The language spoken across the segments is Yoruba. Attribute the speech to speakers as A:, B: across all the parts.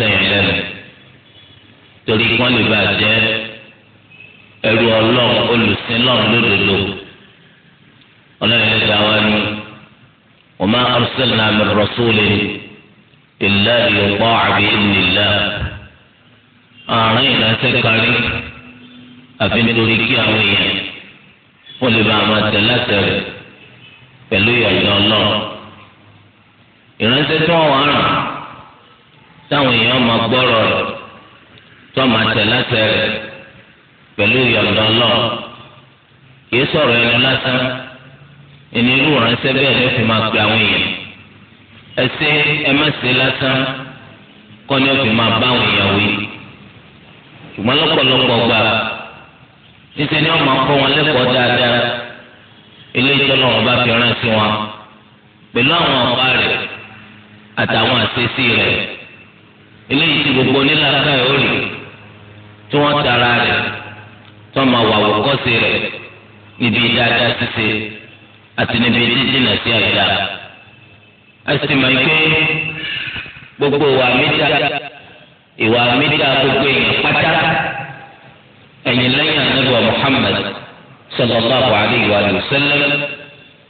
A: sẹ́yìn lẹ́nu torí kí wọ́n lè bá jẹ́ ẹrú ọlọ́run olùsìn lọ́run lódodo ọlọ́run lè dá wa ní wa ma arsalna min rasulin illa liyuta'a bi idhnillah àárín ìránṣẹ́ kárí àfi nítorí kí àwọn èèyàn wọ́n lè bá àwọn àtẹ̀láṣẹ rẹ̀ pẹ̀lú ìyọ̀yọ̀ ọlọ́run ìránṣẹ́ tí wà á táwọn èèyàn máa gbọ́rọ̀ rẹ̀ tó máa tẹ̀ lásẹ̀ rẹ̀ pẹ̀lú ìyọ̀ǹda ọlọ́ọ̀ kìí sọ̀rọ̀ ẹnu lásán ẹni irú ránṣẹ́ bẹ́ẹ̀ ló fi máa pe àwọn èèyàn ẹsẹ̀ ẹ má ṣe lásán kọ́ ni ó fi máa bá àwọn èèyàn wí ṣùgbọ́n lọ́pọ̀lọpọ̀ gbà níṣẹ́ ni wọ́n máa kọ́ wọn lẹ́kọ̀ọ́ dáadáa ilé ìtọ́nà wọn bá fi ránṣẹ́ wọn pẹ̀lú àwọn ọ̀pá rẹ̀ àtàwọn àṣesí rẹ̀. eléyìí isi gbogbo onílàkà yóò rí tí wọ́n tara rẹ̀ tó máa wà wọ́kọ́sí rẹ̀ níbi dáadáa ṣíṣe àti níbi dídínà sí àyíká.
B: a ike gbogbo ìwà gbogbo èèyàn pátá
C: ẹ̀yìn lẹ́yìn ànábì wa Muhammad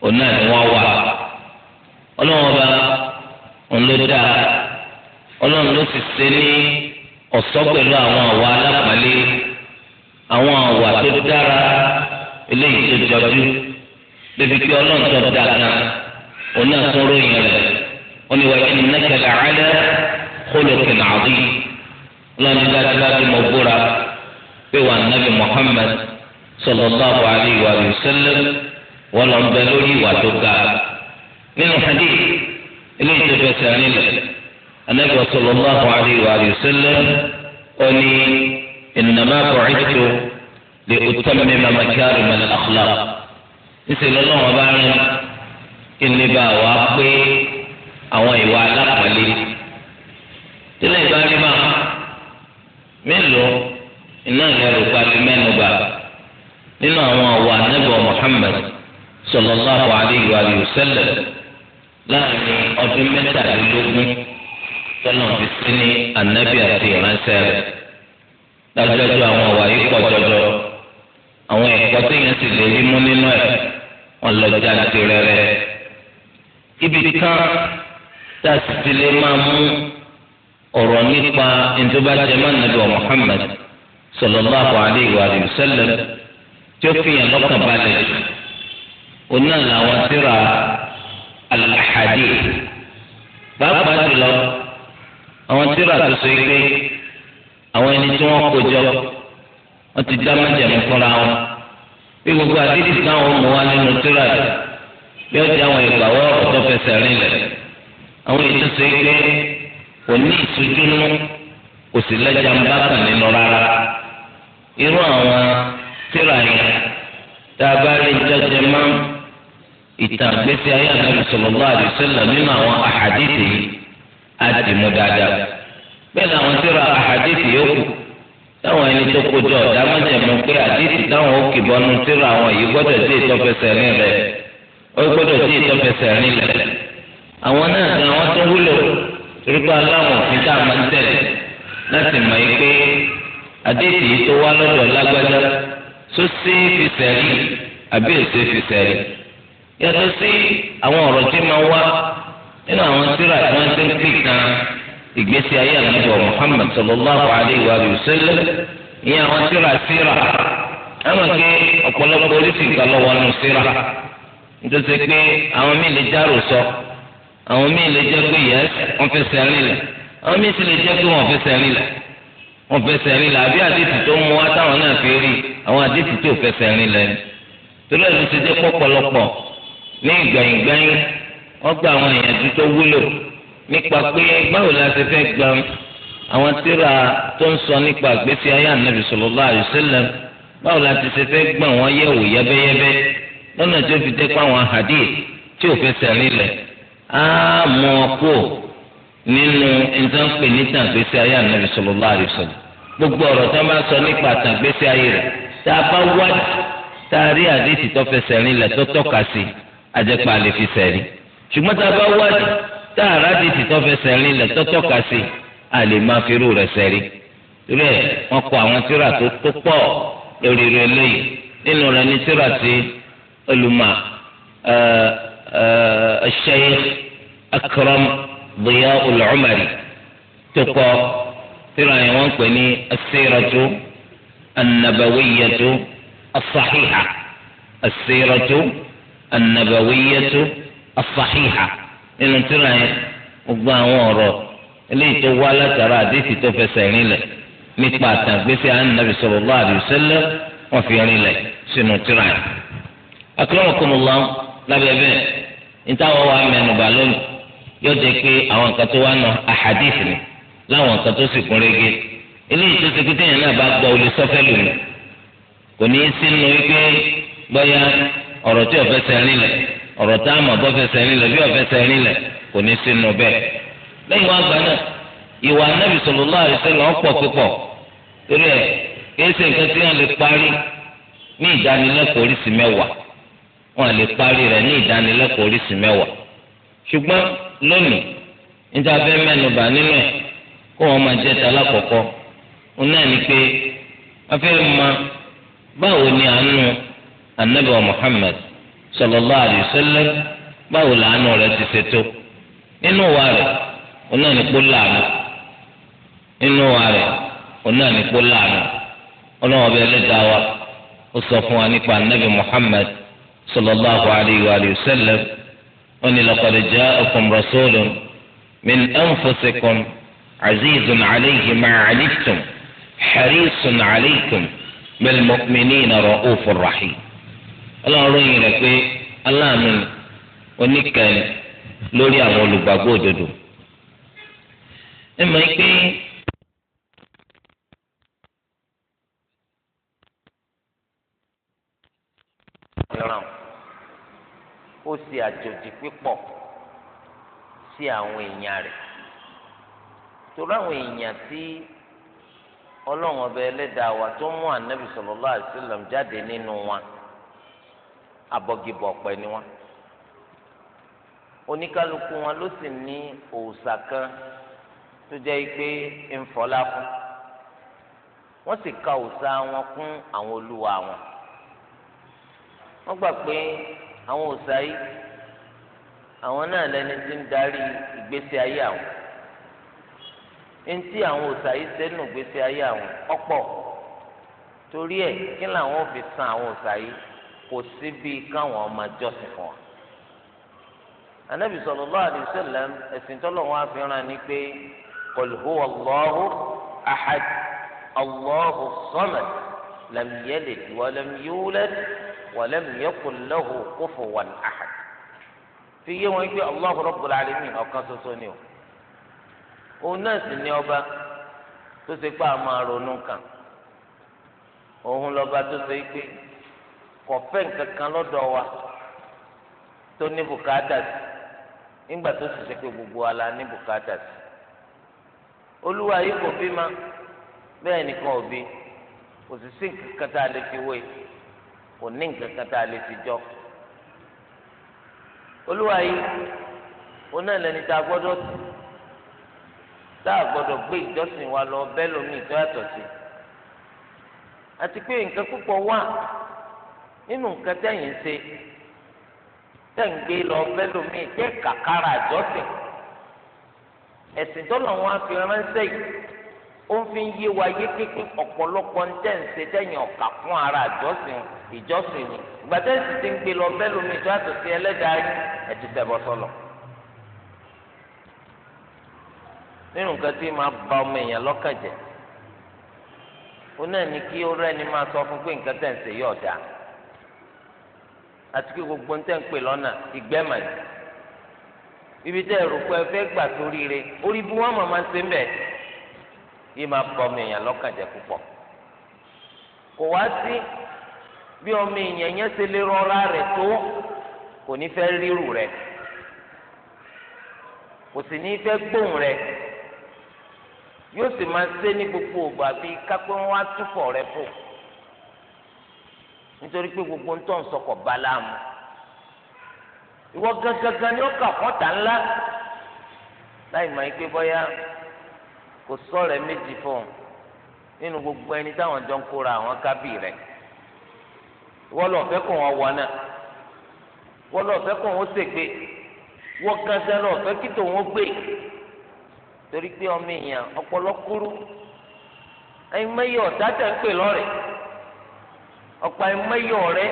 B: ọ̀nà wà ọlọ́wọ́n bá ọlọ́run ló sì
A: ṣe ní ọ̀ṣọ́ pẹ̀lú àwọn àwa alápàlẹ́
B: àwọn àwa tó dára eléyìí tó
A: jọjú bébí pé ọlọ́run tó dára oní àtúnrò yẹn rẹ̀ wọ́n wá ẹni nẹ́kẹ̀lẹ́ alẹ́ kólókè nàbí ọlọ́run dájúdájú mọ̀ búra pé wà nàbì Muhammad sallallahu alayhi wa sallam wọ́n lọ bẹ lórí ìwà tó ga nínú hadith eléyìí tó fẹsẹ̀ nílẹ̀. النبي صلى الله عليه وآله وسلم أني إنما بعثت لأتمم مكارم الأخلاق
B: níṣẹ́ lọ́lọ́wọ́ bá rìn kí ni bá wa pé àwọn ìwà alápàlẹ́ tílẹ̀
A: ìbá rí bá mélòó iná ìlẹ́rù pali mẹ́nu bá nínú àwọn ọ̀wà anábọ̀ Muhammad sallallahu alayhi wa
B: tọ́nà fi sí ní ànábì àti ìránṣẹ́ rẹ̀
A: dájọ́jọ́ àwọn ọ̀wà yìí pọ̀ jọjọ
B: àwọn ẹ̀kọ́ téèyàn sì lè rí mú nínú ẹ̀ wọn lọ jáde rẹ̀rẹ̀
A: ibi kan tá a sì ti lè máa mú ọ̀rọ̀ nípa ìjọba jẹ́mọ́ nàbí wa Muhammad sallallahu alayhi wa sallam tí ó fi hàn lọ́kàn balẹ̀ jù oná làwọn síra al pàápàá jùlọ àwọn tíra tó so
B: pé àwọn ẹni tí wọ́n kó jọ wọ́n ti dá májẹ̀mú fúnra wọn bí gbogbo àdídì táwọn mú wá nínú tíra yìí bí ó di àwọn
A: ìgbà wọ́n ọ̀rọ̀ tó fẹsẹ̀ rinlẹ̀ àwọn èyí tó so pé kò ní ìtújúnú kò sì lẹ́jà ń bá kàn nínú rárá irú àwọn
B: tíra yẹn tá a bá rí jọjẹ máa
A: ìtàn gbèsè ayé ànábì sallallahu alaihi wasallam nínú àwọn àhàdìdì yìí. àdìmú dada.
B: bẹ́ẹ̀ na tíra àhàdìsì yòókù táwọn ẹni tó kojọ ọ̀dà mọ́jẹ̀mú pé àdìsì
A: táwọn ó kì bọ́nu àwọn yìí gbọ́dọ̀ sí ìtọ́fẹsẹ̀ rìn rẹ̀ ó gbọ́dọ̀ sí ìtọ́fẹsẹ̀ rìn
B: rẹ̀ àwọn náà ni àwọn tó wúlò aláwọ̀ a máa ń tẹ̀lé láti mọ̀ yìí pé àdìsì yìí tó wá lọ́dọ̀ lágbájá
A: sí àbí
B: yàtọ̀ sí àwọn ọ̀rọ̀ tí máa nínú àwọn tíra tí wọ́n ti ń pè kan ìgbésí ayé àlejò Muhammad sallallahu alayhi wa sallam ìyẹn àwọn tíra síra
A: àwọn ké ọ̀pọ̀lọpọ̀ oríṣi nǹkan lọ́wọ́ nù síra nítorí pé àwọn míì lè járò sọ àwọn míì lè jẹ́ pé yẹ wọ́n fẹsẹ̀ rìn lẹ̀ àwọn míì sì lè jẹ́ pé wọ́n fẹsẹ̀ rìn lẹ̀ wọ́n fẹsẹ̀ rìn lẹ̀ àbí àdìsí tó mú wá táwọn náà fi rí àwọn àdìsí tó fẹsẹ̀ rìn lẹ̀ torí ẹ̀ ló ti dé pọ̀pọ̀lọpọ̀ ní ìgbẹ̀yìngbẹ̀yìn wọ́n gba àwọn ìyànjú tó wúlò nípa pé báwo la ṣe fẹ́ gba àwọn tíra tó ń sọ nípa àgbésí ayé ànábì sallallahu alaihi wasallam báwo la ti ṣe fẹ́ gbà wọ́n yẹ̀wò yẹ́bẹ́yẹ́bẹ́ lọ́nà tó fi dé pa àwọn hadith tí ò fẹsẹ̀ rinlẹ̀ á mọ ọkọ nínú ìtànpè ní tàgbésí ayé ànábì sallallahu alaihi wasallam
C: gbogbo ọ̀rọ̀ tó máa sọ nípa tàgbésí ayé rẹ̀
A: tá a bá wá
B: tá a rí hadith tó fẹsẹ̀ rinlẹ̀ tó tọ́ka sí àjẹpà lè fi sẹ̀rí
A: ṣùgbọ́n tá a bá wádìí tá a rádì tìtọ́ fẹsẹ̀ rìn lẹ̀ tọ́tọ́ka sí i a lè máa fi irú rẹ̀ sẹ́rí irú ẹ̀ wọ́n kọ àwọn tíra tó tó pọ̀ lórí rẹ̀ lẹ́yìn nínú rẹ̀ ní tíra ti olùmọ̀ Sheikh Akram Diya'ul Umari tó kọ tíra yẹn wọ́n pè ní as-siratu an-nabawiyyatu as as-sahiha nínú tíra yẹn gbogbo àwọn ọ̀rọ̀ eléyìí tó wá látara àdéhìí tó fẹsẹ̀ rinlẹ̀ nípa àtàgbèsè ànábì sallallahu alaihi wọ́n fi rinlẹ̀ sínú tíra yẹn. akramakumullah lábẹ́ bẹ́ẹ̀ nítawọ́ wa mẹ́nuba lónìí yóò jẹ́ pé àwọn nǹkan tó wá nà ni láwọn nǹkan tó sì kún régé eléyìí tó ti yẹn náà bá gbọ́ olè sọ́fẹ́ lónìí kò ní í sínú wípé ọ̀rọ̀ tí ò fẹsẹ̀ ọ̀rọ̀ tá a mọ̀ bọ́ fẹsẹ̀ rinlẹ̀ bí ọ̀fẹsẹ̀ rinlẹ̀ kò ní sínú bẹ́ẹ̀. lẹ́yìn wá gbà náà
B: ìwà anábì sallallahu alaihi wasallam ọ̀pọ̀ pípọ̀ torí ẹ̀ kìí nǹkan tí wọ́n lè parí ní ìdánilẹ́kọ̀ọ́ oríṣi mẹ́wàá wọ́n lè parí rẹ̀ ní ìdánilẹ́kọ̀ọ́
A: sallallahu alaihi wasallam báwo làánú rẹ̀ ti ṣe tó nínú wa rẹ̀ òun náà ní kó láàánú nínú wa rẹ̀ òun náà ní kó láàánú ọlọ́run ọbẹ̀ ẹlẹ́dàá wa ó sọ fún wa nípa anabi muhammad sallallahu alaihi wa alihi wasallam wọn ni laqad ja'akum rasulun min anfusikum azizun alayhi ma anittum harisun alaykum bil mu'minina ra'ufur rahim. ọlọ́run ròyìn rẹ̀ pé aláàánú ni oníkẹ́ni
B: lórí àwọn olùgbàgbọ́ òdodo. ẹ mọ̀ pé
A: ìran ó ṣe àjòjì pípọ̀ sí àwọn èèyàn rẹ̀ torí àwọn èèyàn tí ọlọ́run ọba ẹlẹ́dàá wa tó mú ànábì sallallahu alaihi wasallam jáde nínú wọn abọ́gibọ̀ ọ̀pẹ ni wọ́n oníkálukú wọn ló sì ní òòṣà kan tó jẹ́ pé ń fọlá fún wọ́n sì ka òòṣà wọn kún àwọn olúwa wọn
B: wọ́n gbà pé àwọn òòṣà yìí
A: àwọn náà lẹni tí ń darí ìgbésí ayé àwọn eŋti àwọn òòṣà yìí sẹ́nu ìgbésí ayé àwọn ọ̀pọ̀ torí ẹ̀ kí làwọn ò fi san àwọn òòṣà yìí kò síbi káwọn ọmọ jọ́sìn fún wa. anabi sallallahu alaihi wasallam ẹ̀sìn tọ́lọ̀ wọn fi ràn ní pé qul huwa Allahu ahad Allahu samad lam yalid wa lam yulad wa lam yakul lahu kufuwan ahad. fi yé wọn pé Allahu rabbul alamin ọ̀kan ṣoṣo ni o. òun náà sì ní ọba tó ṣe pé a máa ronú kan. òun lọ́ba tó ṣe pé. kọfẹ́ nkankan lọ́dọ̀ wa tó ní bùkátà sí nígbà gbogbo ala ní bùkátà sí olúwa yìí kò bí ma bẹ́ẹ̀ nìkan ò bí kò sì sí nkankan tá a lè fi wé kò ní nkankan tá a lè fi jọ olúwa yìí lẹni a tá a wa nínú nǹkan tẹ̀yìn ṣe tẹ̀ǹgbé lọ fẹ́lómi jẹ́ kàkàrà àjọsìn ẹ̀sìn tọ́lọ̀ wọn fi ránṣẹ́ yìí ó ń fi yé wa yé pípín ọ̀pọ̀lọpọ̀ ń tẹ̀ ń ṣe ara àjọsìn ìjọsìn ni ìgbà ti ń gbé lọ fẹ́lómi tó yàtọ̀ sí ẹlẹ́dàá yìí ba ọmọ èèyàn lọ́kàn jẹ́ ó náà ní kí sọ fún pé nǹkan tẹ̀ ń ṣe yóò àti kí gbogbo ń tẹ́ ń pè lọ́nà ìgbẹ́ mà ní. ibi tẹ́ ẹ̀rù pé ẹ fẹ́ gbà sórí rẹ orí bí wọ́n máa ń ṣe ń bẹ̀ yìí máa bọ ọmọ èèyàn lọ́kàn jẹ́ púpọ̀. kò wá sí bí ọmọ èèyàn yẹn ṣe lè rọra rẹ̀ tó kò ní fẹ́ rírù rẹ̀ kò sì ní fẹ́ gbóhùn rẹ̀
B: yóò sì máa ṣe ní gbogbo
A: ògbà bíi kápẹ́ wọn á túfọ̀ rẹ̀ fò nítorí pé gbogbo ń tọ́ ń sọkọ̀ balamu ìwọ gangan ni ó kà kọ́ta ńlá
B: láì mọ̀ ẹ́ pé bọ́yá
A: kò sọ̀rọ̀ méjì fún un nínú gbogbo ẹni táwọn jọ ń kóra àwọn kábì rẹ̀ ìwọ lọ fẹ́ kó wọn wọ náà ìwọ lọ fẹ́ kó wọn ṣègbè ìwọ gangan lọ fẹ́ kí tòun gbé torí pé ọmọ èèyàn ọpọlọ kúrú ẹ̀yin mẹ́yẹ ọ̀tá ń pè lọ́rẹ̀ẹ́. ọ̀pọ̀ ẹ̀mẹ́yọ̀ rẹ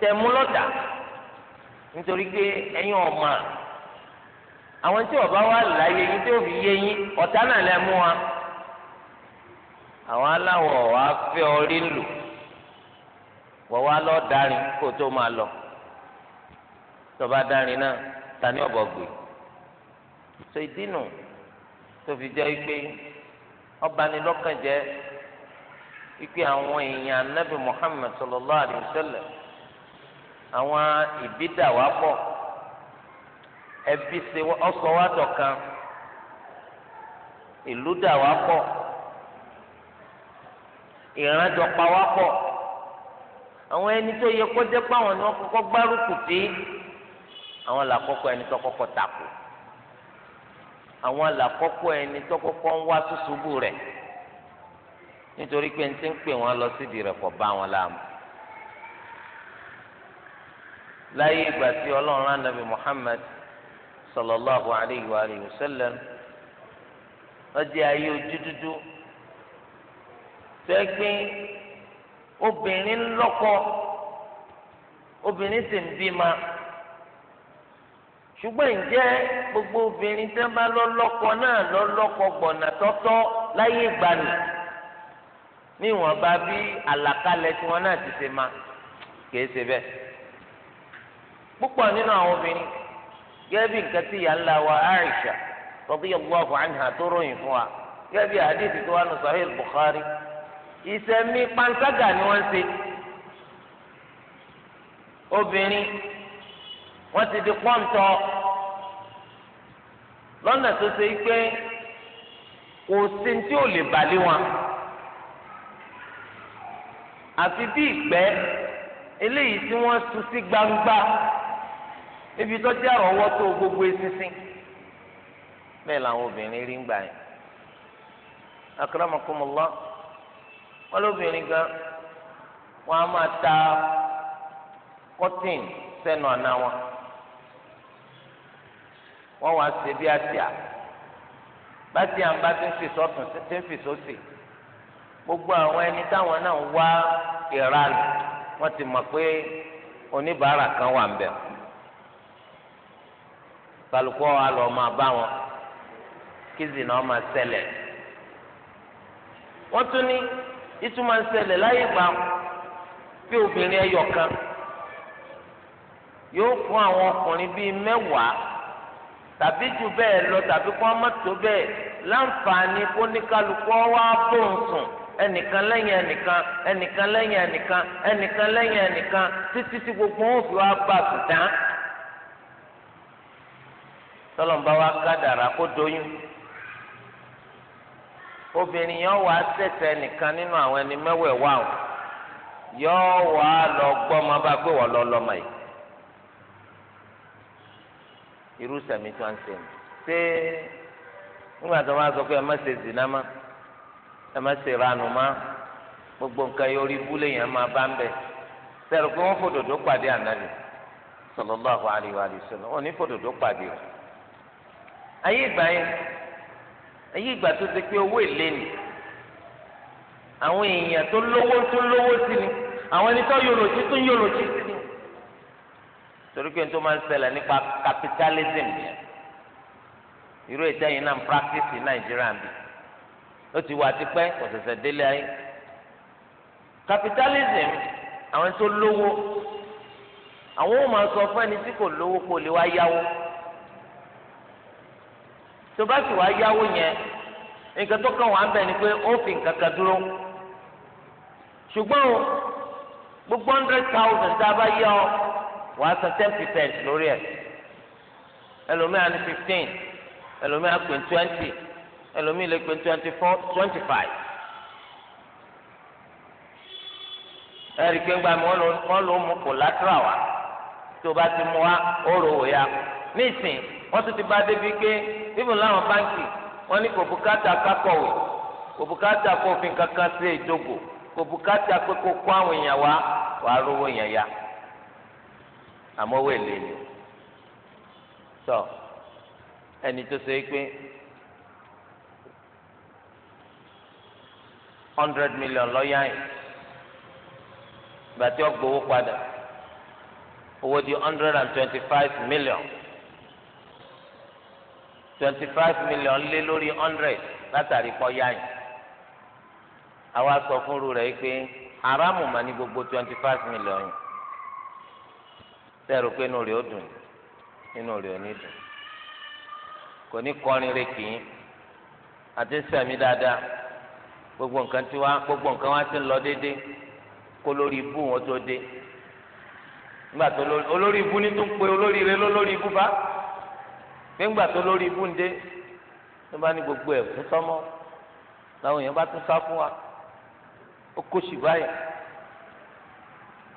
A: tẹ̀ mú lọ́dà nítorí pé ẹ̀yin ọ̀mà. àwọn tí ọba wa láàyè yín tí ó fi yé yín ọ̀tá náà lẹ mú wa àwọn aláwọ̀ wa fẹ́ ọ rí lò wọ́n wá lọ́ọ́ darin kó tó máa lọ tọba darin náà ta ní ọ̀bọ̀ gbé so ìdí nù tó fi jẹ́ pé ọba ni lọ́kàn jẹ́ ikpe àwọn èèyàn anabi muhammed sallallahu alayhi wa sallam àwọn ìbídà wà pọ̀ ẹbí ṣe ọsọ wa dọ̀kan ìlú dà wà pọ̀ ìrànjọpa wà pọ̀ àwọn ẹni tó yẹ kó jẹ́ pé àwọn ni wọ́n kọ́kọ́ gbárùkù tí àwọn làkọ́kọ́ ẹni tó kọ́kọ́ takò àwọn làkọ́kọ́ ẹni tó kọ́kọ́ ń wá ṣùṣùbù rẹ̀. nítorí pé ní ti ń pè wọn lọ síbi rẹ̀ kò bá wọn láàmú. láyé ìgbà tí ọlọ́run sallallahu alayhi wa alihi wa sallam ọjọ́ ayé ojú dúdú tẹ́ obìnrin lọ́kọ obìnrin sì ń bímọ ṣùgbọ́n ǹjẹ́ gbogbo obìnrin tẹ́ bá lọ́lọ́kọ náà lọ́lọ́kọ gbọ̀nà tọ́tọ́ láyé níwọ̀nba bí àlàkalẹ̀ tí wọ́n náà ti ṣe ma kìí ṣe bẹ́ẹ̀. púpọ̀ nínú àwọn obìnrin gẹ́gẹ́ nǹkan tí wa Aisha radiyallahu anha tó ròyìn fún wa gẹ́gẹ́ bí tó wà ní Sahih Bukhari ìṣẹ̀mí ni wọ́n ṣe. obìnrin wọ́n ti di pọ́ńtọ́ lọ́nà tó ṣe pé kò sí tí ò lè balẹ̀ wọn. àfi bí ìgbẹ́ eléyìí tí wọ́n tu sí gbangba ibi tó jẹ́ àrọ́wọ́ tó gbogbo eṣinṣin bẹ́ẹ̀ làwọn obìnrin rí ń gbà yẹn akramakumullah wọn lóbìnrin gan wọn a máa ta kọ́tìn sẹ́nu àná wọn wọn wá ṣe bí àtìá bá ti à ń bá ti ń fi sọ́tún ti ń fi sósì. So gbogbo àwọn ẹni táwọn náà ń wá ìranù wọ́n ti mọ̀ pé oníbàárà kan wà ń bẹ kálukú wa lọ máa bá wọn kí zina máa ṣẹlẹ̀ wọ́n tún ní ìtumọ̀ ń ṣẹlẹ̀ láyé gbà
B: bí obìnrin ẹyọ kan
A: yóò fún àwọn ọkùnrin bíi mẹ́wàá tàbí jù bẹ́ẹ̀ lọ tàbí kó má tó láǹfààní kó ní kálukú wa bóun sùn. ẹnìkan lẹ́yìn ẹnìkan ẹnìkan lẹ́yìn ẹnìkan ẹnìkan lẹ́yìn ẹnìkan títí tí gbogbo wọn fi wá bá sùdán. tọ́lọ̀mùbá wa kádàrá kó doyún obìnrin yẹn wà á tẹ̀sẹ̀ nínú àwọn ẹni mẹ́wẹ̀ẹ̀wá o yọ wà á lọ gbọ́ ọmọ bá gbé wọ́n lọ lọ́mọ yìí irú sẹ̀mí tí wọ́n ń sẹ́yìn ṣé nígbà wọ́n sọ pé ẹ má ṣe ranù má gbogbo nǹkan yóò rí búlé yẹn máa bá ń bẹ sẹ́rù pé wọ́n fòdòdó pàdé ànábì sallallahu alaihi wa sallam wọn ní fòdòdó pàdé rẹ̀ ayé ìgbà yẹn ayé ìgbà tó ti pé owó èlé ni àwọn èèyàn tó lówó tó lówó sí ni àwọn ẹni tó yòlòjì tó yòlòjì sí ni torí pé tó máa ń ṣẹlẹ̀ nípa capitalism yẹn irú ìtẹ́yìn náà practice ní nàìjíríà bíi ó ti wà tipẹ́ kò ṣẹ̀ṣẹ̀ délé ayé capitalism àwọn tó lówó àwọn ò máa sọ fún ẹni tí kò lówó kó lè wá yáwó tó bá sì wá yáwó yẹn nǹkan tó kàn wá bẹ̀ ni pé ó fi nǹkan kan dúró ṣùgbọ́n gbogbo hundred thousand tá a bá yá ọ wàá san ten percent lórí ẹ̀ ẹlòmíràn ní fifteen ẹlòmíràn pè twenty ẹlòmíì lè pé twenty four twenty five ẹ̀rí pé ńgbà mi wọ́n lò ó mú collateral wa tí o bá ti mú wa ó rò wò ya nísìn wọ́n tún ti bá débi pé bíbù láwọn báńkì wọ́n ní kò bùkátà kákọ̀wé kò bùkátà kófin kankan sí ìdógò kò bùkátà pé kó kó àwọn èèyàn wá wàá rówó èèyàn ya àmọ́ wò lè lè tọ́ ẹni tó ṣe é pé. hundred million lọ́yà yìí ìgbà tí ó gbowó padà owó di hundred and twenty five million twenty five million lé lórí hundred látàrí kọ́yà yìí àwa sọ fúnru rẹ̀ pé haramu ma ní gbogbo twenty five million yìí sẹ́rù pé inú rẹ̀ ó dùn inú rẹ̀ ò ní dùn kò ní kọrin rẹ̀ kì í àti sẹ̀mí dáadáa. gbogbo nǹkan tí wá gbogbo nǹkan wá ti ń lọ déédéé kó lórí ibú wọn tó dé nígbà tó olórí ibú ní tó ń
B: pe olórí rẹ lólórí ibú bá
A: pé ńgbà tó lórí ibú ń dé ló bá ní gbogbo ẹ̀ fún sọ́mọ́ làwọn èèyàn bá tún sá fún wa ó kó sì báyìí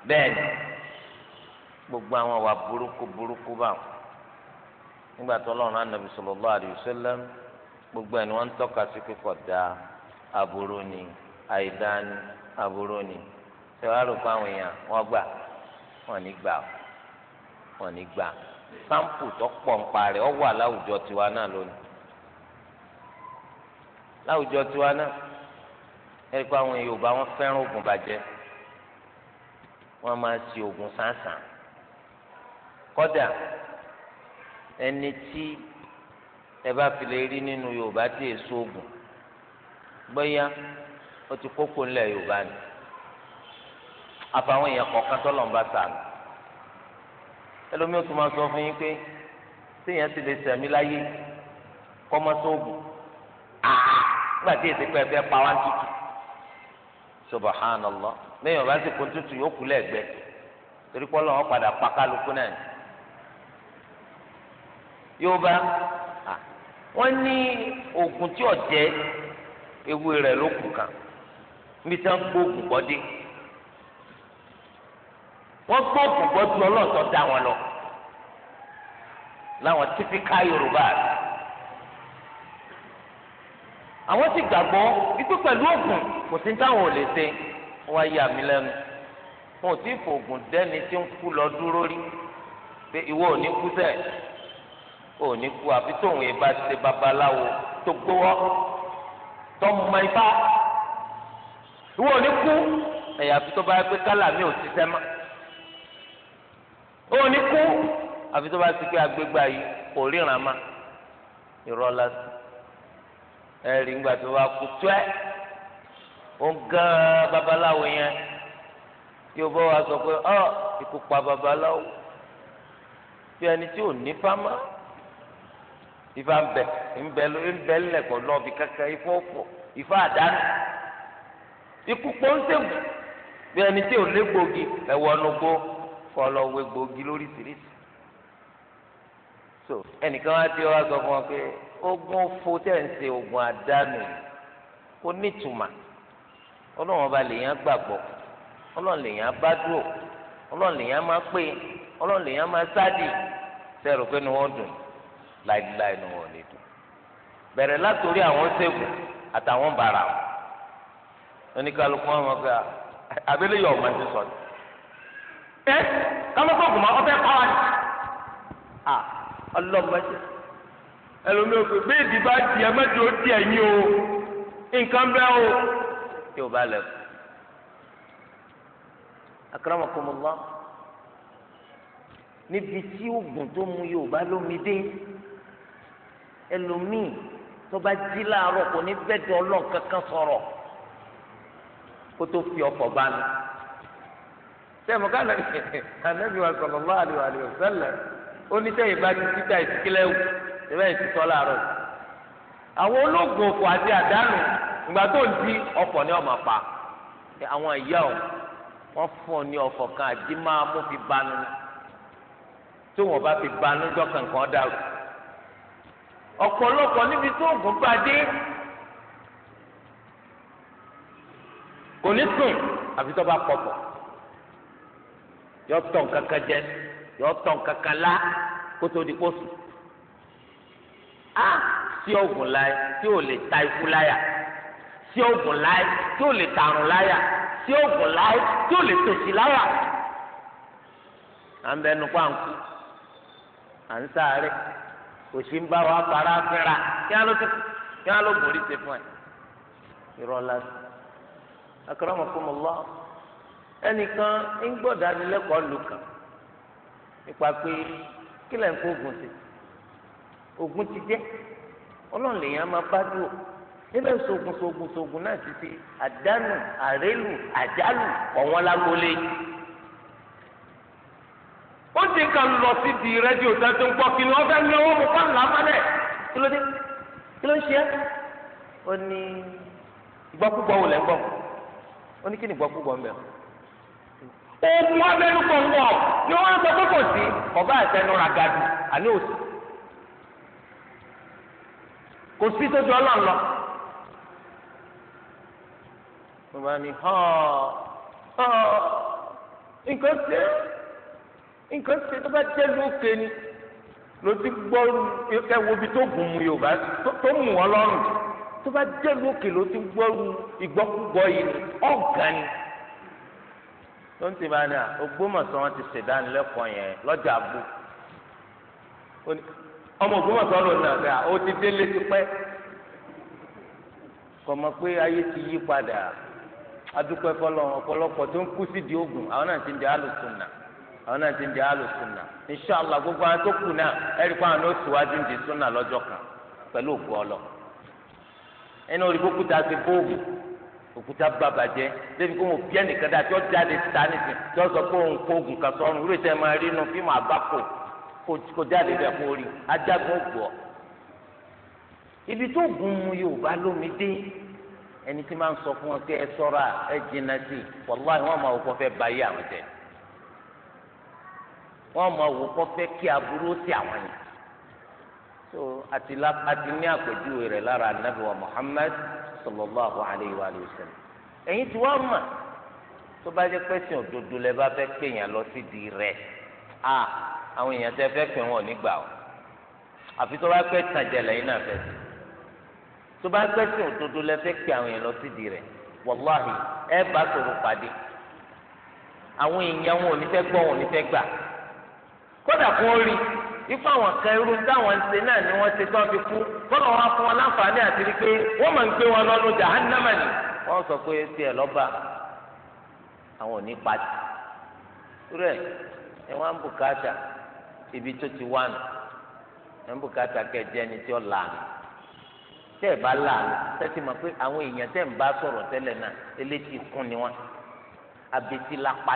A: bẹ́ẹ̀ ni gbogbo àwọn wà burúkú burúkú báwọn nígbà tó lọ́run ànábì sallallahu alaihi wasallam gbogbo ẹni wọ́n ń tọ́ka sí kíkọ̀ dáa aburú ni àìdá ni aburú ni ṣé wàá rò fáwọn èèyàn wọn gbà wọn ní gbà wọn ní gbà sáǹpù tó pọ̀ ń parẹ́ ọ wà láwùjọ tiwa náà lónìí láwùjọ tiwa náà ẹ̀rí pé àwọn Yorùbá wọn fẹ́ràn oògùn bàjẹ́ wọn máa ṣe oògùn sánsan kódà ẹni tí ẹ bá fi lè rí nínú Yorùbá tí èso oògùn gbẹ́yà ó ti kókó ńlẹ̀ yorùbá ni àfàwọn èèyàn kọ̀ọ̀kan tó lọ́nba sàmì ẹlòmíì ó tún máa sọ fún yín pé téèyàn ti lè sẹ̀mí láyé kọ́mọ́ sóògùn
B: nígbà tí èsì pẹ́ fẹ́ pa wá tutù
A: subahánàlá lẹ́yìn ọ̀bá sì tutù yóò kú lẹ́gbẹ́ torí padà pa kálukú náà ni yorùbá
B: wọ́n ní oògùn
A: ewé rẹ̀ ló kù kàn níbi tí wọ́n gbóògùn gbọ́ dé wọ́n gbóògùn gbọ́ ju ọlọ́ọ̀tọ́ dá wọn lọ láwọn típíkà yorùbá rẹ̀ àwọn sì gbàgbọ́ wípé pẹ̀lú òògùn kò sí táwọn ò lè ṣe wọ́n á yà mí lẹ́nu wọn ò tí ì fòògùn dẹ́ni tí ń kú lọ dúró rí pé ìwọ ò ní kú sẹ́ẹ̀ ò ní kú àfi tóun ìbá ṣe babaláwo
B: tó gbówọ́
A: tọmọ ifá ìwọ ò ní kú
B: àyàfi tó bá yẹ pé kálà mi ò ti sẹ́ mọ́
A: ó ní kú àfi tó bá ti pé agbégbá yìí kò ríran ma irọ́ lásán ẹ̀rí ńgbà tó bá kú tuẹ́ ó gán babaláwo yẹn tí o bá wa sọ pé ọ ìkópa babaláwo bí ẹni tí ò ní fámá ifá ń bẹ ń bẹ ń bẹ lẹkọọ lọbi kankan ifá ọfọ ifá àdánù ikú pọ́ńsẹ̀wù
B: bí ẹni tí ò lé gbòógì ẹ̀wọ̀ ọ̀nùgbò
A: fọlọ́wé gbòógì lóríṣiríṣi so ẹnìkan wá tí ó wá sọ fún ọ pé ogun fo tẹ̀ ń ṣe ogun àdánù kò nítumà ọlọ́run ọba lèèyàn gbàgbọ́ ọlọ́run lèèyàn bá dúró ọlọ́run lèèyàn máa pè ọlọ́run lèèyàn máa sáàdì sẹ́rù pé ni wọ́n dùn láìláì nù wọn ò ní dùn bẹ̀rẹ̀ látòrí àwọn ṣègùn àtàwọn bàrà wọn oníkàlùkù wọn mọ̀ pé abẹ́lé yọ ọ̀gbọ́n ti sọ ni.
B: ẹ kámọ́kọ́kù máa ọbẹ̀ pa wá ni.
A: à ọlọ́mọdé ẹlòmíràn pé béèdì bá di ẹ mẹ́jọ ó di ẹ̀yìn o nǹkan bẹ́ẹ̀ o tí o bá lẹ̀ kú. akramakumullah níbi tí oògùn tó mu yóò bá lómi dé ẹlòmíì tó bá jí láàárọ̀ kò ní bẹ́ẹ̀ dọ̀ ọlọ́run kankan sọ̀rọ̀ kó tó fi ọkọ̀ bá mi sẹ́mu ká nàbí wa sallallahu alaihi wa sallam oníṣẹ́yìn bá ti títà ìsìkílẹ̀ wù ìbẹ́ ìsìtọ́ làárọ̀ àwọn ológun òkò àti àdánù ìgbà tó ń di ọkọ̀ ní ọmọ pa àwọn ìyá ọ̀ wọ́n fún ọ ní ọkọ̀ kan àdìmáàmú fi banu tí wọ́n bá fi banu jọ kankan dàrú ọ̀pọ̀lọpọ̀ níbi tó ògùn bá dé kò ní sùn àfi tó bá pọ̀pọ̀ yọ tọ̀ kankan jẹ yọ tọ̀ kankan lá kó tó di kó sùn
B: á sí ògùn
A: láyé tí ò lè ta ikú láyà sí ògùn láyé tí ò lè tàrùn láyà sí ògùn láyé tí ò lè tòṣì láyà à ń bẹnu pa à à ń sáré òsì ń bá wa fara fẹ́ra kí á ló ti kí á ló borí ṣe fún ẹ. irọ́ lásán akramakumullah ẹnìkan ń gbọ́dọ̀ adilẹ́kọ̀ọ́ lù kàn nípa pé kí lẹ́yìn kó oògùn sí oògùn ti jẹ́ ọlọ́run lèèyàn máa bá dúró níbẹ̀ sógun sógun sógun náà ti ṣe àdánù àrélù àjálù ọ̀wọ́n lágbólé yìí.
B: ó sì ka lọ sí di rẹ́díò tó gbọ́ kí ni wọ́n fẹ́ lọ́wọ́ mú fáwọn lábálẹ̀ kí ló dé kí ló ń ṣe ó ní
A: ìgbọ́kúgbọ́ wò ó ní kí ni ìgbọ́kúgbọ́ ń
C: bẹ̀ ni wọ́n sọ pé ọba gadi
B: àní òsì kò sí tó ju ọlọ́run
A: nǹkan ṣe tó bá jẹ́ lókè ni ló ti gbọ́ ẹ tó gùn mu yorùbá tó mú wọn lọ́rùn tó bá jẹ́ lókè ló ti gbọ́ ìgbọ́kúgbọ́ yìí ọ̀gá ni tó ń ti bá ní à Ògbómọ̀ṣọ́ wọn ti ṣèdánilẹ́kọ̀ọ́ yẹn lọ́jà ọmọ Ògbómọ̀ṣọ́ ló nà ó ti délé tipẹ́ pé ayé ti yí padà adúpẹ́ fọlọ́ ọ̀pọ̀lọpọ̀ tó ń kú sídìí ogun àwọn àwọn náà ti ń di alùsùnà inṣàlá gbogbo àwọn tó kù náà ẹ̀rí pa àwọn oṣùwájú ń di súnà lọ́jọ́ kan pẹ̀lú òkú ọlọ ẹni orí kókúta ti bóògù òkúta babàjẹ́ débi kó mo bí ẹnìkan dá tí ó jáde ta nísìn tí ó sọ pé òun kó ibi tó gun mu Yorùbá lómi dé ẹni tí máa fún ẹ wọ́n máa wò kọ́ fẹ́ kí aburú sí àwọn yẹn so àti la àti ní àpèjúwe rẹ̀ lára anabi wa Muhammad sallallahu alayhi wa sallam ẹ̀yin tí wọ́n mọ̀ tó bá jẹ́ pé sìn òdodo lẹ bá fẹ́ pè yàn lọ sí di rẹ̀ a àwọn èèyàn tẹ́ fẹ́ pè wọ́n nígbà o àfi tó bá pẹ́ tàjẹ̀ lẹ́yìn náà fẹ́ tó bá pẹ́ sìn òdodo lẹ fẹ́ pè àwọn èèyàn lọ sí di rẹ̀ wàláhì ẹ bá sọ̀rọ̀ pàdé àwọn èèyàn wọn ò ní fẹ́ gbọ́ wọn ò ní fẹ́ gbà. kódà kó rí ikú àwọn kan irú táwọn ń náà ni wọ́n ṣe tó fi kú kọ́nà wọn fún wọn láǹfààní àti rí pé wọ́n máa ń gbé wọn lọ́nu jahannama ni
B: wọ́n sọ pé tiẹ̀ lọ́ba
A: àwọn ò ní pati rẹ̀ wọ́n á ń ibi tó ti wà nù ń bùkátà tí ó lànà tẹ́ bá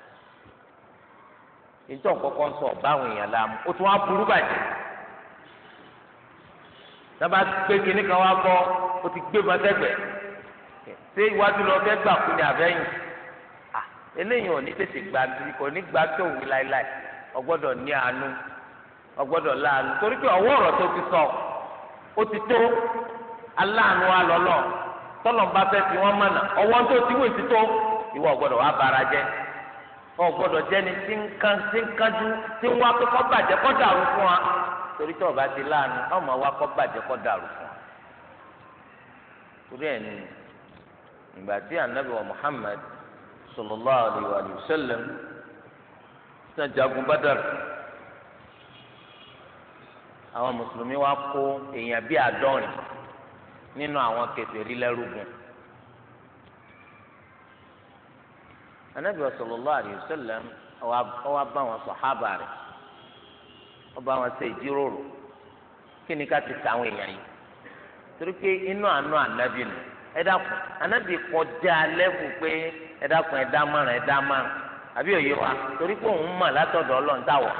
A: nítorí nkọkọ nsọ sọ báwọn èèyàn láàmú ó tún wá burú bàjẹ́ tábà gbé kinní kan wá bọ́ ti gbé bọ́
B: ṣé iwájú lọ fẹ́ gbà kú ni àbẹ́yìn
A: eléyìí ò ní tètè gba kò ní gba tó wí láéláé ọgbọ́dọ̀ láàánú torí pé ọwọ́ ọ̀rọ̀ tó ti sọ ó ti tó aláàánú wa lọ́lọ́ tọ́lọ̀ ń bá fẹ́ fi ọ̀gbọ́dọ̀ jẹ́ni tí ń kan tí ń kanjú tí ń wá pé kọ́ bàjẹ́ kọ́ dàrú fún wa torí tí ọba ti láàánú ọmọ wa kọ́ bàjẹ́ kọ́ dàrú fún wa. torí ẹ̀ ní ìgbà tí anabi wa Muhammad sallallahu alayhi wa ṣe jagun Badr àwọn mùsùlùmí wa kó èèyàn bíi àádọ́rin nínú àwọn kèfèrí lẹ́rúgùn. anabi sallallahu alayhi wa sallam ọwọ́ bá wọn sàhábà rẹ̀ ọba wọn kinika ìjíròrò kí ni ká ti tàwọn èèyàn yìí torí pé inú àánú ànábì nù ẹ dákun ànábì kọjá lẹ́bù pé ẹ dákun ẹ márùn ẹ márùn wa torí pé òun mọ̀ látọ̀dọ̀ ọlọ́run dáwọ̀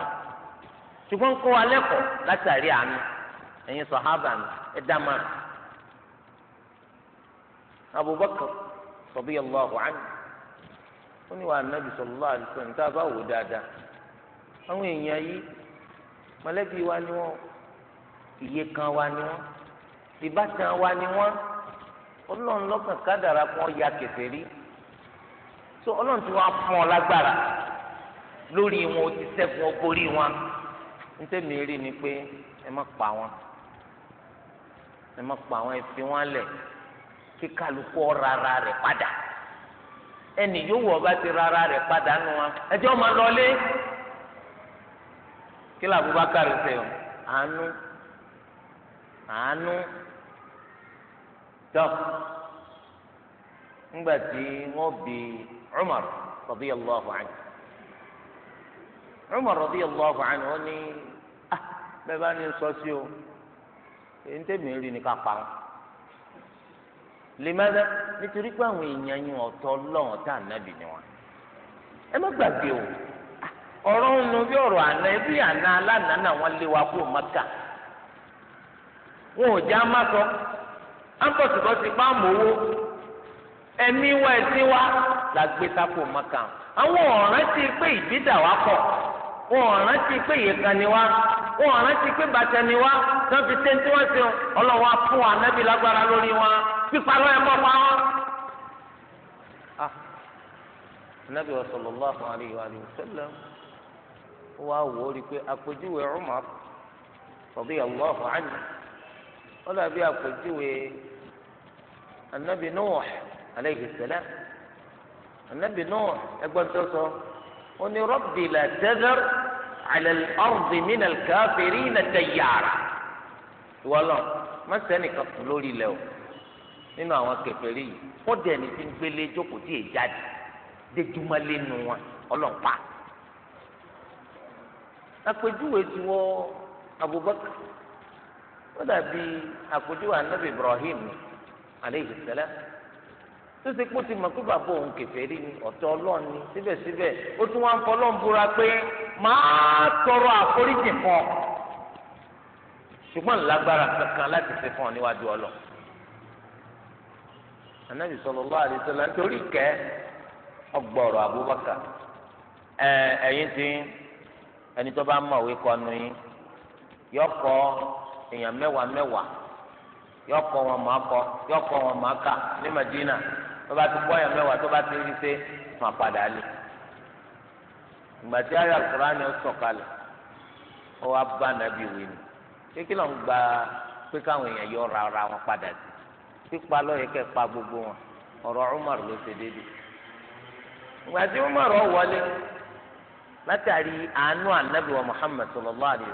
A: ṣùgbọ́n kó wa lẹ́kọ̀ọ́ látàrí àánú ẹ̀yin ó ní wà nábì sallallahu alaihi wasallam tá a bá wò dáadáa àwọn èèyàn yìí mọ̀lẹ́bí wa ni wọ́n iye kan wa ni wọ́n ìbátan wa ni wọ́n ọlọ́run lọ́kàn kádàrá kan ya kẹsẹ̀ rí so ọlọ́run tí wọ́n fún ọ lágbára lórí wọn ó ti sẹ́gun ọgbórí wọn ntẹ́mi rí ni pé ẹ má pa wọn ẹ má pa wọn ẹ fi wọn lẹ̀ kí kálukú ọ̀rọ̀ ara rẹ̀ padà. ẹnì yóò wọ ọba ti rárá rẹ padà nù wọn ẹjọ́ máa lọlé kí Abubakar ṣe o àánú àánú
B: tọ́ ńgbà tí wọ́n bí Umar radiyallahu
A: anhu Umar ah, bá ní sọ sí o èyí ń lèmọ́dá nítorí pé àwọn èèyàn yín ọ̀tọ̀ lọ́wọ́ tá ànábì ni wọn. ẹ má gbàgbé o ọ̀rọ̀ ń bí ọ̀rọ̀ àná ẹbí àná alánàá náà wọ́n lé wa wọn ò já má sọ bá owó ẹ̀mí wa la gbé àwọn ọ̀rẹ́ ti pé wa pọ̀. wọn ikpe rántí pé ìyẹ̀kan ni wá wọn ti pé bàtẹ ni wá tẹ́ntí wọ́n ti ọlọ́wọ́ fún wa nábì lágbára lórí wọn pípa lọ́yẹ mọ́ pa wọn. Ah, nábì wa sallallahu alayhi wa sallam wá wò ó rí Umar radiyallahu anhu Nuh alayhi salam Nuh sọ. oni rọ́bì la tẹ́dẹ́r
B: alẹ́ ọ̀rọ̀dì nínú káfíìrì iná tẹ̀yàrá
A: ìwọlọ má sẹ́nìkan kù lórí ilẹ̀ o nínú àwọn kèfèrí yìí kódà ẹni tí ń gbélé jókòó tí èyí jáde déjúmọ́lé nu wọn ọlọ́pàá àpèjúwe tí wọ́n Abubakar ó dàbí àpèjúwe anabi Ibrahim alayhi salam. tó ṣe kó ti mọ̀ pé bàbá òun kèfèrí ni ọ̀tọ̀ ọlọ́run ni síbẹ̀síbẹ̀ ó tún wá ń fọ ọlọ́run búra pé
B: máa tọrọ àforíjì fún ọ
A: ṣùgbọ́n lágbára kankan láti fi fún ọ níwájú ọlọ anabi sallallahu alaihi wasallam nítorí kẹ ọgbọrọ Abubakar ẹ ẹyin ti ẹni tó bá mọ̀wé kọnu yín yọkọ èèyàn mẹ́wàá mẹ́wàá yọkọ wọn máa kọ yọkọ wọn máa kà ní Madina. tó bá ti kọ́ yẹn mẹ́wàá tó bá ti rí ṣe fún apàdà lè ìgbà tí ayé alukurani sọ̀kalẹ̀ ó wá bá nàbí wí ni kékeré ló ń gba pé káwọn èèyàn yọ rárá wọn padà sí pípa lọ́yẹ kẹ́ pa gbogbo wọn ọ̀rọ̀ Umar ló ṣe déédéé ìgbà tí Umar ọ̀ wọlé látàrí àánú ànábì wa Muhammad sallallahu alayhi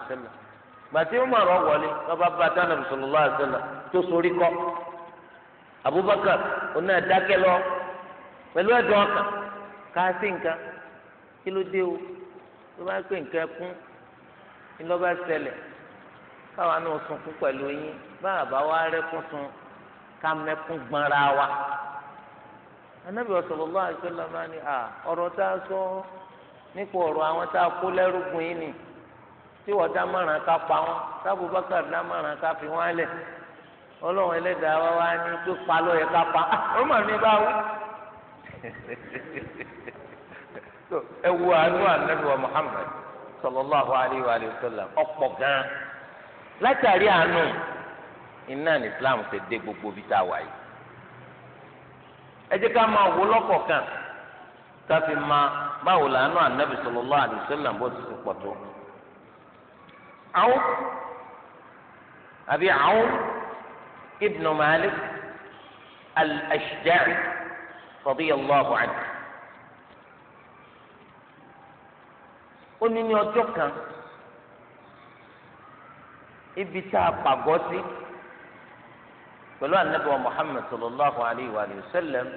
A: ìgbà tí Umar ọ̀ wọlé lọ́ba bá tánàbì sallallahu alayhi tó sorí kọ́ Abubakar òun náà dákẹ́ lọ pẹ̀lú ẹ̀dùn ọkàn ká sí nǹkan kí ló dé o ló bá pè nǹkan kún ní ló bá ṣẹlẹ̀ káwọn náà sunkún pẹ̀lú yín báwa bá wá rẹ́kún sun ká mẹ́kún gbọ́nra wa anabi sallallahu alaihi wasallam ni a ọ̀rọ̀ tá a sọ nípa ọ̀rọ̀ àwọn tá a kó lẹ́rùgùn yín ni tí wọ́n dá mọ̀ràn ká pa wọ́n tábùbákà dá mọ̀ràn ká fi wọ́n lẹ̀. ọlọ́run ẹlẹ́dàá wa wá ní tó pa lọ́yẹ ká pa ó mà ní bá
B: wí. ẹ wo àánú ànábì wa Muhammad
A: sallallahu alayhi wa sallam ọ̀pọ̀ gan-an látàrí àánú iná ní Islam ṣe dé gbogbo bí tá a wà yìí. ẹ jẹ́ ká máa lọ́kọ̀ọ̀kan ká fi máa báwo làánú ànábì sallallahu alayhi wa ابن مالك الأشجعي رضي الله عنه ó ní ní ọjọ́ kan ibi tá a pàgọ́ sí pẹ̀lú ànábì wa Muhammad sallallahu alayhi wa sallam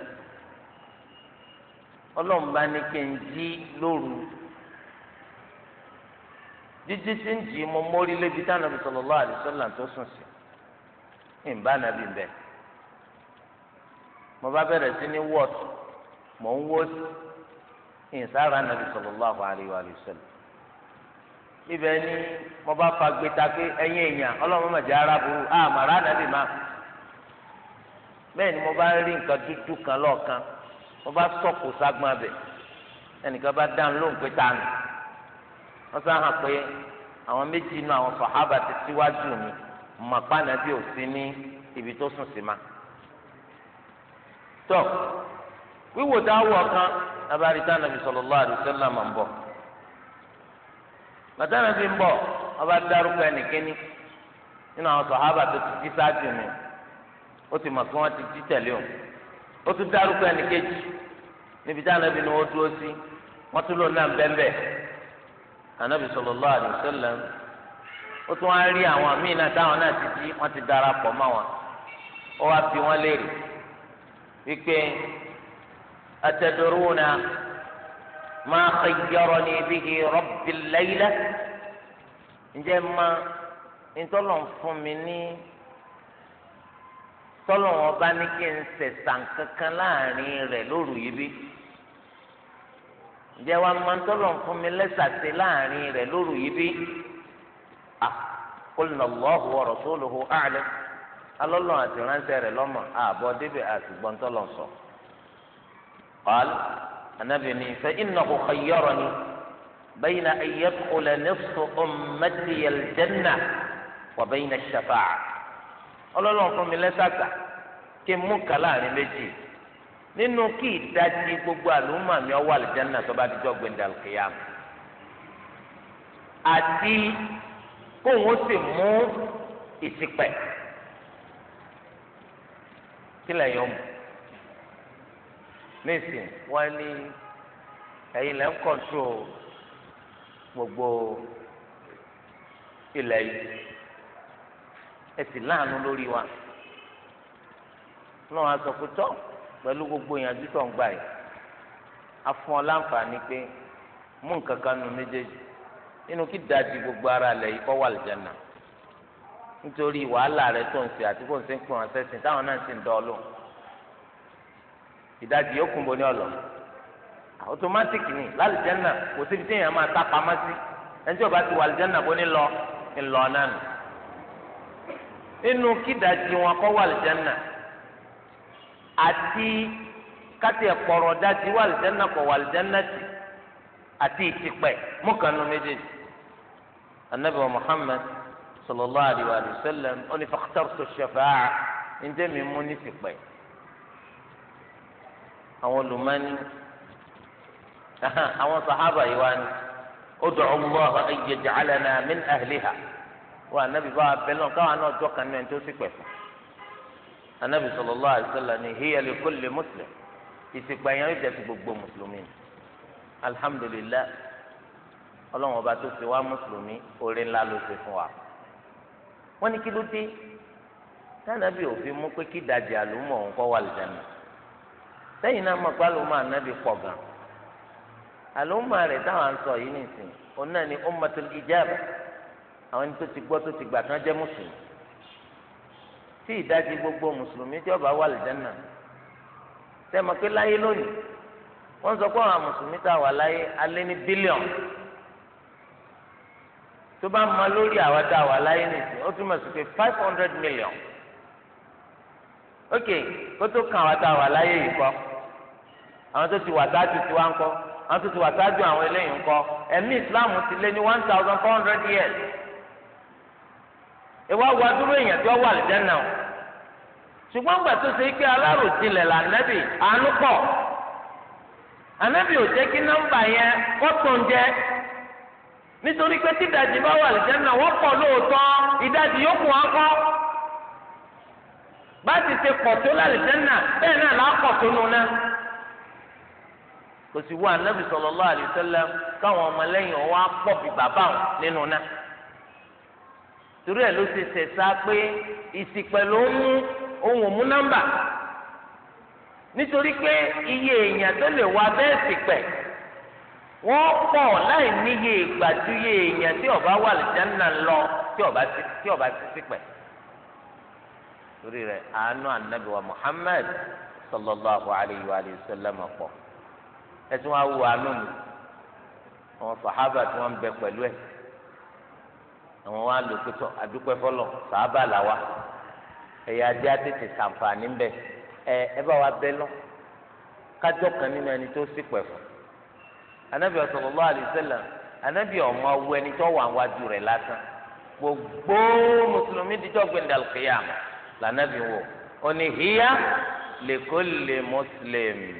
A: ọlọ́run bá ní kí n jí lóru jíjí tí ń jí mo mórí lébi tá ànábì sallallahu alayhi wa sallam tó sùn sí. ìbá nàbì bẹ mo bá wọt mò ń wọt ìsára nàbì sallallahu alaihi wa sallam ibẹ̀ ni mo bá fa gbẹta pé ẹ̀yin èèyàn Ọlọ́run mọjẹ ara burú àmàrà nàbì má ni mo bá rí nǹkan dúdú kan lọ́ọ̀kan mo bá sọkò ságbọn abẹ ẹnìkan bá dáhùn wọn hàn pé àwọn mọ̀pá nàbí ò sí ní ibi tó sùn sí ma. tọ́ wíwò tá a wọ̀ kan abarita nabi sallallahu alaihi wasallam ń bọ̀ bàtà nàbí ń bọ̀ ọba dárúkọ ẹnìkíní nínú àwọn sọ̀hábà tó ti jí sáájú mi ó ti mọ̀ kí wọ́n ti jí tẹ̀lé o ó tún dárúkọ ẹnìkejì níbi tá ànábì ni wọ́n dúró sí wọ́n tún lò náà bẹ́ẹ̀ bẹ́ẹ̀ ó tún wá rí àwọn míì náà táwọn náà ti jí wọn ti darapọ̀ mọ́ wọn ó wá fi wọn léèrè wípé ma ǹjẹ́ ma ntọ́lọ̀ ń fún mi ní tọ́lọ̀ wọn bá ní kí n sẹ̀sàn kankan láàrin rẹ̀ lóru yìí bí ǹjẹ́ wa Ah, qulna Allahu wa rasuluhu a'lam alọ́lọ́ àti ránṣẹ́ rẹ̀ lọ́mọ àbọ̀ débẹ̀ àti gbọ́ntọ́lọ̀ sọ. qala anabi ni fa innahu khayyarani bayna an yadkhula nisfu ummati al-janna wa bayna ash-shafa'a. ọlọ́lọ́ fún mi lẹ́sàkà kí n mú kà láàrin méjì nínú kí ìdajì gbogbo àlùmọ́ àmì ọwọ́ àlùjáná tó bá dijọ́ gbẹ̀ndàlùkìyàmù àti kóun ó sì mú ìsìpẹ̀ kílẹ̀ yọ mu nísìn wọ́n ní ẹ̀yin lẹ́ ń kọ́ńtró gbogbo ilẹ̀ yìí ẹ sì láàánú lórí wa lọ́wọ́n aṣọ pé tọ́ pẹ̀lú gbogbo ìyànjú tó ń gbà yìí afún ọ láǹfààní pé mú nǹkan kan nu méjèèjì nínú kí dajì gbogbo ara lẹ̀ yìí kọ́ wà lìjànà nítorí wàhálà rẹ tó ń ṣe àti kó ń ṣe ń pè wọn táwọn náà sì ń ìdajì yóò kún bo ní ọlọ automatic ni lálìjànà kò síbi tí èèyàn máa sí ẹni tí bá ti wà lìjànà bó ní lọ ńlọ náà nù kí wọn wà àti kátì wà wà anabi muhammed sallallahu alayhi wa sallam ó ní faqtartu shafa'a ǹjẹ́ mi mú ní fìpẹ́ àwọn olùmọ́ni àwọn sàhábà yìí wá ní ud'u Allah an yaj'alana min ahliha wọ́n anabi bá wa bẹ́ẹ̀ náà káwọn náà jọ kan náà tó sì pẹ̀ fún anabi sallallahu alayhi wa sallam ní hiya li kulli muslim ìsìnkú ẹ̀yàn yóò jẹ́ ti gbogbo mùsùlùmí alhamdulillah ọlọ́run ọba tó ṣe wá mùsùlùmí oore ńlá ló ṣe fún wa. wọ́n ní kí ló dé tánàbì òfin mú pé kí ìdajì àlùmọ̀ òun kọ́ wà lìjànà sẹ́yìn náà mọ̀ pé àlùmọ̀ ànábì pọ̀ gan àlùmọ̀ rẹ̀ táwọn à ń sọ yìí nìsín òun náà ni ummatul ijab àwọn ẹni tó ti gbọ́ tó ti gbà kán jẹ́ mùsùlùmí tí ìdajì gbogbo mùsùlùmí tí ó bá wà lìjànà sẹ́mọ̀ pé láyé lónìí wọ́n sọ pé àwọn mùsùlùmí tá a wà láyé alé ní bílíọ̀nù tó bá ma lórí àwa tá a láyé nìyí five hundred million ok kó tó kan àwa tá a láyé yìí kọ́ àwọn tó ti wà sáájú ti wá ń kọ́ àwọn tó ti wà Islam ti lé ní one thousand four hundred years ìwà wà dúró èèyàn tí wọ́n wà lẹ́jẹ̀ náà ṣùgbọ́n gbà tó ṣe pé aláròjinlẹ̀ là nẹ́bì pọ̀
C: ànẹ́bì ò jẹ́ kí nọ́mbà yẹn nítorí pé tí ìdajì bá wà àlìjẹ́nà wọ́n pọ̀ lóòótọ́ ìdajì yòókù wọn kọ́ bá ti ṣe pọ̀ tó lálìjẹ́nà bẹ́ẹ̀ náà là á pọ̀ tó nu náà
A: kò sì wá anábì sallallahu alaihi wasallam káwọn ọmọlẹ́yìn ọwọ́ á pọ̀ bí bàbá wọn nínú náà torí ẹ̀ ló ṣe ṣẹ̀ṣá pé ìsìpẹ̀lú ohun òmú nọ́mbà nítorí pé iye èèyàn tó lè wá bẹ́ẹ̀ sì pẹ̀
B: wọ́n pọ̀ láì níye ìgbà tí yé èèyàn tí ọba wà lọ
A: tí ọba ti sípẹ̀ torí rẹ̀ àánú ànábì Muhammad sallallahu alayhi wa sallam pọ̀ ẹtún wa wo àánú mi àwọn sàhábà tí wọ́n ń bẹ pẹ̀lú ẹ̀ àwọn wa lò pé tọ́ àdúpẹ́ fọlọ́ sàhábà ẹ̀yà adé àtètè ẹ wa lọ kan nínú ẹni anabi sallallahu alaihi wasallam anabi ọmọ awo ẹni tó wà wájú rẹ̀ lásán gbogbo mùsùlùmí dijọ́ gbẹ̀ndàl kìyàmù lànàbí wò òní híyá lèkólè mùsùlùmí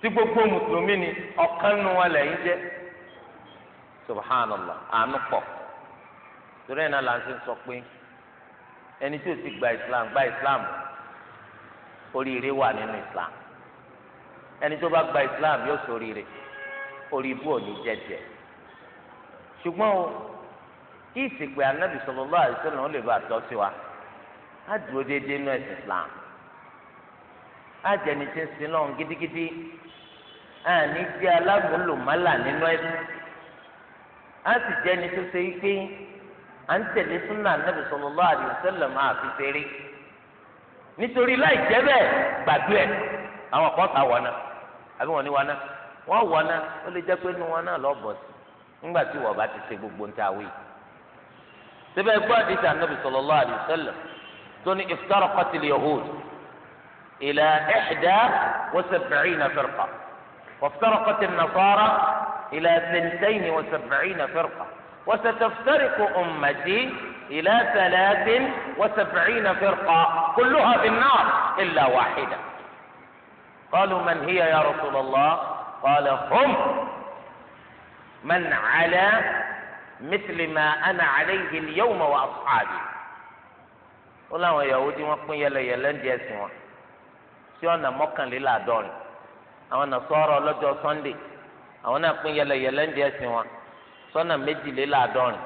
A: tí gbogbo mùsùlùmí ni ọ̀kan nu wọn lẹ́yìn jẹ́ subhanallah àánú pọ̀ torí ẹ̀ náà là ń sẹ́ sọ pé ẹni tí o ti gba islam gba islam oríire wà nínú islam ẹni tó bá gba islam yóò sọ oríire. So orí ibú òní jẹjẹ o kí ìsìnkú gbe sallallahu alaihi wasallam ó lè bá àtọ́ sí wa á dúró déédéé ẹ̀sìn Islam á jẹni tí ń sin gidigidi á ní jẹ́ alámúlòmálà nínú ẹ̀sìn á sì jẹni tó ṣe pé à ń tẹ̀lé súnà anábì sallallahu alaihi wasallam máa fi ṣeré nítorí láì jẹ́ bẹ́ẹ̀ gbàdúrẹ̀ àwọn kan ta wana, náà àbí ní wọ́n wọ̀ náà ó lè jẹ́ pé inú wọn náà lọ́ bọ̀ sí nígbà tí wọ́n bá ti ṣe gbogbo ń tawé. síbẹ̀ gbọ́ àdìsí ànábì sallallahu alaihi wasallam tó ní iftaraqatil yahud ila ihda wa sab'ina firqa waftaraqatil nasara ila thnitayn wa sab'ina firqa وستفترق أمتي إلى ثلاث وسبعين فرقة كلها في النار إلا واحدة قالوا من هي يا رسول الله قال هم من على مثل ما أنا عليه اليوم وأصحابي wọ́n láwọn yahudi wọ́n pín yẹlẹyẹlẹ ń di ẹ̀sìn wọn sí ọ̀nà mọ́kànléláàádọ́rin àwọn nasọ́rọ̀ ọlọ́jọ́ sunday àwọn náà pín yẹlẹyẹlẹ ń di ẹ̀sìn wọn sọ́nà méjìléláàádọ́rin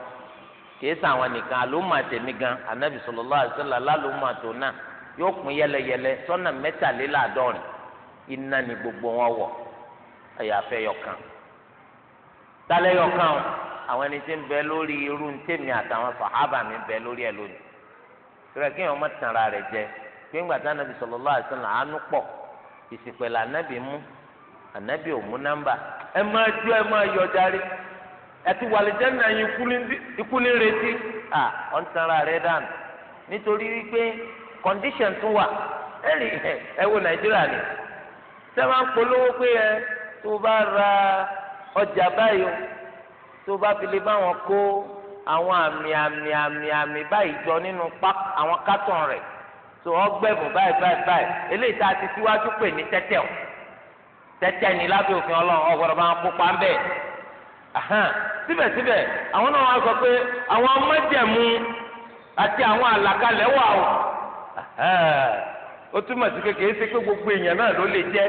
A: kìí sàwọn nìkan àlùmọ̀tẹ̀mí gan anabi sallallahu alaihi wasallam lálùmọ̀tò náà yóò pín yẹlẹyẹlẹ sọ́nà mẹ́tàléláàádọ́rin iná ni gbogbo àyàfẹ́ yọkan tálẹ́ yọkan o àwọn ẹni tí ń bẹ lórí irú ntẹ́mi àtàwọn sàhábà mi bẹ lórí ẹ lónìí rẹ kí wọn mọ̀tànra rẹ jẹ pé ńgbà anabi sọlọ sallallahu alaihi wasallam àánú pọ̀ ìsìpẹ̀lẹ̀ anabi mú anabi ò mú nọ́mbà ẹ máa jó ẹ máa yọ járe ẹtì wàlìjẹ́ náà yín ikúlé retí à rẹ dànù nítorí wípé tún wà ẹ nàìjíríà ni sẹ́wọ́n polówó pé ẹ tó bá ra ọjà báyìí tó bá fi lè bá wọn kó àwọn àmì àmì àmì àmì báyìí jọ nínú àwọn kátàn rẹ̀ tó ọgbẹ́bùn báyìí báyìí báyìí eléyìí tá a ti síwájú pè ní tẹ́tẹ́ o tẹ́tẹ́ ni lábẹ́ òfin ọlọ́run ọ̀gbọ́dọ̀ máa kópa ń bẹ̀ síbẹ̀síbẹ̀ àwọn náà wá sọ pé àwọn mọ́jẹ̀mú àti àwọn àlàkalẹ̀ wà o ó túmọ̀ sí kékeré sí pé gbogbo èèyàn náà ló lè jẹ́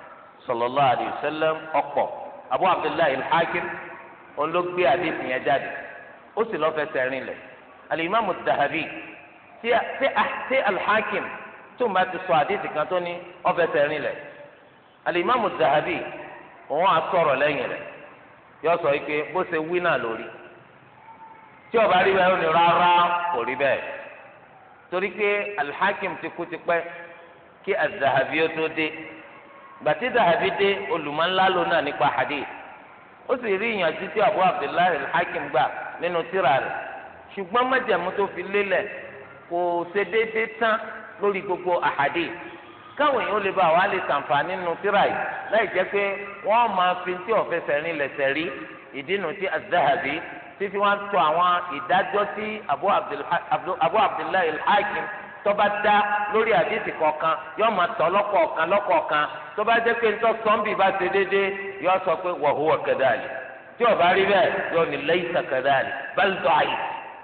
A: sallallahu alayhi wa sallam ọ̀pọ̀ abu abdullahi al-hakim òun ló gbé àdéhùn yẹn jáde ó sì lọ́ọ́ fẹsẹ̀ rìn lẹ̀ alimami dahabi tí alhakim tó ń bá ti sọ àdéhùn kan tó ní ó fẹsẹ̀ rìn lẹ̀ alimami dahabi òun á sọ̀rọ̀ lẹ́yìn rẹ̀ yọ sọ yìí bó ṣe wí náà lórí tí ó rí bẹ́ẹ̀ ó rárá kò rí bẹ́ẹ̀ torí pé alhakim ti kú tipẹ́ kí azahabi ó tó dé gbàtí dàbí dé olùmọ̀ńlá ló náà nípa hadith ó sì rí ìyànjú tí abu abdullahi hakim gbà nínú tírà rẹ̀ ṣùgbọ́n májẹ̀mú tó fi lélẹ̀ kò ṣe déédéé tán lórí gbogbo ahadith káwọn èèyàn lè bá wa lè ṣàǹfààní nínú tírà yìí láì jẹ́ pé wọ́n máa fi tí ọ̀fẹ́ sẹ́rin lẹ̀sẹ̀ rí ìdínú tí az-Zahabi tí fi àwọn ìdájọ́ tí abu abdullahi hakim tọba da lórí àdìsí kọ̀ọ̀kan yóò máa tọ́ lọ́kọ̀ọ̀kan lọ́kọ̀ọ̀kan tọba jẹ́ pé nítorí sọ́ńbì bá ṣe déédéé yóò sọ pé wa huwa kadhalik tí ó bá rí bẹ́ẹ̀ yóò ní laysa kadhalik bal da'if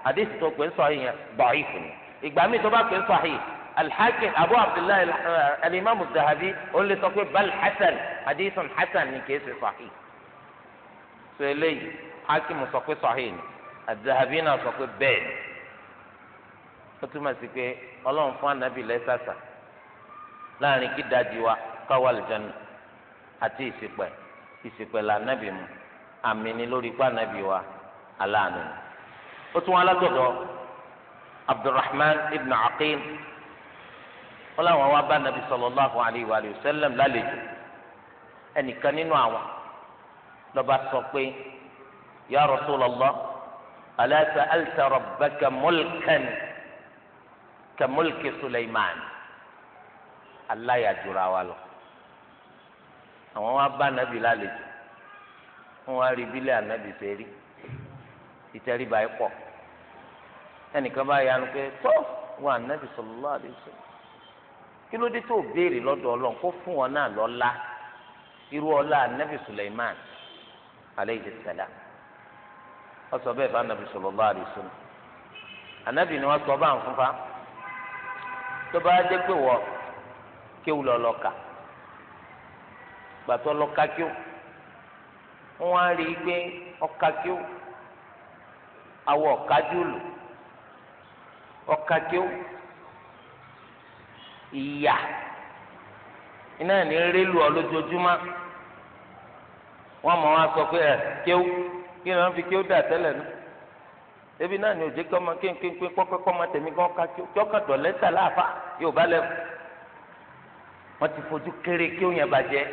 A: àdìsí tó pè ń sọ yìnyẹn da'if ni ìgbà míì tó bá pè ń sọ yìí alhakim abu abdullahi eh, alimami zahabi ó lè sọ pé bal hasan àdìsí hasan ni kì í ṣe sahih sọ eléyìí hakim sọ pé sahih ni azahabi náà sọ pé bẹ́ẹ̀ ni ó túmọ̀ sí pé ọlọ́run fún ànábì lẹ́sàsà láàrin kídájí wa káwá àlùjánnà àti ìṣìpẹ̀ ìṣìpẹ̀ là ànábì mu àmì ni lórí ikú ànábì wa aláàánú ni. ó tún wọn alágbọ̀dọ̀ abdulrahman ibn aqil wọn làwọn wá bá ànábì sallallahu alayhi wa sallam lálejò ẹnìkan nínú àwọn lọ́ba sọ pé ya rasulallah ala sa'alta rabbaka mulkan kẹmọlìkì Suleiman aláyàjura wa lọ àwọn wa bá anabi lálejò wọn wá rí bílẹ̀ anabi ṣe rí ìtẹríba ẹ pọ̀ ẹnìkan bá yanu pé tọ́ wọn anabi sallallahu alaihi wasallam kí ló dé tó béèrè lọ́dọ̀ ọlọ́run kó fún wọn náà lọ́lá irú ọlá anabi Suleiman aleyhi salam wọ́n sọ bẹ́ẹ̀ fún anabi sallallahu alaihi wasallam anabi ni wọ́n sọ bá ń fún tó bá dé pé wọ kéwù lọlọka gbàtọ lọka kéwù wọn á awọ ọkájú lò ọka ìyà iná ní rélu ọ wọn mọ wọn sọ pé ẹ kí ni dà tẹ́lẹ̀ náà. ebi náà ni òjé kọ́ ma kéńkéńké kọ́kọ́ ma tẹ̀mí kọ́ ká tí ó kà dọ̀ lẹ́tà láàfà yóò bá lẹ́kù wọ́n ti fojú kéré kí ó yẹn bàjẹ́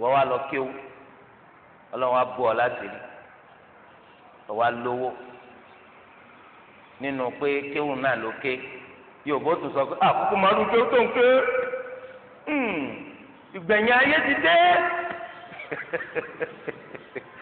A: wọ́n wá lọ kí ó ọlọ́run á bọ̀ láti rí ọwọ́ lówó nínú pé kéwù náà ló ké yóò bó tún sọ pé àkókò máa dún pé ó tó ń ké hmm. ìgbẹ̀yìn ayé ti dé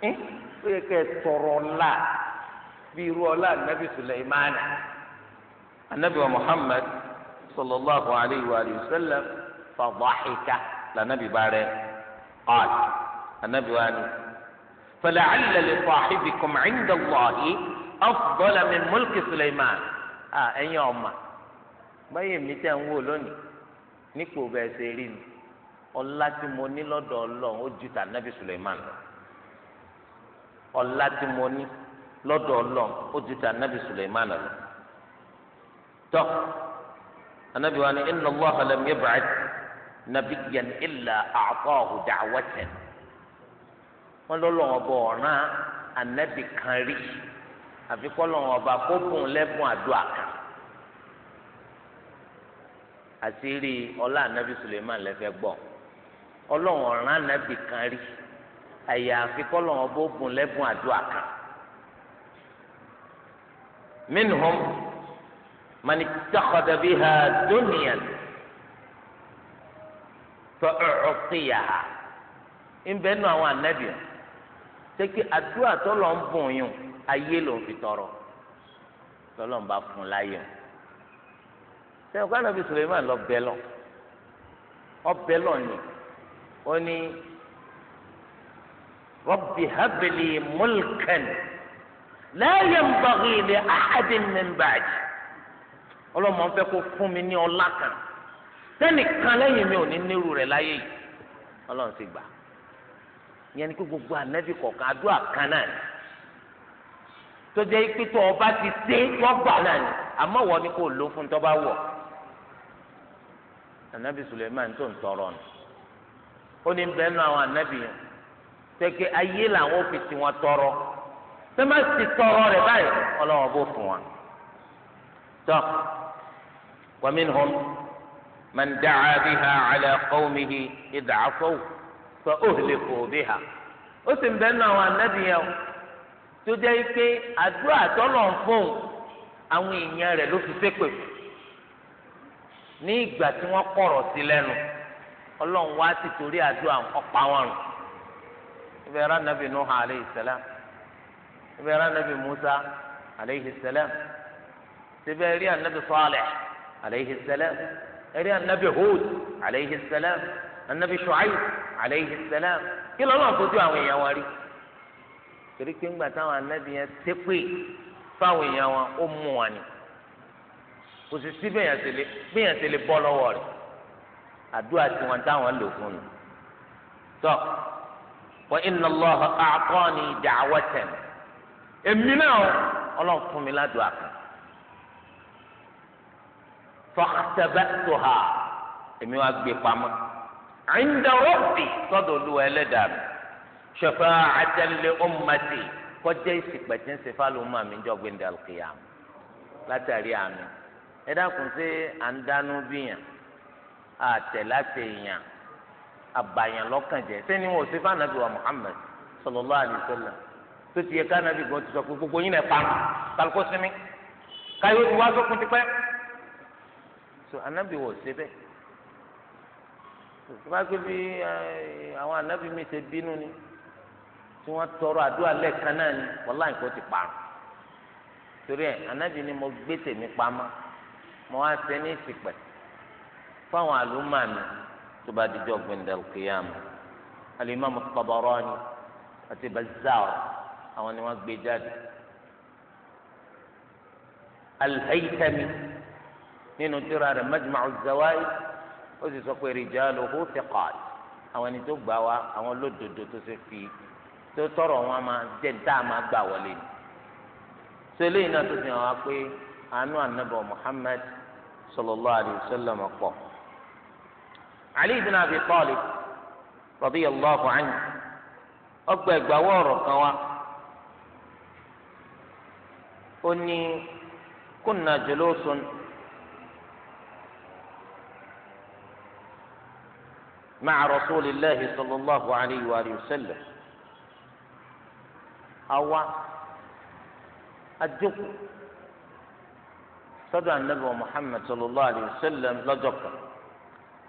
A: ẹ ó yẹ kẹ́ tọrọ ọlá bí irú ọlá anabi suleimana
B: anabi wa muhammad
A: sallallahu alayhi wa sallam fadhahika lànàbí bá rẹ qal anabi wa ni fala'alla li sahibikum 'inda allahi afdala min mulki suleiman à ẹ̀yin ọ̀ma báyìí èmi tẹ̀ ń wò lónìí nípò bẹ́ẹ̀ ṣe rí ni ọlá tí mo ní lọ́dọ̀ ó ju tànàbí suleiman lọ ọlá tí mo ní lọ́dọ̀ Ọlọ́run ó ju ti anabi Sulaiman lọ tọ anabi wa ni inna Allaha lam yab'ath nabiyyan illa a'tahu da'watan wọn lọlọrun ọba ọ̀ràn anabi kan rí àfi kọlọrun ọba kó bùn lẹ́bùn àdúrà kan àṣírí ọlá anabi Sulaiman lẹfẹ gbọ́ Ọlọ́run ọ̀ràn anabi kan rí àyàfi kọ́lọ̀ wọn bó bùn lẹ́bùn àdúrà kan minhum man ittakhadha biha dunyan fa u'tiyaha ńbẹ́ nù àwọn ànábì tẹ́kí àdúrà tọ́lọ̀ ń bùn yùn ayé ló ń fi tọrọ tọ́lọ̀ ń bá fún láyé o sẹ́wọ́n kí ànábì Suleiman lọ bẹ́ ọ bẹ́ ni ó ní. رب هب لي ملكا لا ينبغي لأحد من بعدي ọlọ́run máa ń fẹ́ kó fún mi ní ọlá kan tẹ́nìkan lẹ́yìn mi ò ní nírú rẹ̀ láyé yìí ọlọ́run sì gbà ìyẹn ni pé gbogbo ànábì kọ̀ọ̀kan àdúrà kan náà ni tó jẹ́ pé tó ọba ti dé lọ́gbà náà ni àmọ́ wọ́n ní kó lò fún tó bá wọ̀ ànábì Suleiman tó ń tọrọ nù ó ní bẹ́ẹ̀ nù àwọn ànábì yẹn. tẹkẹ ayé làwọn fi ti wọn tọrọ tẹ má ti tọrọ rẹ báyìí Ọlọ́run bó fún wọn tọ man biha ala qawmihi idha 'asaw fa uhliku biha ó sì ń bẹ nínú àwọn anábì tó jẹ́ pé àdúrà tọ́lọ̀ fún àwọn èèyàn rẹ̀ ló fi ṣépè ní ìgbà tí wọ́n kọ̀rọ̀ sí lẹ́nu ọlọ́run wá sì torí àdúrà ọ̀pá wọn rùn. ibẹ̀ ra nabi nuha aleyhi salam ibẹ̀ ra nabi musa aleyhi salam ibẹ̀ rí anabi saleh aleyhi salam rí anabi hud aleyhi salam anabi shuaib aleyhi salam
C: kí lọ́nà fojú àwọn èèyàn wọn rí
A: torí pé ńgbà táwọn anabi yẹn ṣépè fáwọn èèyàn wọn ó mú wọn ni kò sì sí bẹ́yàn ṣe lè bọ́ lọ́wọ́ rẹ̀ àdúrà tiwọn táwọn lò fún un tọ́. Fọ inna allah lọ ha akọrọn ị da awotiri emine ọla ọ fụmila do a kan fọkasibe so ha gbe pam. inda ndawụ bi so dọ luwa i le daa bi shafara adalile ọm madi kọjai sikpe ti nsikpe hali ụmụ amị njọgbe ndaleki ya ya ntari amị nda kunse an danu bi ya aa tẹ la àbàyàn lọ́kàn jẹ́ sẹ́ni wọn ò sí fún anabi wa Muhammad sallallahu alaihi wasallam tó ti yẹ ká anabi gbọ́ ti sọ pé gbogbo yín lẹ̀ pa kálukó sinmi káyọ̀ ti wá sókun ti pẹ́ so anabi wò sí bẹ́ẹ̀ tó bá gbé bí àwọn anabi mi ṣe bínú ni tí wọ́n tọrọ àdúrà lẹ́ẹ̀kan náà ni wọ́lá nǹkan ti parun torí ẹ̀ anabi ni mo gbé tèmi pamọ́ mo wá sẹ́ ní ìsìpẹ̀ fáwọn àlùmọ́ mi tó bá dijọ́ gbẹ̀ndẹ̀l kìyàmù alimami Tabarani àti Bazzar àwọn ni wọ́n gbé jáde Al-Haytami nínú tírà rẹ̀ Majma'u Zawaid ó sì sọ pé rijaluhu thiqat àwọn ẹni tó gbà wá àwọn olódodo tó ṣe fi tó tọrọ wọn máa jẹ dá a máa gbà wọlé ni sọlẹ yìí náà tó fi hàn Muhammad sallallahu alaihi wasallam pọ̀. علي بن أبي طالب رضي الله عنه أبقى بوار قوا أني كنا جلوس مع رسول الله صلى الله عليه وآله وسلم أو الجب صدى النبي محمد صلى الله عليه وسلم لا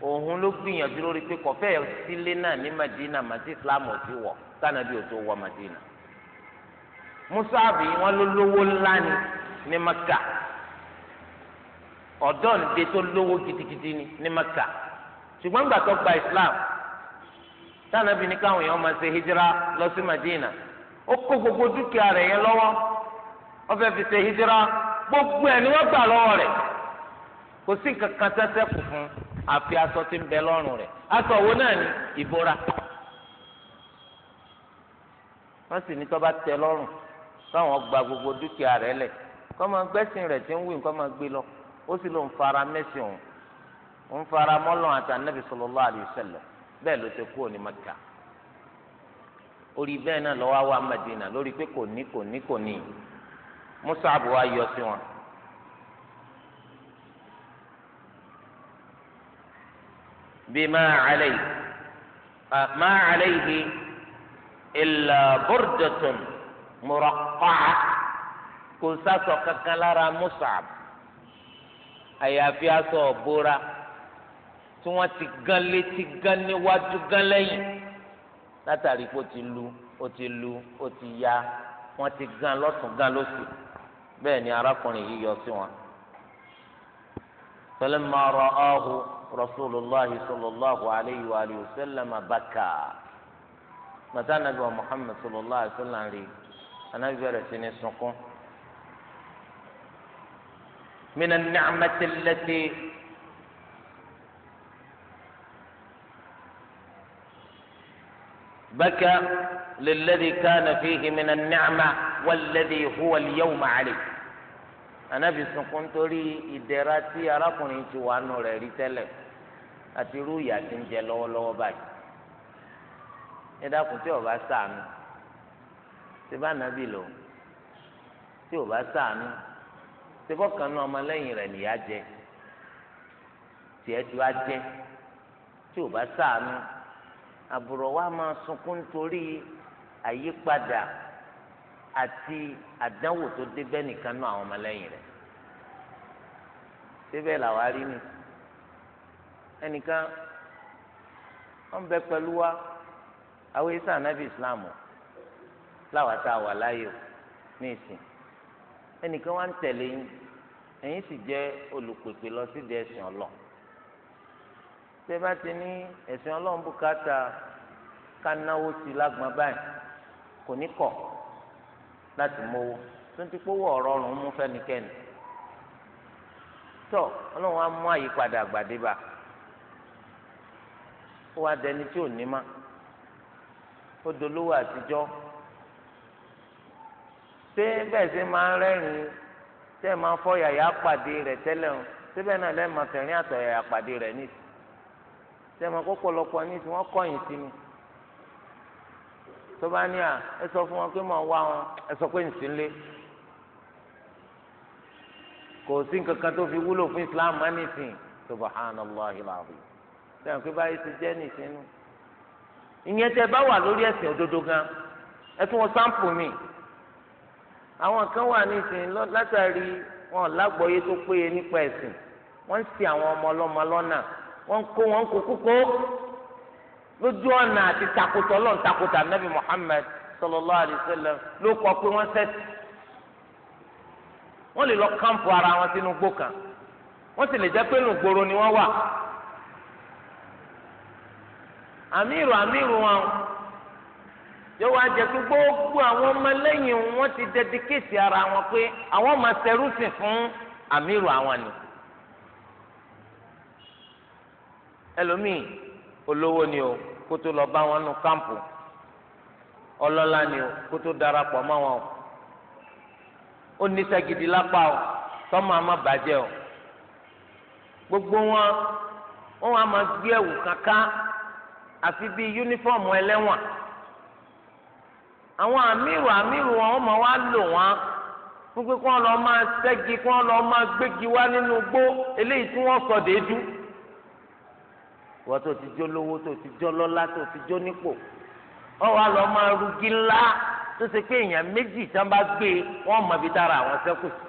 A: òun ló gbìyànjú lórí pé kọfẹ sílé náà ní madina màtí islam ò ti wọ sànàbí ò tó wọ madina musaabi wọn ló lówó ńlá ni ní maka ọ̀dọ́ nìde tó lówó gidigidi ni ní maka ṣùgbọ́n gbà gba islam sànàbí ní káwọn lọ sí madina ó kó gbogbo dúkìá
B: yẹn
A: fi ṣe hijira gbogbo ni gbà fún àfi aṣọ tí ń bẹ lọ́rùn rẹ̀ aṣọ wo náà ni ìbora wọ́n sì ní tó bá tẹ́ lọ́rùn káwọn gba gbogbo dúkìá rẹ̀ lẹ̀ kọ́ máa gbẹ́sìn rẹ̀ tí ń wí nǹkan máa gbé lọ ó sì ló ń fara mẹ́sìn òun ń fara mọ́lọ́ àti anábì sallallahu alaihi wasallam bẹ́ẹ̀ ló ti kú òní Mẹ́kà orí bẹ́ẹ̀ náà lọ́wọ́ wa Madina lórí pé kò ní kò ní kò ní Mus'ab wa yọ sí wọn. بما عليه ما عليه إلا بردة مرقعة kò sásọ kankan lára Mus'ab àyàfi aṣọ ọ̀bóra tí wọ́n ti gán létí gán níwájú gán lẹ́yìn látàrí pé ó ti lu ó ti lu ó ti ya wọ́n ti gán lọ́tún gán lósì bẹ́ẹ̀ ni arákùnrin yìí yọ sí wọn. falamma ra'ahu. رسول الله صلى الله عليه وآله وسلم بكى مثلا نبي محمد صلى الله عليه وسلم لي أنا جرى سنسكم من النعمة التي بكى للذي كان فيه من النعمة والذي هو اليوم عليه anabi sunkún nítorí ìdẹ̀ra tí arákùnrin ti wà nù rẹ̀ rí tẹ́lẹ̀ àti irú ìyà tí ń jẹ lọ́wọ́lọ́wọ́ báyìí ẹ dákun tí ó bá ṣàánú tí bá nàbì lò tí ó bá ṣàánú tí bọ́kàn ọmọlẹ́yìn rẹ̀ nìyá jẹ tiẹ̀ tí wá jẹ tí ó bá ṣàánú àbùrọ̀ wa máa sunkún nítorí àyípadà àti àdánwò tó dé bẹ́ẹ̀ nìkan náà àwọn ọmọlẹ́yìn rẹ̀ síbẹ̀ làwa rí ni ẹnìkan wọ́n bẹ pẹ̀lú wa àwọn isa anabi islam láwa tá a wà láyé o ní ìsìn ẹnìkan wá ń tẹ̀lé yín ẹ̀yin sì jẹ́ olùpèpè lọ sídìí ẹ̀sìn ọlọ́ọ̀ tẹ́ bá ti ní ẹ̀sìn ọlọ́ọ̀ bùkátà ká sí lágbọ́n báyìí kò ní kọ̀ láti mówó tuntun ń ti mú fẹ́nikẹ́ni tó ọlọ́run á mú àyípadà àgbàdébà ó wá dẹni tí ò ní má ó dolówó àtijọ́ ṣé bẹ́ẹ̀ ṣe máa ń rẹ́rìn máa yàyà pàdé o síbẹ̀ náà lẹ́ẹ̀ máa fẹ̀rín yàyà pàdé rẹ̀ ní máa kó tí sí mi. tó bá ní à ẹ sọ fún wọn pé mò ń wá wọn ẹ sọ pé ǹsí lé kò sí nǹkan kan tó fi wúlò fún islam má nìsín subhanallahi alazim sẹ́yìn pé báyìí ti jẹ́ nìsínú ìyẹn tẹ bá wà lórí ẹ̀sìn òdodo gan ẹ tún wọn sáǹpù mi àwọn kan wà nìsín látàrí wọn lágbọ́yé tó péye nípa ẹ̀sìn wọ́n ń sin àwọn ọmọ ọlọ́mọ lọ́nà wọ́n ń kó wọn kó kúkó. lójú ọ̀nà àti takùtọ̀ lọ́n takùtà nàbì Muhammad sallallahu alayhi wa sallam ló kọ pé wọ́n sẹ́sì
B: wọ́n lè lọ ara wọn sínú
A: gbó kan wọ́n sì lè jẹ́ pé nùgbòrò ni wọ́n wà Amiru Amiru wọn yóò wá jẹ pé gbogbo àwọn ọmọlẹ́yìn wọn ti dẹdikéètì ara wọn pé àwọn máa ṣẹrúsìn fún Amiru àwọn ni ẹlòmíì olówó ni o kó tó lọ bá wọn nu kámpù ọlọ́lá ni o kó tó darapọ̀ mọ́ wọn o ó níṣẹ́ gidi lápá o tọ́mọ àmọ́ bàjẹ́ o gbogbo wọn wọn a máa gbé ẹ̀wù kankan àfi bíi yúnífọ́ọ̀mù ẹlẹ́wọ̀n àwọn àmírù àmírù wọn wọn máa wá lò wọn fún pé kí wọn lọ máa ṣẹ́gi kí wọn lọ máa gbégi wá nínú gbó eléyìí tí wọ́n sọ déédú wọ́n tó ti jó lówó tó ti jó lọ́lá tó ti jó nípò ọwọ́ àlọ́ máa rugi ńlá tó ṣe pé èèyàn méjì tán bá gbé wọ́n mọ̀ bí dára àwọn sẹ́kù sí.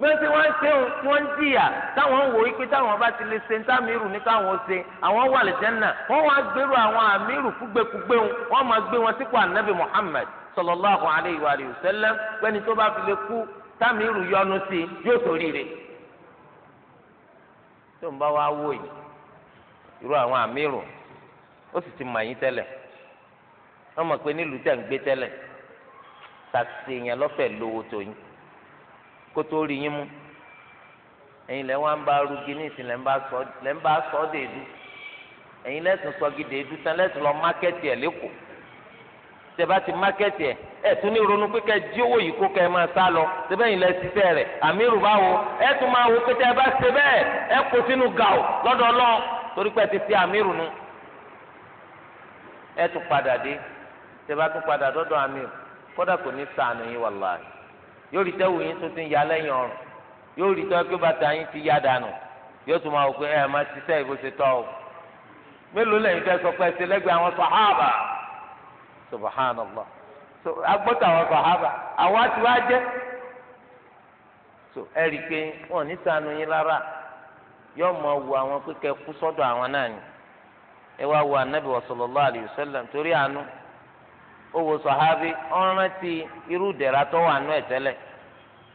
A: bẹ́ẹ̀ tí wọ́n ń ṣe tí wọ́n ń jìyà táwọn ń wò ó pé táwọn bá ti lè ṣe ń támìrù ní káwọn ṣe àwọn wà lè jẹ́nà wọ́n wá gbèrú àwọn àmìrù fúgbẹ́kúgbẹ́ wọn máa gbé wọn sípò ànábì Muhammad sallallahu alayhi wa sallam pẹ́ni tó bá fi lè kú támìrù yọnu sí yóò torí rẹ̀ tó ń bá wá wò yìí irú àwọn àmírù ó sì ti mọ tẹ́lẹ̀ wọ́n mọ̀ pé nílùú tẹ̀ ń gbé tẹ́lẹ̀ tàṣì yẹn lọ́fẹ̀ẹ́ lówó tó yín kó tó rí yín mú ẹ̀yin bá rúgi ní ìsìn lẹ́ ń bá sọ ọ́ dèédú ẹ̀yin lẹ́sùn sọ́gi dèédú tán lẹ́sùn lọ mákẹ́tì ẹ̀ lẹ́kọ̀ọ́ ti mákẹ́tì ẹ̀ ẹ̀ tún ní ronú pé kẹ́ jí owó yìí kó kẹ́ ẹ máa sá lọ tẹ́bẹ́ yìí lẹ rẹ̀ ẹ̀ tún máa wo pé tẹ́ ẹ
C: torí pé ẹ ti fi amírù nu
A: ẹ tún padà dé tẹ tún padà dọdọ amírù kódà kò ní sànù yín wàlá yóò rí tẹ́wù yín ti ń ya lẹ́yìn ọrùn yóò rí tẹ́wù pé bàtà yín ti ya dànù yóò tún máa wò pé ẹ máa ṣiṣẹ́ ìbò ṣe tọ́ o mélòó lẹ́yìn sọ pé ẹ ṣe lẹ́gbẹ̀ẹ́ àwọn so agbọ́tà àwọn ẹ rí i yọ mọ wo àwọn pé kẹ́ kú sọ́dọ̀ àwọn náà ni ẹ anabi wa sallallahu alayhi wa sallam torí àánú ó wo sọ̀hábí ọ̀rán ti irú ìdẹ̀ra tó wà nú ẹ̀ tẹ́lẹ̀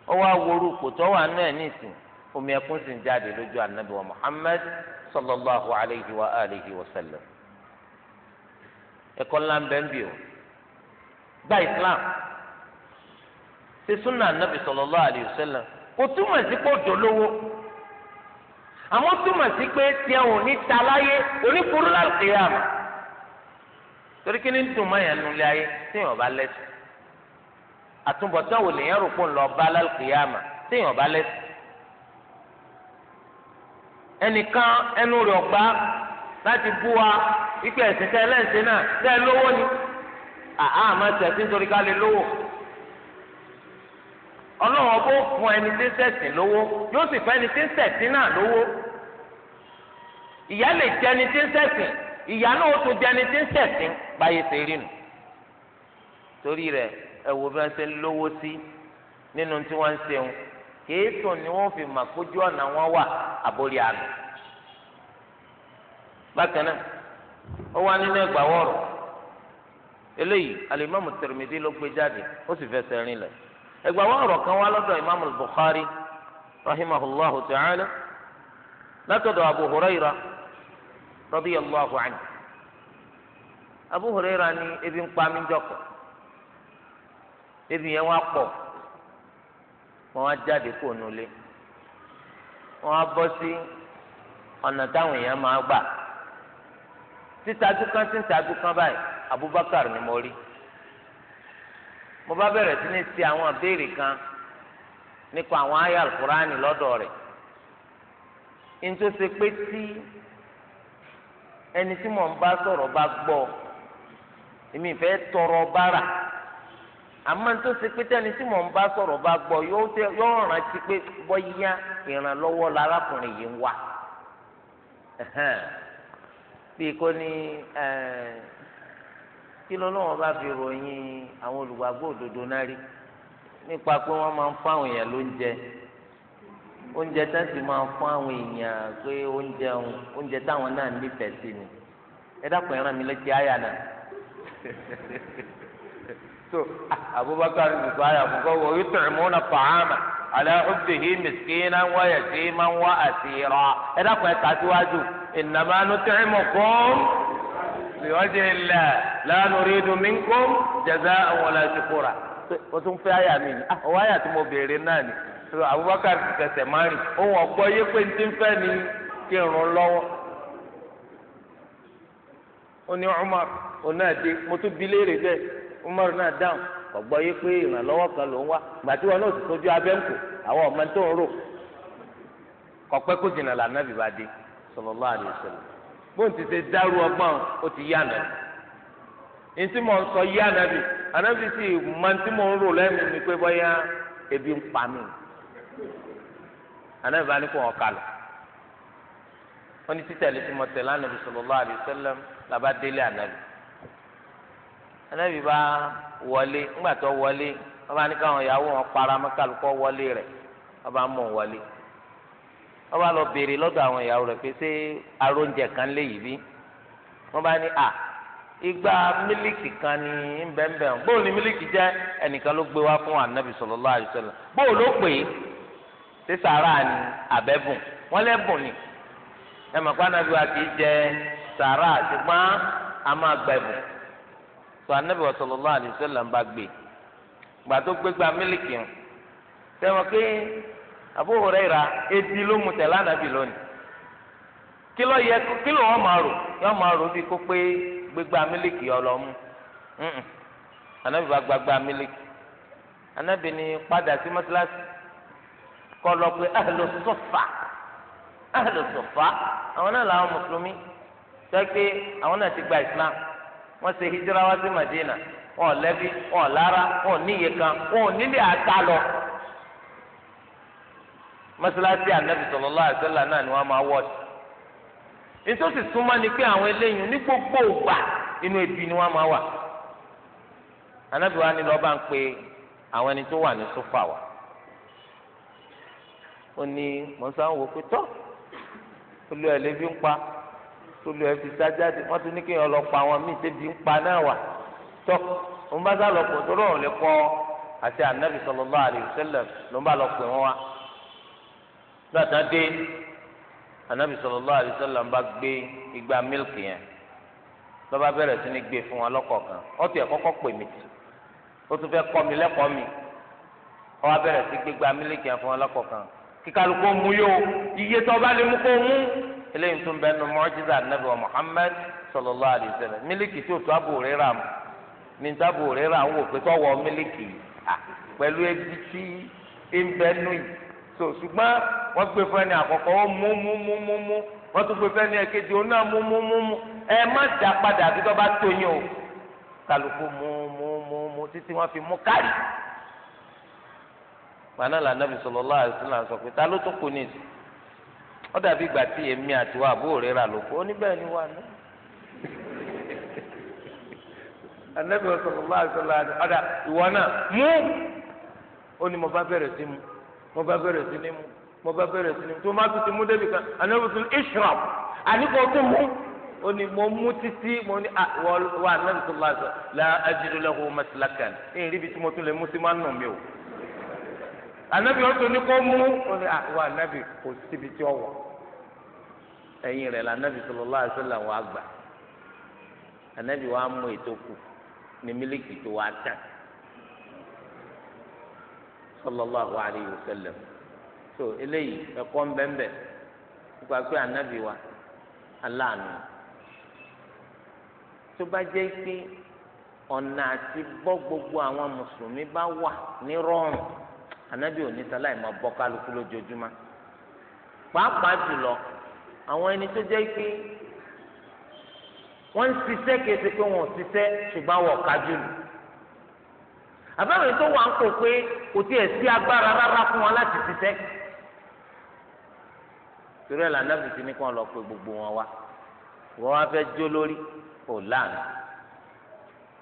A: ó wá wo orúkọ tó wà nú ẹ̀ nísìn omi ẹkún sì ń jáde lójú anabi wa alayhi wa wa sallam o gba islam ṣe sunna anabi sallallahu alayhi wa sallam kò túmọ̀ sí kó àwọn túmọ̀ sí pé tiẹ̀ ò ní ta láyé oníkuru láti yá àmà torí kí ni ń dùn mọ́yàn nulẹ̀ ayé téèyàn bá lẹ́sìn àtúbọ̀tán wò lèèyàn rò pé ń lọ bá láti yá àmà téèyàn bá lẹ́sìn ẹnìkan ẹnu rẹ̀ ọ̀gbá láti bú wa wípé ẹ̀sìn tẹ́ ẹlẹ́sìn náà tẹ́ ẹ lówó ni àá àmọ́ ẹ̀sìn torí ká lè lówó. ọlọ́wọ́ bó fún ẹni tí ń lówó yóò sì fún ẹni tí ń náà lówó ìyá lè jẹni tí náà tún jẹni tí ń torí rẹ ẹwọ bí wọn ṣe ń lówó sí nínú tí wọn ń ṣeun kìí ni wọn fi mà kójú ọ̀nà wọn wà àbórí àná bákan náà ó wá nínú ẹgbàá wọ̀rọ̀ ẹgbà wọn ọ̀rọ̀ kan wá lọ́dọ̀ imaamu bukhari rahimahullahu ta'ala látọ̀dọ̀ abu huraira radiyallahu anhu abu huraira ni ebi ń pa mí jọkọ ebi yẹn wá pọ̀ wọn wá jáde kó nulẹ̀ wọn wá bọ́ sí ọ̀nà táwọn èèyàn máa gbà títajú kan títajú kan báyìí abubakar ni mo rí mo bá bẹ̀rẹ̀ sí ní ti àwọn ìbéèrè kan nípa àwọn àyà alukurani lọ́dọ̀ rẹ̀ nítorí pé tí ẹni tí mò ń bá sọ̀rọ̀ bá gbọ́ èmi fẹ́ tọrọ bára àmọ́ nítorí pé tẹ́ni tí mò ń bá sọ̀rọ̀ bá gbọ́ yóò rántí pé bọ́yá ìrànlọ́wọ́ lárákùnrin yìí ń wá bí kò ní kí lọ́lọ́wọ́n bá fi ròyìn àwọn olùgbàgbọ́ òdodo náà rí nípa pé wọ́n máa ń fún àwọn èèyàn lóúnjẹ oúnjẹ tá sì máa ń fún àwọn èèyàn pé oúnjẹ oúnjẹ táwọn náà nífẹ̀ẹ́ sí ni ẹ dákun ẹ ràn mí létí àyà náà so Abubakar nìkọ àyà fún kọ wọ yóò tẹ̀rẹ̀ mọ́nà pààmà ala hubbihi miskina wa yatiman wa asira ẹ dákun ẹ kà síwájú innama nut'imukum li wajhi llah. la nuridu minkum jaza'an wala shukura o tún fẹ́ àyà mi ni ah, ọwọ́ àyà tí mo béèrè náà ni so Abubakar tẹsẹ̀ máa rìn òun ọ̀gbọ́ yé pé ní ti ń fẹ́ ni kí n rún lọ́wọ́ ó ní Umar náà mo tún bi léèrè bẹ́ẹ̀ Umar náà dáhùn ọ̀gbọ́ yé pé ìrànlọ́wọ́ kan ló ń wá wọn náà sì tójú àwọn ọmọ tó ń rò kọ̀pẹ́ kó jìnnà lànà dé bóun ti ṣe dárú ọgbọ́n ti yá ntí mo ń sọ yí anabi anabi sì mọ ntí mo ń rò lẹ́nu mi pé bọ́yá ebi ń pa mí anabi bá ní kó wọn kà lọ wọn ní títẹ̀lé tí mo tẹ̀lé anabi sallallahu alaihi wasallam làbá délé anabi anabi bá wọlé ńgbà tó wọlé wọn bá ní káwọn ìyàwó wọn para mọ́kàlùkọ́ wọlé rẹ̀ wọn bá mọ̀ wọlé wọn bá lọ béèrè lọ́dọ̀ àwọn ìyàwó rẹ̀ pé ṣé aróúnjẹ kan lé yìí bí wọn bá ní à. Ah, igba miliki kan ni bẹ́ẹ̀nbẹ́ẹ̀ bóòlù ní mílíkì jẹ́ ẹnìkan ló gbé wá fún anabi sallallahu alaihi wasallam bóòlù ó pè é ṣé sàrà ni àbẹ́bùn wọ́n lẹ́bùn ni ẹ mọ̀ pé anabi wa kì í jẹ sàrà ṣùgbọ́n a máa gbẹ̀bùn tó anabi wa sallallahu alaihi wasallam ń bá gbé tó gbé gba miliki ń tẹ́wọ́n pé Abu Huraira etí ló mu tẹ̀lé anabi lónìí kí ló yẹ kí ló máa rò máa gbégbá mílíkì ọlọ́mú anabi bá gbàgbá mílíkì anabi ni padà sí mọ́tíláṣí kọ́ lọ pé ahlu sufa ahlu sufa àwọn náà làwọn mùsùlùmí sẹ́kẹ́ àwọn náà ti gba islam wọ́n ṣe hijira wá sí madina wọn ò lẹ́bí wọn ò lára wọn ò níye kan wọn ò nílé àtà lọ mọ́tíláṣí anabi sallallahu alaihi wasallam náà ni wọ́n máa wọ́ọ̀tì nítòsí súnmọ́ ni pé àwọn eléyìí ní gbogbo ògbà inú ebi ni wọ́n máa wà anábìwá ni lọ́ọ́ bá ń pe àwọn ẹni tó wà ní sófà wà ó ní mọ̀nsán wò pé tọ́ olú ẹ̀ ń pa olú ẹ̀ fi sájáde wọ́n tún ní kí wọ́n lọ pa àwọn míì tẹ́bi ń pa náà wà tọ́ òun bá sá lọ pọ̀ tó rọrùn lè kọ́ àti ànábì sallallahu ló ń bá lọ pè wọ́n wá gbàtà dé anabi sallallahu alaihi wasallam bá gbé igba mílìkì yẹn lọba bẹ̀rẹ̀ sí ní gbé fún wa lọ́kọ̀ọ̀kan ọtí ẹ kọ́kọ́ pè mí tì ó tún fẹ́ kọ́ mi lẹ́kọ̀ọ́ mi ọba bẹ̀rẹ̀ sí gbégbá mílìkì yẹn fún wa lọ́kọ̀ọ̀kan kíkálukó mu yó iye tó ọba lè mú kó mú eléyìí tó ń bẹnu mọ́jísà anabi wa muhammed sallallahu alaihi wasallam mílìkì tí o tó abo rírà mu ní tó abo rírà ń wò pé tó wọ mílìkì pẹ̀lú ebi tí ń bẹnu yìí so ṣùgbọ́n wọ́n gbé fún ẹni àkọ́kọ́ ó mú mú mú mú mú wọ́n tún gbé fún ẹni ẹ̀kejì ó náà mú mú mú mú ẹ má dà padà bí tó bá tó yín o kálukú mú mú mú mú títí wọ́n fi mú kárì. gbaná la nàbì sallallahu alaihi wasallam sọ pé ta ló tún kù nìyí ó dàbí ìgbà tí èmi àti wa àbúrò rẹ rà lóko ó ní bẹ́ẹ̀ ni wà ní. ànábì sallallahu alaihi wasallam ọ̀dà ìwọ náà mú ó ní mo bá bẹ̀rẹ̀ sí mu mo bá bẹ̀rẹ̀ sí ni mu mo bá bẹ̀rẹ̀ sí ni mu tó má tún ti mú débi kan anáwó tún ishrab àníkò tún mú ó ní mo mú títí mo ní wà anáwó tún bá sọ la ajidu lahu maslakan ẹ̀yìn ríbi tí mo tún lè mú sí má nù mí o anábì ó tún ní kó mú ó ní ah, wà anábì kò síbi tí ó wọ̀ ẹ̀yìn rẹ̀ la anábì sallallahu alaihi wasallam wà gbà anábì wà mú ètò kù ní mílíkì tó wà tán. صلى الله عليه وسلم. so eléyìí ẹ̀kọ́ ń bẹnbẹ nípa pé anabi wa aláàánú tó bá jẹ́ pé ọ̀nà àti bọ́ gbogbo àwọn mùsùlùmí bá wà ní rọrùn anabi ò ní sáláì máa bọ́ kálukú lójoojúmọ́ pàápàá jùlọ àwọn ẹni tó jẹ́ pé wọ́n ń ṣiṣẹ́ kìí pé wọ́n ṣiṣẹ́ ṣùgbọ́n wọ́n kájú lù àbáwọn ètò wà ń kó pé kò tiẹ̀ sí agbára rárá fún wọn láti ṣiṣẹ́ torí ẹ̀ lànà fìfì ní kí wọ́n lọ pé gbogbo wọn wá wọ́n wá fẹ́ jó lórí kò láàánú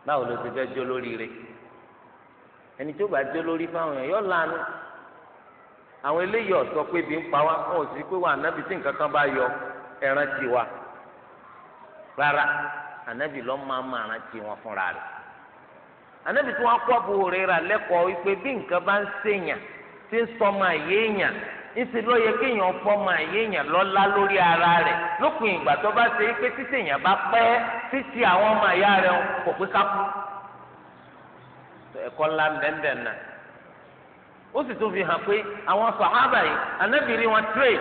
A: báwo ló ti fẹ́ jó lórí rẹ̀ ẹni tó bá jó lórí fáwọn èèyàn yọ láàánú àwọn eléyìí ọ̀sọ́ pé bí ń pa wá wọn ò sí pé wọn ànábì tí nǹkan kan bá yọ ẹran tiwa rárá ànábì lọ́ọ́ máa máa rántí wọn fúnra rẹ̀ anabi tí wọn kọ Abu Hurairah lẹ́kọ̀ọ́ wípé bí nǹkan bá ń ṣèyàn tí ń sọmọ àyè èèyàn ńṣe ló yẹ kéèyàn fọmọ àyè èèyàn lọ́lá lórí ara rẹ̀ lópin ìgbà tó bá ṣe pé títí èèyàn bá pẹ́ títí àwọn ọmọ àyà rẹ̀ kò pé kápú ẹ̀kọ́ ńlá bẹ́ẹ̀ náà ó sì tún fi hàn pé àwọn sàhábà yìí anabi rí wọn tírè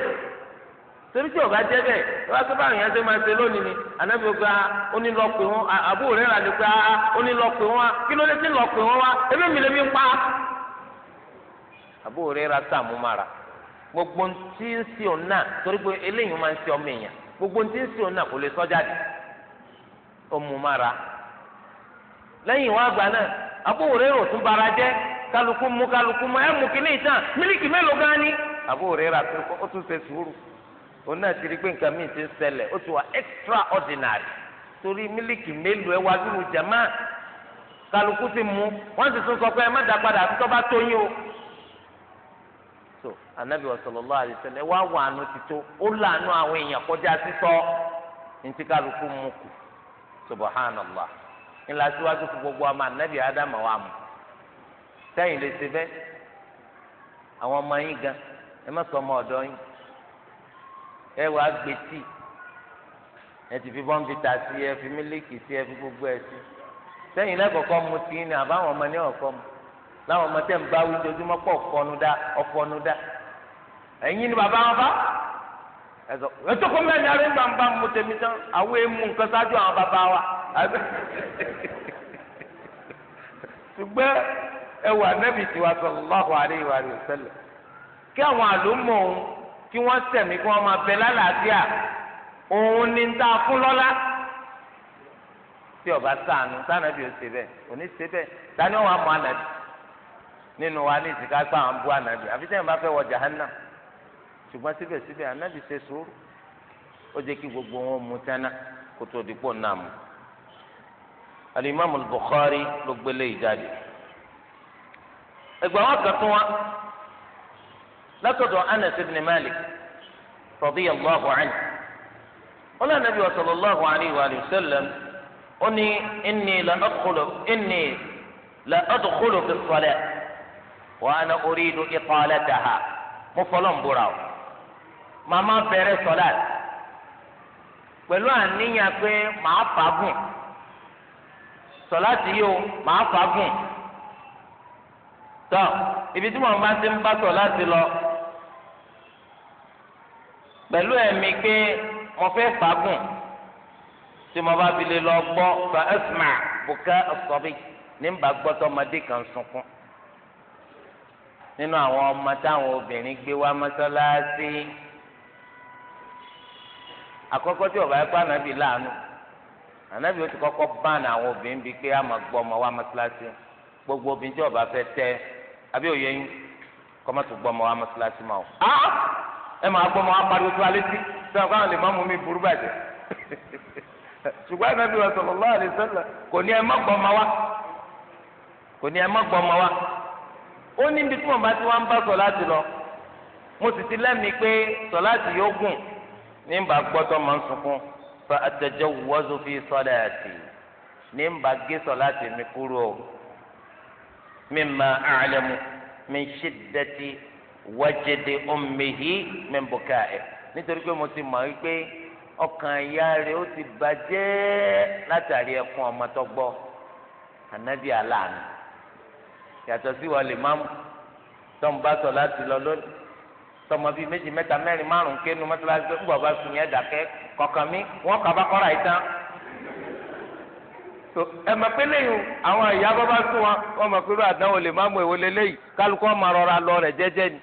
A: torí tí ọba jẹ bẹ́ẹ̀ ya tó bá àyànjẹ máa ṣe lónìí ni anabi ah, gba onílọpẹ wọn àbú rẹ rà nípa ah, onílọpẹ ah, wọn kí ló dé tí lọpẹ wọn wa ebi mi lè mi pa. rẹ gbogbo tí ń sí náà torí pé eléyìí máa gbogbo tí ń sí òun náà kò lè sọ jáde ọmọmára lẹ́yìn wọn àgbà náà rẹ tún bara jẹ kálukú mú kálukú mú ẹ mú kíní ìtàn mílíkì mélòó gan ni òun náà ti rí pé nǹkan míì ti ń ṣẹlẹ̀ ó ti wà extraordinary torí mílíkì mélòó ẹ wá kálukú ti mú wọ́n sì tún sọ pé ẹ má dá padà tó o. so anabi wa sallallahu wá wà àánú ti tó ó lànà àwọn èèyàn kọjá sísọ ntí kálukú mú kù ńlá síwájú fún gbogbo anabi adama mú lè ṣe àwọn ọmọ yín gan ẹ má sọ ọmọ ẹ wàá gbé tíì ẹ ti fi bọ́ǹbìtà sí ẹ fi mílíkì sí ẹ fi gbogbo ẹ sí
C: sẹ́yìn lẹ́kọ̀ọ́kọ́ mu
A: tí ní àbáwọn ọmọ ní ọ̀kọ́ mu láwọn ọmọ tẹ̀ ń bá wí ojoojúmọ́ pọ̀ ọ̀fọ́nu dá ọ̀fọ́nu dá ẹ̀yin ni bàbá wọn bá ẹ̀sọ́ ẹ̀tọ́kọ́ mẹ́rin arẹ́ ńgbà ń bá mu tèmi tán àwọn èèmù nǹkan ṣáájú àwọn bàbá wa ṣùgbọ́n ẹ wà nẹ́bìtì wa sallallahu alaihi wa sallam kí àwọn àlùmọ̀ òun kí wọ́n sẹ̀mí kí wọ́n máa bẹ lálàáfíà
B: òun ni ń ta fún lọ́lá
A: tí ọba sànù sànàbí ò ṣe bẹ́ẹ̀ òní ṣe bẹ́ẹ̀ dání wọn mọ ànàbí nínú wa ní ìsìnká gbà wọn bú ànàbí àfi sẹ́yìn bá fẹ́ wọ jahannam ṣùgbọ́n síbẹ̀síbẹ̀ ànàbí ṣe sùúrù ó jẹ́ kí gbogbo wọn mú tánà kó tó di náà mú. alimami Bukhari ló gbélé ìjáde
B: ẹgbẹ́ wọn kan tún wá
A: látọ̀dọ̀ anas ibn malik radiyallahu anhu ọlọ́run nàbí wa sallallahu alayhi wa sallam ó ní inni la adkhulu inni la adkhulu fi salat wa ana uridu italataha mo fọlọ́n búra o màmá bẹ̀rẹ̀ salat pẹ̀lú àníyàn pé màá fagùn salat yìí o màá fagùn tọ́ ibi tí wọ́n bá ti ń bá sọ láti lọ pẹ̀lú ẹ̀mí pé mo fẹ́ fagùn tí mo bá fi lè lọ gbọ́ fa ẹ́sìmà bùkẹ́ ọ̀sọ́bì ní bá gbọ́tọ́ ọmọdé kan sunkún nínú àwọn ọmọ táwọn obìnrin gbé wá mọ́sálásí àkọ́kọ́ tí ọba ẹ̀kọ́ ànábì láàánú ànábì ó ti kọ́kọ́ báànù àwọn obìnrin bíi pé a máa gbọ́ ọmọ wá mọ́sálásí gbogbo obìnrin tí ọba fẹ́ tẹ́ ẹ àbí òye yín kọ́má tó gbọ́ ọmọ wa mọ́sálásí máa o.
B: Ah! ẹ máa gbọ́ ọmọ wa pariwo tó alẹ́ sí sọ káwọn lè má
A: mú mi burú bàjẹ́ ṣùgbọ́n Ànábì wa sallallahu alaihi wasallam kò ní ẹ má gbọ́ ọmọ wa kò ní ẹ má gbọ́ ọmọ wa ó ní ibi tí mo bá ti wá ń bá sọ láti lọ
C: mo sì ti lẹ́mìí pé sọ láti yóò gùn ní bá gbọ́tọ̀ máa
A: ń sunkún fa àtẹ̀jọ́ wọ́ọ́sọ fi sọ́dà àti ní bá gé sọ láti mi kúrò مما أعلم من شدة وجد أمه من buka'i nítorí pé mo ti mọ̀ wípé ọkàn ìyá rẹ̀ ó ti bàjẹ́ látàrí ẹkún ọmọ tó gbọ́ ànábì aláàánú yàtọ̀ sí wa lè máàmù tọ́mù bá sọ láti lọ lónìí tọmọ bíi méjì mẹ́ta mẹ́rin márùn-ún kéénu mọ́tò láti gbọ́ bá sùn yẹn dàkẹ́ kọ̀ọ̀kan mi wọ́n kà bá kọ́ra ìtàn so ẹ mọ̀ pé lẹ́yìn àwọn ìyá bàbá sún wọn wọ́n mọ̀ pé irú àdánwò lè má mú èwo lélẹ́yìí kálukọ́ máa rọra lọ rẹ̀ jẹ́jẹ́ ni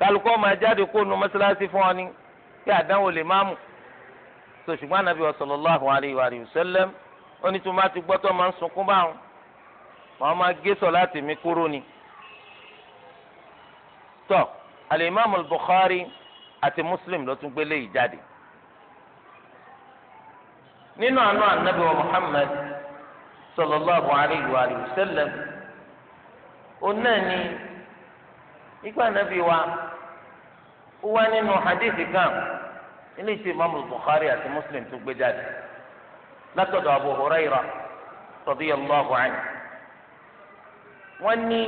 A: kálukọ́ máa jáde kó nu mọ́sálásí fún ọ ni kí àdánwò lè má mú so ṣùgbọ́n anabi sallallahu alayhi wa sallam ó ti gbọ́ máa ń sunkún báwọn wọ́n máa gé láti mi kúrò ni. tọ́ al-Imam al-Bukhari àti Muslim ló tún gbélé yìí nínú àánú ànábì wa Muhammad sallallahu alayhi wa sallam òun náà ni nígbà ànábì wa ó wá nínú hadithi kan ilé ìṣe imaamu Bukhari àti Muslim tó gbé jáde látọ̀dọ̀ Abu Hurairah radiyallahu anhu wọ́n ní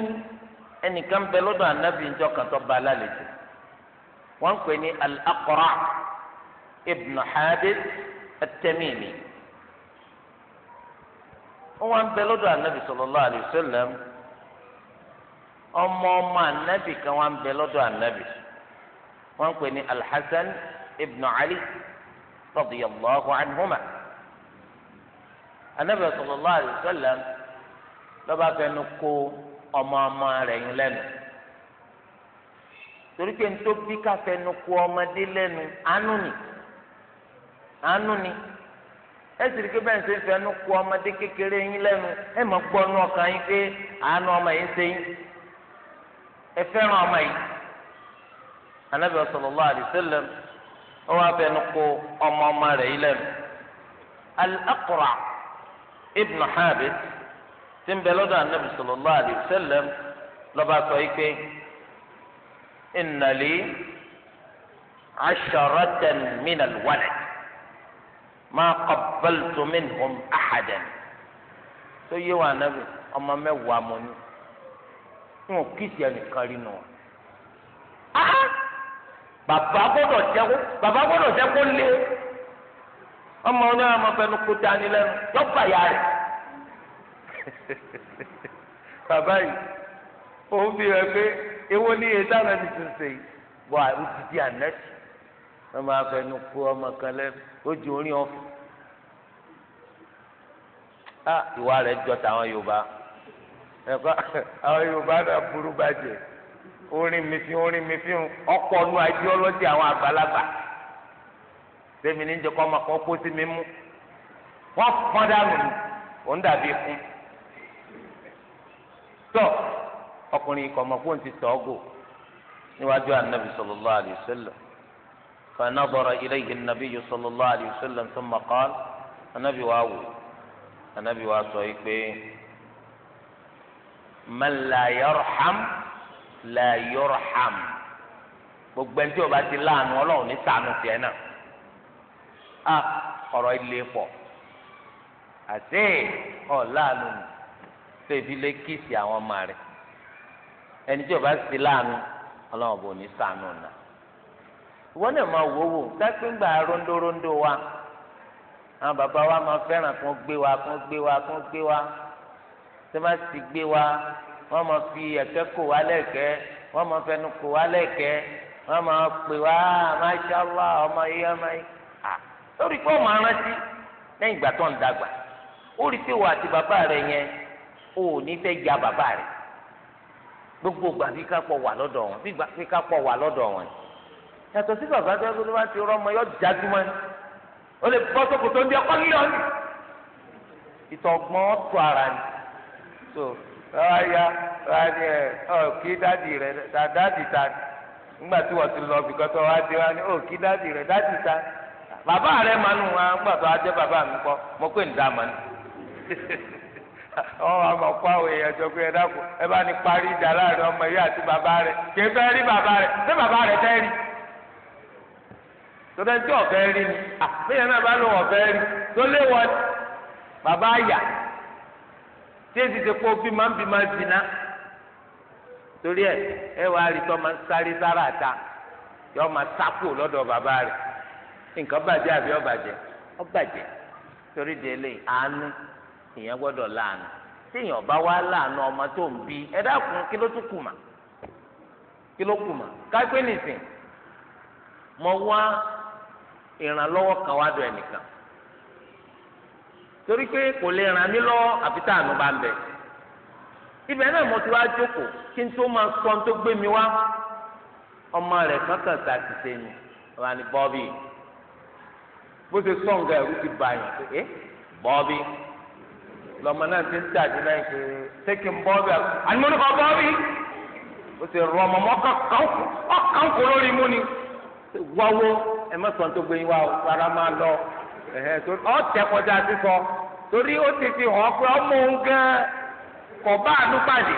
A: ẹnìkan bẹ lọ́dọ̀ ànábì njọ́ kan tó ba alálejò wọ́n ń pè ní al-Aqra' ibn Hadith at-Tamimi ó wá ń bẹ lọ́dọ̀ anabi sallallahu alayhi wa sallam ọmọ ọmọ anabi kan wá ń bẹ lọ́dọ̀ anabi wọ́n ń pè ní al-Hasan ibn Ali radiyallahu anhuma anabi sallallahu alayhi wa fẹnu kó ọmọ ọmọ rẹ̀ yín lẹ́nu torí pé ntòbí káfẹnu kó ọmọdé lẹ́nu ànú nìyí àánú ni ẹ sì rí pé bẹ́ẹ̀ ń ṣe fẹnu kó ọmọdé kékeré yín lẹ́nu ẹ mọ̀ gbọ́nú ọkàn yín pé àánú ọmọ yín ṣe yín ẹ fẹ́ràn ọmọ yín anabi sallallahu alaihi wasallam ọwọ abẹnu kó ọmọ ọmọ rẹ̀ yín lẹ́nu al ibn Habis tí ń bẹ lọ́dọ̀ anabi sallallahu alaihi wasallam sọ yìí pé inna li asharatan min al-walad ma qabbaltu minhum ahadan tó yé wa nàbì ọmọ mẹ́wàá mọ ni n ò kìsì ẹnìkan rí nù wọn. bàbá gbọ́dọ̀
C: jẹ́ kó bàbá gbọ́dọ̀ jẹ́ kó lé
A: ọmọ oníwà máa fẹnu kó dání lẹ́nu lọgbà yá rẹ bàbá yìí òun bí rẹ pé èwo ni èyí táwọn ẹni tuntun yìí wà ó ti di ànẹ́sì wọn bá fẹnu kó ọmọ kan lẹ́nu ojú orin ọ̀fọ̀
B: a ah, ìwà rẹ̀ jọ
A: tàwọn yorùbá ẹ̀kọ́ àwọn yorùbá náà burú bàjẹ́ orin mi fi orin mi fi ọkọ̀ nu àìdíọ́lọ́jì àwọn àgbàlagbà tẹ́mi ní jẹ́ kọ́ ọmọ kan kó sí mi mú wọ́n pọ́n dànù ni
B: òun dàbí ikún tọ́
A: ọkùnrin ikọ̀ ọmọkùnrin ti tọ́ ọ́ níwájú ànábì sallallahu alaihi wasallam. فنظر إليه النبي صلى الله عليه وسلم ثم قال النبي واو النبي واو من لا يرحم لا يرحم gbogbo ẹni tí o bá ti láàánú ọlọ́run ní sànù tiẹ̀ náà a ọ̀rọ̀ ilé pọ̀ àti ọ̀ láàánú fèbí lé kíìsì àwọn ọmọ rẹ̀ ẹni tí o bá ti láàánú ọlọ́run bò ní sànù náà ìwọ náà máa wò wò kápẹ́ngbà rondórondó wa àwọn bàbá wa máa fẹ́ràn kó gbé wa kó gbé wa kó gbé wa tí wọ́n ti gbé wa wọ́n máa fi ẹ̀kẹ́ kò wá lẹ́kẹ́ wọ́n máa fẹnu kò wá lẹ́kẹ́ wọ́n máa pè wá máṣáláà ọmọ yìí ọmọ yìí à lórí pé ọmọ arántí lẹ́yìn ìgbà tó ń dàgbà ó rí pé wà àti bàbá rẹ̀ yẹn ò ní fẹ́ ya bàbá rẹ̀ gbogbo gbà fi ká pọ̀ wà lọ́dọ̀ wọn fi ká pọ̀ wà lọ́dọ̀ wọn ni. yàtọ̀ sí bàbá tó ẹgbẹ́ wá ti yọ jájúmọ́ ni o lè bọ́ sókò tó ń di ọkọ ni ara ni so rárá ya rárá ni ẹ ọ kí dáàdì rẹ dáàdì ta nígbà tí wọ́n ti lọ tó wá rẹ dáàdì ta bàbá rẹ máa nù wá nígbà tó wá bàbá mi mo pè ní ni torí ẹni tí ọ̀fẹ́ rí ni àbíyẹn náà bá lò ọ̀fẹ́ rí tó léwọ́ bàbá àyà tí èsì ti kó bí máa ń bí máa ń torí ẹ ẹ wàá rí máa ń sáré sára yọ máa lọ́dọ̀ bàbá rẹ̀ nǹkan bàjẹ́ àbí ọ̀bàjẹ́ ọ̀bàjẹ́ torí àánú gbọ́dọ̀ ìrànlọ́wọ́ kan wá dọ̀ ẹnìkan torí pé kò lè ràn mí lọ́wọ́ àfi tá bá ń ibẹ̀ náà mo ti sọ tó gbé mi wá ọmọ rẹ̀ kankan ta ti ṣe ni ọba ni bọ́ọ̀bì bó ṣe sọ nǹkan ẹ̀rú ti yàn pé eh, lọmọ náà ti ń tà ní náà ṣe ṣéèkì ń bó ẹ má sọ tó gbé yín wá o rárá máa lọ ọ tẹ kọjá sísọ
B: torí ó ti fi hàn pé ọmọ òun gan kò bá àánú pàdé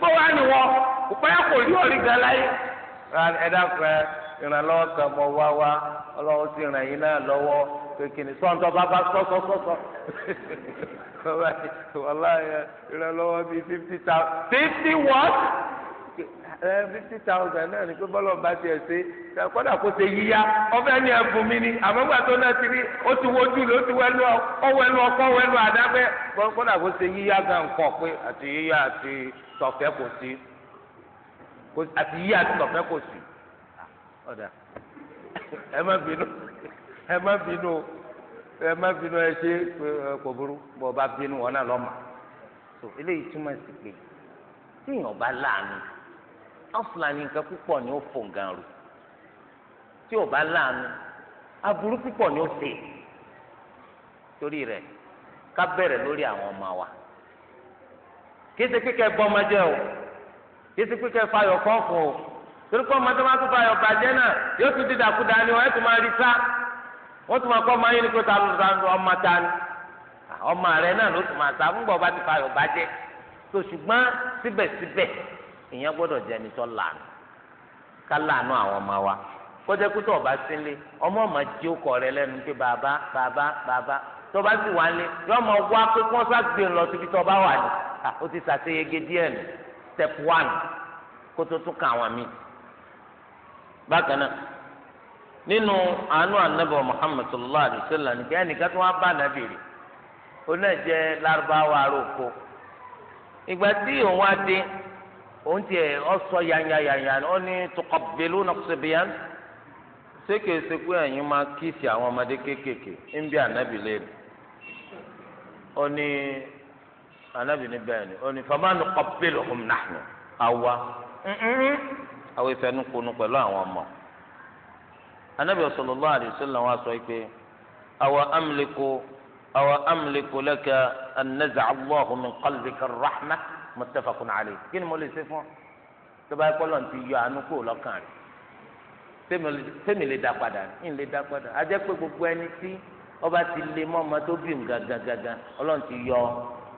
B: kó wá ní wọn kò pẹ́ kò rí ọ̀rí gan láyé.
A: ẹ dákun ẹ ìrànlọ́wọ́ kan mọ wá wá ọlọ́wọ́ sì ràn yín náà lọ́wọ́ kékeré sọ́ńtọ́ bá bá sọ́sọ́sọ́sọ́ wàlá ìrànlọ́wọ́ bíi fifty thousand fifty what ẹ fifty thousand náà ni pé bọ́lọ̀ bá tiẹ̀ ṣe kọ́dà kó ṣe yíyá ọbẹ̀ ni ẹ̀bùn mi ni àmọ́gbà tó
C: náà
B: ti rí ó ti wojú ló ti wẹ́nu
A: ọwọ́ ẹnu ọkọ́ ọwọ́ ẹnu àdágbẹ́ kọ́dà kó ṣe yíyá gan kọ̀ pé àti yíyá àti tọ̀fẹ́ kò sí àti yíyá àti tọ̀fẹ́ kò sí ọ̀dà ẹ má bínú ẹ má bínú ẹ má bínú ẹ ṣe kò burú bọ́ọ̀ bá bínú wọn náà lọ́mà eléyìí túmọ̀ sí pé tíyàn bá láàánú afúlàní nǹkan púpọ̀ ni ó fò gan ru tí ò bá láàánú aburú púpọ̀ ni ó fè torí rẹ̀ ká bẹ̀rẹ̀ lórí àwọn ọmọ wa kí ẹsẹ̀ pípẹ́ bọ́ ọmọ jẹ́ o kí pípẹ́ fayọ̀ kọ́ o torí pé ọmọ tó máa tún fayọ̀ bàjẹ́ náà yóò tún dídàkudà ni wọ́n tún máa rí sá wọ́n tún máa kọ́ ọmọ yín ní kó ta ọmọ ta ni ọmọ rẹ̀ náà ló tún máa sá fún gbọ́ bá ti fayọ̀ bàjẹ́ tó ṣùgbọ́n síbẹ̀síbẹ̀ ìyẹn gbọdọ jẹ́ ẹni tó lànà ká lànà àwọn ọmọ wa kọjá pé ọba sílé ọmọ ọmọ jí ó kọ rẹ lẹ́nu pé bàbá bàbá bàbá bá sì wá lé yọ ọmọ wá pé kí wọ́n sá gbé e lọ síbi tó wà ní ó ti step one kó tó tún ka àwọn bákan náà nínú àánú anabi muhammed sallallahu alayhi wa sallam nìkan tó wá bá ó náà òun tiẹ̀ ọsọ yanyayanya ó ní tukọ̀bẹ̀lú nọ̀kùsẹ̀bìyàn sékèsé pé ẹ̀yin máa kíìsì àwọn ọmọdé kéékèèké ń bí ànábì léèrè ó ní ànábì ní bẹ́ẹ̀ ni ó ní famanu kọ̀bẹ̀lú ọ̀hún nàánú àwa àwọn ìfẹnukunu pẹ̀lú àwọn ọmọ ànábì sallallahu alaihi wasallam wa sọ pé àwa amliku àwa amliku laka an naza'a Allahu muttafaqun alayh kí ni mo lè ṣe fún ọ tó bá kọ́ lọ́n ti yọ àánú kúrò lọ́kàn rẹ̀ sẹ́mi lè dá padà ní lè dá padà á jẹ́ pé gbogbo ẹni tí ọba ti lè mọ́ ọmọ tó bí gangan gangan ọlọ́run ti yọ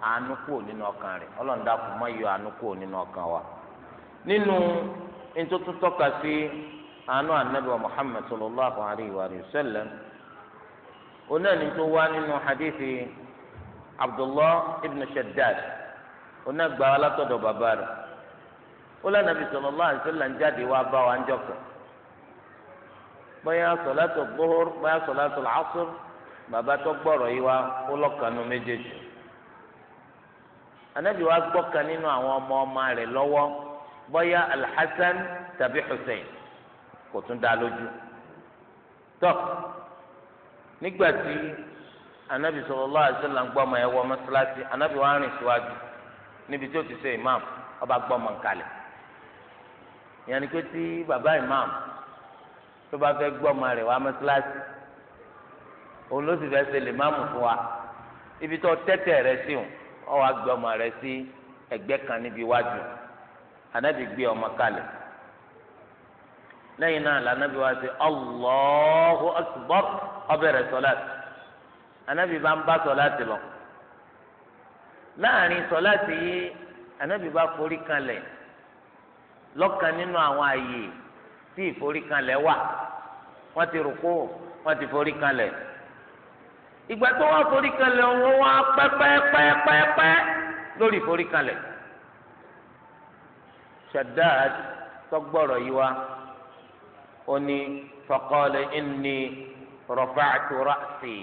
A: àánú kúrò nínú ọkàn rẹ̀ ọlọ́run dákun mọ́ yọ àánú kúrò nínú ọkàn wa nínú ntutu tọ́ka sí àánú anabi wa sallallahu alayhi wa sallam onáni tó wá nínú hadithi abdullah ibn shaddad oná gba wa látọ̀dọ̀ bàbá rẹ̀ ó lánàbí sallallahu alaihi wasallam ń jáde wá bá wa ń jọkọ̀ bóyá sọ̀látù gbóhór bóyá sọ̀látù làásùr bàbá tó gbọ́rọ̀ yìí wá ó lọ́kànnú méjèèjì
B: anabi wa gbọ́ kan
A: nínú àwọn ọmọ ọmọ rẹ̀ lọ́wọ́ bóyá alhassan tàbí hussein kò tún lójú tọ́ nígbà anabi sallallahu alaihi wasallam ń gbọ́ ọmọ ẹ̀ wọ mọ́sálásí anabi wa rìn síwájú níbi tí ó ti ṣe imam ọba gbọ́mọ nkalẹ̀ ìyẹn ni pé tí bàbá imam tó bá fẹ́ gbọ́mọ rẹ̀ wá mọ́sálásí òun ló sì fẹ́ ṣe lè máàmù fún wa ibi tó tẹ́tẹ̀ rẹ sí òun ọ wá gbọ́mọ rẹ sí ẹgbẹ́ kan níbi iwájú anábì gbé ọmọ kalẹ̀ lẹ́yìn náà lànàbí wa ṣe Allahu akbar ọbẹ̀ rẹ̀ sọ́láàtì anábì bá ń bá sọ́láàtì lọ láàrin sọláàtì yìí ànábì bá forí kanlẹ̀ lọ́kàn nínú àwọn àyè tí ìforí kanlẹ̀ wà wọ́n ti rùkú wọ́n ti forí kanlẹ̀ ìgbà tó wọ́n forí kanlẹ̀ wọ́n wá pẹ́pẹ́pẹ́pẹ́ lórí ìforí kanlẹ̀ Shaddad tọgbọrọ yìí wá ó ní faqala inni rafa'tu ra'si.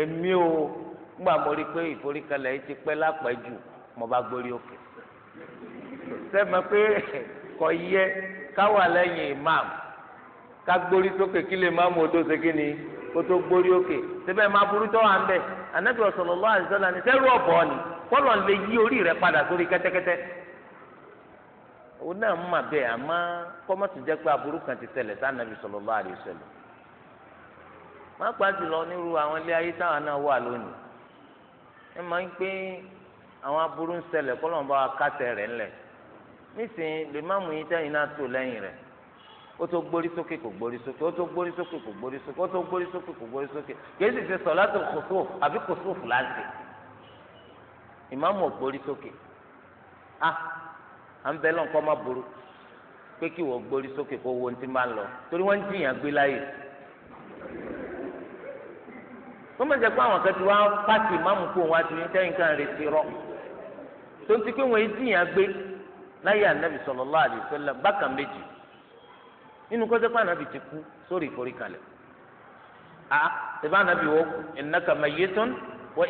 A: èmi o ńgbà mo rí i pé ìforíkalẹ̀ yìí ti pẹ́ lápẹ́jù mo bá gbórí òkè sẹ́mi pé kò yẹ káwà lẹ́yìn imam ká gbórí sókè kí lè má mú odó ṣe ni kó tó gbórí òkè síbẹ̀ máa burú tó ń bẹ̀ anabi ni sẹ́rù ọ̀bọ̀ ni kọ́lọ̀ lè yí orí padà sórí kẹ́tẹ́kẹ́tẹ́ òun náà mà bẹ́ẹ̀ àmọ́ jẹ́ pé aburú kan anabi má gbà jùlọ nírú àwọn ilé ayé táwọn náà wà lónìí ẹ máa ń pé àwọn aburú ń ṣẹlẹ̀ kọ́ lọ́nà bá wa kásẹ̀ rẹ̀ ńlẹ̀ nísìnyí lè má mú yín tẹ́yìn náà tó lẹ́yìn rẹ̀ ó tó gbórí sókè kò gbórí sókè ó tó gbórí sókè kò gbórí sókè ó tó gbórí sókè kò gbórí sókè kìí sì ṣe sọ̀látù kùsùf àbí kùsùf láǹtì ìmáàmù ò sókè a à ń bẹ lọ́nkọ́ má burú pé kí wọ́n gbórí sókè kó wo ohun tí máa lọ torí wọ́n ń jiyàn gbé láyè. wọ́n mọ̀ jẹ́ pé àwọn ma ti nwa pàtì nke kó wọn àti nítẹ̀yìn kan rè ti rọ tó ń ti pé gbé láyé sallallahu alaihi baka bákan méjì nínú kó jẹ́ pé fori ti kú sórí ìforíkalẹ̀ a ìbá ànábì wọ́n kú innaka mayyitun wa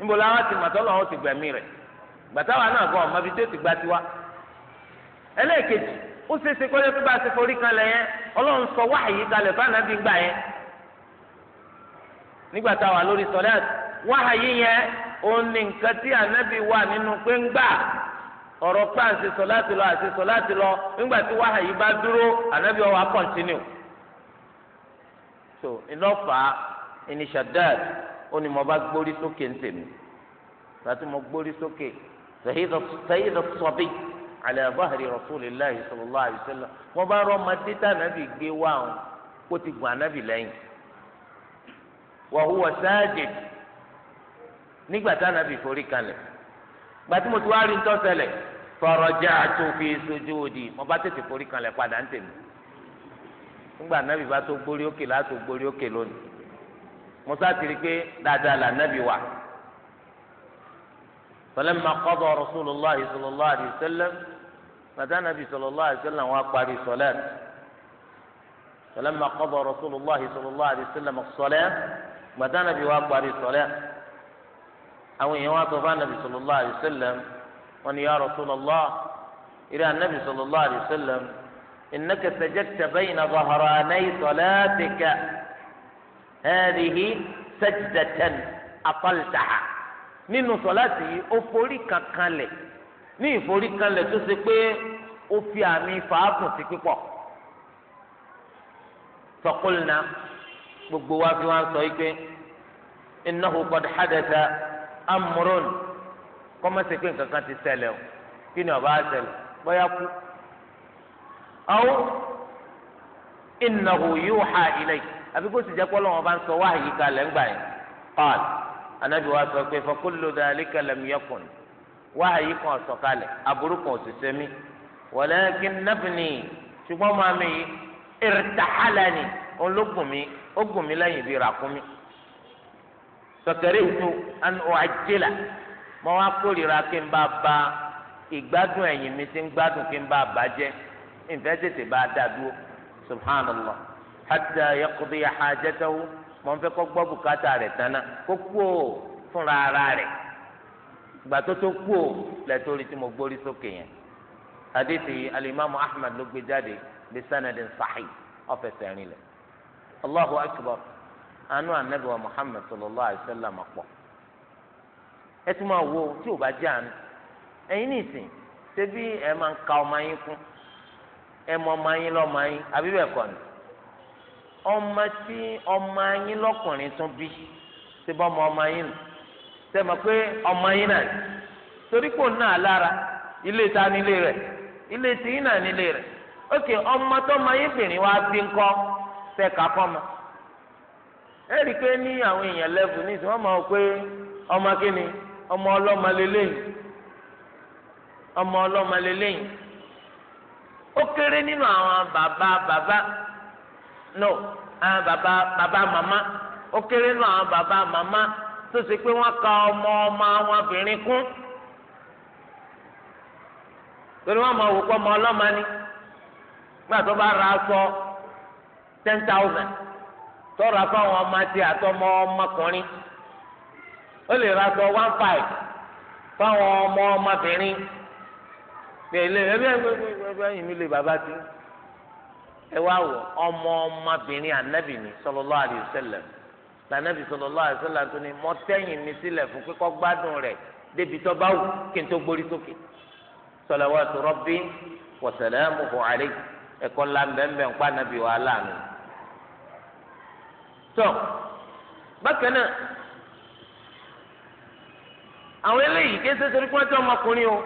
A: níbo ti màtọ́ lọ́wọ́ ti gbẹ̀mí rẹ̀ gbàtàwà náà gan ọmọ tó ti gbà tiwa ẹlẹ́ẹ̀kejì ó ti nígbà táwa lórí sọlẹ́t wáhàyí yẹn òun ní nǹkan tí ànábì wà nínú pé ń gbà ọ̀rọ̀ pé à ń ṣe sọlẹ́t lọ à ń ṣe sọlẹ́t lọ nígbà tí wáhàyí bá dúró ànábì wa kọ̀ntínú. so ìlọ́fà ẹni Shaddad ó ní mo bá gbórí sókè ń tèmi láti mo gbórí sókè sẹ́yìdọ̀ sọ́bì ala zahri rasulillahi sallallahu alaihi wasallam mo bá rọ́ ọmọdé tá ànábì gbé wá òun kó ti gùn ànábì lẹ́yìn wa huwa sajid nígbà tá nàbì forí kalẹ̀ gbàtí mo ti wá rí ntọ́ ṣẹlẹ̀ faraja'tu fi sujudi mo bá tètè forí kalẹ̀ padà ń tèmi nígbà nàbì bá tó gbórí òkè látò gbórí òkè lónìí mo sátìrí pé dáadáa là nàbì wà. falamma qada rasulullahi sallallahu alaihi wasallam màtá nàbì sallallahu alaihi wasallam wà parí sọlẹ́t falamma qada rasulullahi sallallahu alaihi wasallam sọlẹ́t gbàtà nàbí wa parí sọlẹ àwọn èèyàn wa sọ fún anabi sallallahu alayhi wa sallam wọn ni ya rasulallah irú anabi sallallahu alayhi wa sallam innaka sajadta bayna dhahranay salatika hadhihi sajdatan aqaltaha nínú sọláàtì yìí ó forí kankan lẹ̀ ní ìforí kan lẹ̀ tó ṣe pé ó fi àmì fàákùn sí pípọ̀ faqulna gbogbo wa fi wọn sọ ike innahu qad hadatha amrun kọ́mọ́sí pé nǹkan kan ti ṣẹlẹ̀ o kí ni ọba ṣẹlẹ̀ bóyá kú. aw innahu yuha ilayk àbí kó sì jẹ́ pé Ọlọ́run bá ń sọ wáhìí kalẹ̀ ńgbà yẹn qal anabi wa sọ pé fa kullu dhalika lam yakun wáhìí kan sọ̀kalẹ̀ aburú kan òṣìṣẹ́ mi walakin nabni ṣùgbọ́n màmí irtahalani ológun mi ó gùn mí lẹ́yìn bíi ràkúnmí sọ̀tẹ̀rẹ̀ ìtú ọ̀ àjẹlà o wá kórìíra kí n bá ba ìgbádùn ẹ̀yìn mi ti ń gbádùn kí n bá bàjẹ́ ìfẹ́ tètè bá dá dúró subhanallah hatta yaqdi hajatahu mo ń fẹ́ kó gbọ́ bùkátà rẹ̀ tánná kó kú o fúnra ara rẹ̀ ìgbà tó kú o tí mo gbórí sókè yẹn hadithi alimami ahmed ló gbé jáde bí sanadin allahu akbar anu anabi wa muhammed sallallahu alayhi wa sallam pọ̀ ẹ wo tí o bá jẹ́ àánú ẹ̀yin nìsín ẹ máa ka ọmọ yín tí tún bí ṣe ọmọ ọmọ pé ọmọ náà ni torí kò náà lára ilé ta nílé ilé tí náà nílé ókè ọmọ tó tẹ ká fọmọ ẹ rí i ní àwọn èèyàn lẹ́bù ní ìsìn wọ́n máa pé ọmọ kínni ọmọ ọlọ́mọ lélẹ́yìn ọmọ ọlọ́mọ lélẹ́yìn ó kéré nínú àwọn bàbá bàbá no àwọn bàbá bàbá màmá ó kéré nínú àwọn bàbá màmá tó ṣe pé wọ́n ka ọmọ ọmọ àwọn obìnrin kún máa wò pé ni gbàtọ́ bá ra ten thousand tọ́ra fáwọn ọmọ àti àtọmọ ọmọkùnrin ó lè ra sọ one five fáwọn ọmọ ọmọbìnrin pèlè ẹbí ẹgbẹ́ ẹ̀yìn mi lè bàbá tí ẹ wá wọ ọmọ ọmọbìnrin ànábì ni sallallahu alaihi wasallam lànàbì sallallahu alaihi wasallam tó ní mọ tẹ̀yìn mi sílẹ̀ fún kíkọ́ gbádùn rẹ̀ débi tó bá wù kí n tó gbórí sókè salawatu rabbi wa salamuhu alaihi ẹ̀kọ́ ńlá bẹ́ẹ̀ bẹ́ẹ̀ ń pa ànábì wàhálà nù. tọ bákan náà
B: àwọn eléyìí kéésì
A: torí pé wọn ọmọkùnrin o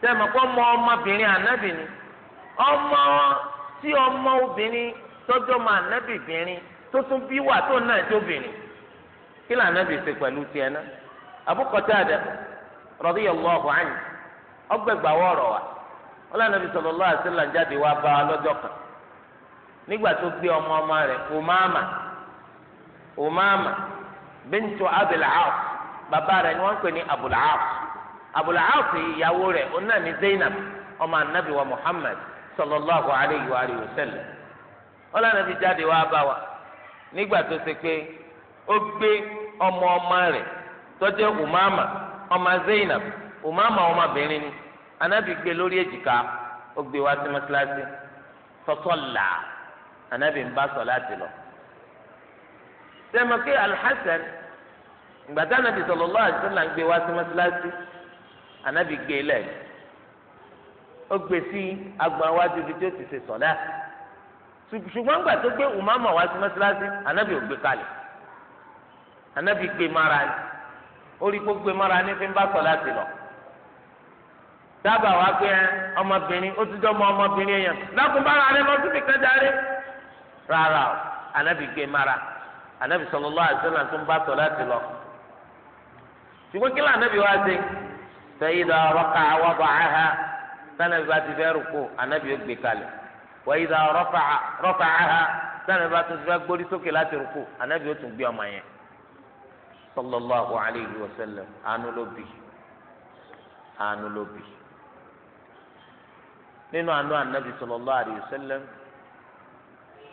A: tẹmọ kọ ọmọbìnrin ọmọ tí ọmọ obìnrin tọjọ mọ bìnrin tó tún bí wà tó náà tó bìnrin kí lóò ànábì ṣe pẹ̀lú tiẹ̀ náà Abu Qatada radiyallahu anhu ọgbẹgbàwọ wa jáde wá bá a lọ́jọ́ nígbà tó gbé ọmọ ọmọ umama umama bintu abul aas bàbá rẹ̀ ni wọ́n ń pè ní abul aas abul ìyàwó ní zainab ọmọ anabi wa muhammad sallallahu alayhi wa alihi wa sallam wọn lànà fi jáde wá bá wa nígbà tó ṣe pé ó umama ọmọ zainab umama ọmọbìnrin ni anabi gbé lórí èjìká ó gbé wá sí anabi be mba sọ láti lọ. sẹ́mọ̀kì alhassan gbàtà anabi sallallahu alaihi wasallam gbé wá anabi gbé e lẹ̀ ó gbé e sí agbọ̀n wájú ibi tí ó ti ṣe ṣùgbọ́n gbà tó umama wá sí anabi ò gbé kalẹ̀ anabi gbé mara ni ó rí kó gbé mara ni fi ń bá sọ láti dábàá wá pé ọmọbìnrin ó ti dọ́ mọ ọmọbìnrin yẹn lákùnbára rárá o anabi gbé mara anabi sallallahu alaihi wasallam tó ń bá sọ láti lọ ṣùgbọ́n kí lóò anabi wá sí sẹ́yìn ọ̀rọ̀ka wọ́pọ̀ àhá sanabi bá ti fẹ́ rúkú anabi ó gbé kalẹ̀ wọ́n yìí rọ́pà àhá sanabi bá tó fẹ́ gbórí sókè láti rúkú anabi ó tún gbé ọmọ yẹn sallallahu alayhi wa sallam àánú ló bì àánú ló bì nínú àánú anabi sallallahu alayhi wa sallam.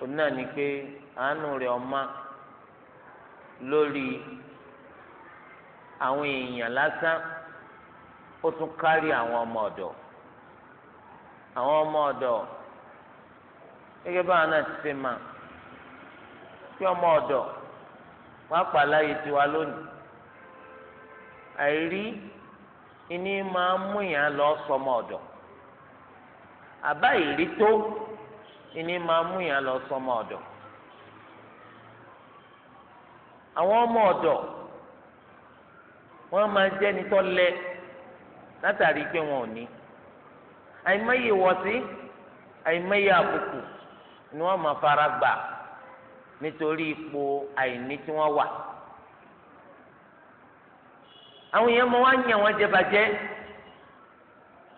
A: òun náà ni pé àánú rẹ̀ ọmọ lórí àwọn èèyàn lásán ó tún kárí àwọn ọmọ ọ̀dọ̀ àwọn ọmọ ọ̀dọ̀ gẹ́gẹ́ náà ti ṣe mà kí ọmọ ọ̀dọ̀ wá pàláyé tiwa lónìí àìrí ìní máa lọ sọmọ àbá ìrí tó. ìní máa mú yàn lọ sọmọ ọdọ àwọn ọmọ ọdọ wọn máa jẹ nítọ́ lẹ látàrí pé wọn ò ní
B: àìmọye wọ̀sí
A: àìmọye àbùkù ni wọn máa fara gbà nítorí ipò àìní tí wọn wà àwọn èèyàn máa wá yàn wọn jẹbàjẹ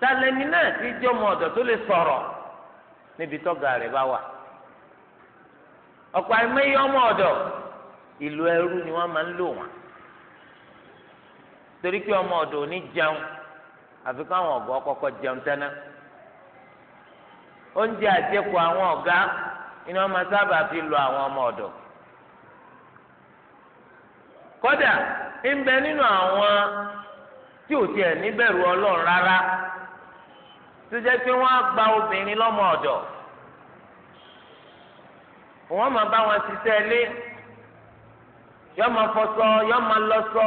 A: tàlẹ́ni náà ti jọmọ ọdọ tó lè sọ̀rọ̀. níbi tọ́gà rẹ̀ bá wà ọ̀pọ̀ àìmọye ọmọ ọ̀dọ̀ ìlú ẹrú ni wọ́n máa ń lò wọ́n torí pé ọmọ ọ̀dọ̀ ò jẹun àfi káwọn ọ̀gá kọ́kọ́ jẹun tẹ́ná oúnjẹ àjẹkù àwọn ọ̀gá ni wọ́n máa fi lọ àwọn ọmọ ọ̀dọ̀
B: kódà ń bẹ nínú àwọn
A: tí ò tiẹ̀ tó jẹ́ pé wọ́n á gba obìnrin lọ́mọ ọ̀dọ̀ wọ́n máa bá wọn ṣiṣẹ́ ilé yọ máa fọṣọ yọ máa lọṣọ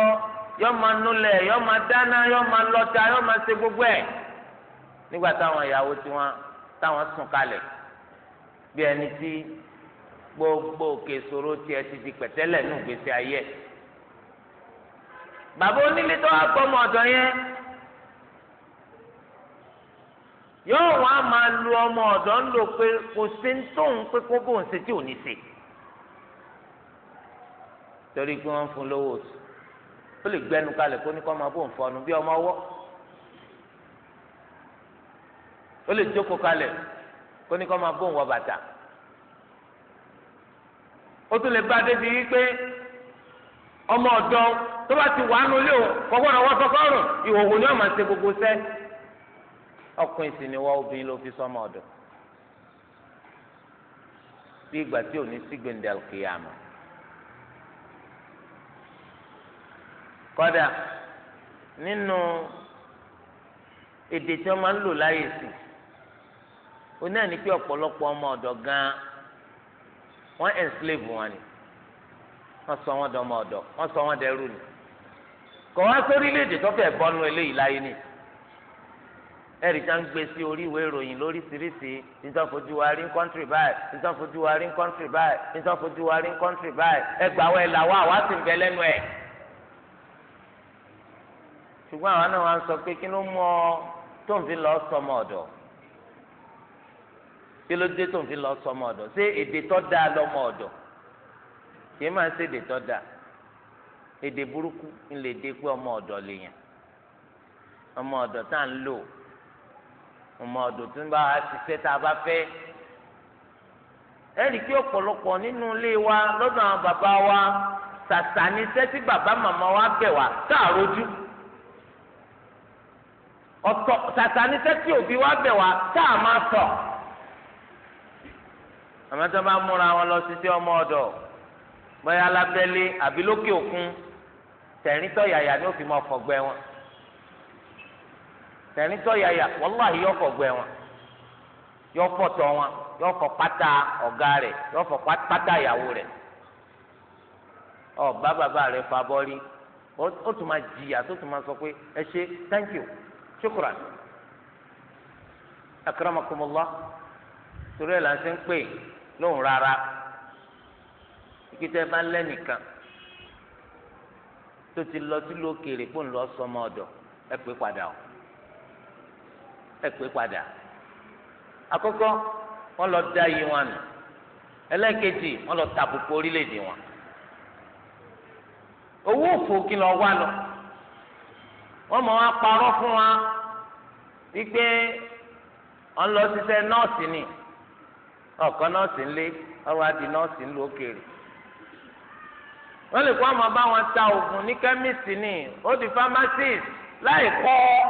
A: yọ máa nulẹ̀ yọ máa dáná yọ máa lọta yọ máa ṣe gbogbo ẹ̀ nígbà táwọn ìyàwó tiwọn táwọn sùn kalẹ̀ bí ẹni tí gbogbo òkè ìṣòro tiẹ̀ ti di pẹ̀tẹ́lẹ̀ nù gbèsè
B: bàbá
C: onílé tó
A: wà pọ̀ mọ́ ọ̀dọ̀ yẹn. yóò wá máa lu ọmọ ọ̀dọ́ ń lò pé kò sí ń tóun pé kó bóun ṣe tí ò ní ṣe. torí pé wọ́n ń fún lówó oṣù ó lè gbẹnu kalẹ̀ kó ní kó máa bóun fọnu bí ọmọ ọwọ́ ó lè jókòó kalẹ̀ kó ní kó máa bóun wọ bàtà ó tún lè bá débi wípé ọmọ ọ̀dọ́ tó bá ti wà á o kò gbọ́dọ̀ wọ́ sọ́kọ́rùn ìhòòhò ni wọ́n máa ṣe gbogbo sẹ́ẹ́. ọkùnrin sì ni wọ́n obìnrin ló fi sọ́mọ ọ̀dọ̀ bí ìgbà tí ò ní sí gbendel kìyàmù kọ́dà nínú èdè tí wọ́n máa ń lò láyè sí o náà ní pé ọ̀pọ̀lọpọ̀ ọmọ ọ̀dọ̀ gan-an wọ́n enslave wọn ni wọ́n sọ wọ́n dọmọ ọ̀dọ̀ wọ́n sọ wọ́n dẹrú ni kọ̀ wá sórí ilé èdè tó fẹ́ bọ́nu eléyìí láyé nìyí. ẹ̀rí tá ń gbé sí orí ìwé ìròyìn lóríṣiríṣi nítorí fojú wa rí kọ́ńtírì báyìí nítorí fojú wa rí kọ́ńtírì báyìí nítorí fojú wa rí kọ́ńtírì báyìí ẹgbàá wa ẹ̀là wa àwa sì ń bẹ lẹ́nu ẹ̀. ṣùgbọ́n àwọn náà wá ń sọ pé kí ló mọ tó ń fi lọ sọmọ ọ̀dọ̀ kí ló dé tó ń fi lọ sọmọ ọ̀dọ̀ ṣé èdè tó dáa lọmọ ọ̀dọ̀ kì í máa ṣe èdè tó dáa èdè burúkú ń lè dé pé ọmọ ọ̀dọ̀ lèèyàn ọmọ ọ̀dọ̀ tá à ń lò ọmọ ọdún tó ń bá wa ṣiṣẹ́ tá a bá fẹ́ ẹ̀rí kí ọ̀pọ̀lọpọ̀ nínú ilé wa lọ́dọ̀ àwọn bàbá wa sàṣà ni iṣẹ́ tí bàbá màmá wa bẹ̀ wá tá a rojú ọ̀tọ̀ sàṣà ni iṣẹ́ tí òbí wa bẹ̀ wá tá a máa tọ̀ àmọ́ tí wọ́n bá múra wọn lọ ṣiṣẹ́ ọmọ ọ̀dọ̀ bóyá alábẹ́lé àbí lókè òkun tẹ̀rín tọ̀yàyà ni ó fi máa fọ̀gbẹ́ wọn. tẹ̀rín yaya yàyà wàláhì yọ gbẹ wọn yọ fọ̀tọ̀ wọn yọ pátá ọ̀gá rẹ yọ pátá ìyàwó rẹ ọ̀bá bàbá rẹ fa ó tún máa jìyà tó tún máa sọ pé ẹ ṣe thank you shukran akramakumullah torí ẹ̀ là ń ṣe ń pè ti lọ sílùú òkèèrè kó ń lọ sọmọ ọ̀dọ̀ ẹ pè padà o. ẹ padà àkọ́kọ́ wọ́n lọ da yìí wọn nù ẹlẹ́ẹ̀kejì wọ́n lọ tàbùkù orílẹ̀-èdè wọn owó òfò kí lọ wá lọ wọ́n mọ̀ wá parọ́ fún wa wípé
B: wọ́n lọ ṣiṣẹ́ nọ́ọ̀sì ni
A: ọ̀kan nọ́ọ̀sì ńlé ọ̀rọ̀ àdì nọ́ọ̀sì ńlú òkèèrè wọ́n lè kó àwọn bá wọn ta oògùn ní kẹ́míìsì ni ó di fámásìs
B: láì kọ́ ọ́.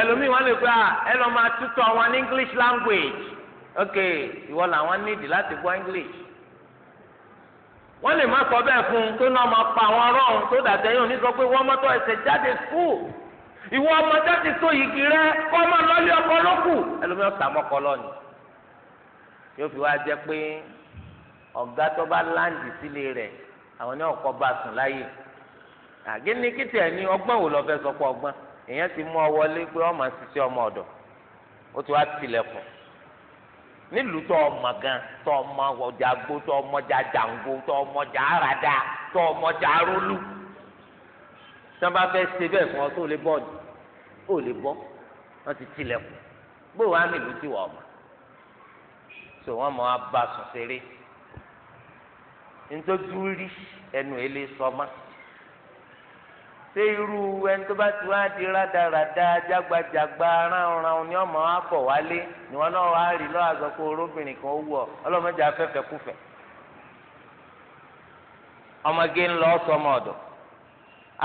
A: ẹlòmíì wọn lè gbé à ah, ẹ lọ máa tútọ wọn english language ok ìwọ làwọn nídìí láti gbọ́ english wọn lè má sọ bẹ́ẹ̀ fún un tó náà máa pa àwọn ọlọ́run tó dàtẹ yóò ní sọ pé wọn mọtò ẹsẹ̀ jáde skul ìwọ ọmọ jáde tó yìgì rẹ kọ ọmọ lọlé ọkọ lókù ẹlòmíì ọtà mọkọ lọnà yóò fi wá jẹ pé ọ̀gá tó bá láǹdì sílé rẹ̀ àwọn ní ọkọ bá sùn láyè àgé ní kìtì wò lọ fẹ́ sọ pé ọgbọ́n èèyàn ti mú ọ wọlé pé ọmọ ṣiṣẹ́ ọmọ ọ̀dọ̀ ó ti wá tilẹ̀kùn nílùú tó ọmọ gan tó ọmọ ọjà gbó tó ọmọjà jàǹgbó tó ọmọjà àràdà tó ọmọjà arólú tí wọ́n bá fẹ́ ṣe bẹ́ẹ̀ fún ọ tó lè bọ́ọ̀dù ó lè bọ́ wọ́n ti tilẹ̀kùn gbóò wá nílùú tí wọ́n ọmọ tó wọ́n mọ̀ á ṣeré nítorí rí ẹnu èlé sọmọ́. So ṣé irú ẹni tó bá ti wá di rádaràda jágbajàgba ránran ni ọmọ wa bọ̀ wálé ni wọn náà wá rí lọ́wọ́ àgbà pé kan ó wọ̀ ọlọ́mọdé afẹ́fẹ́ kúfẹ́ ọmọge ń lọ sọmọ ọ̀dọ̀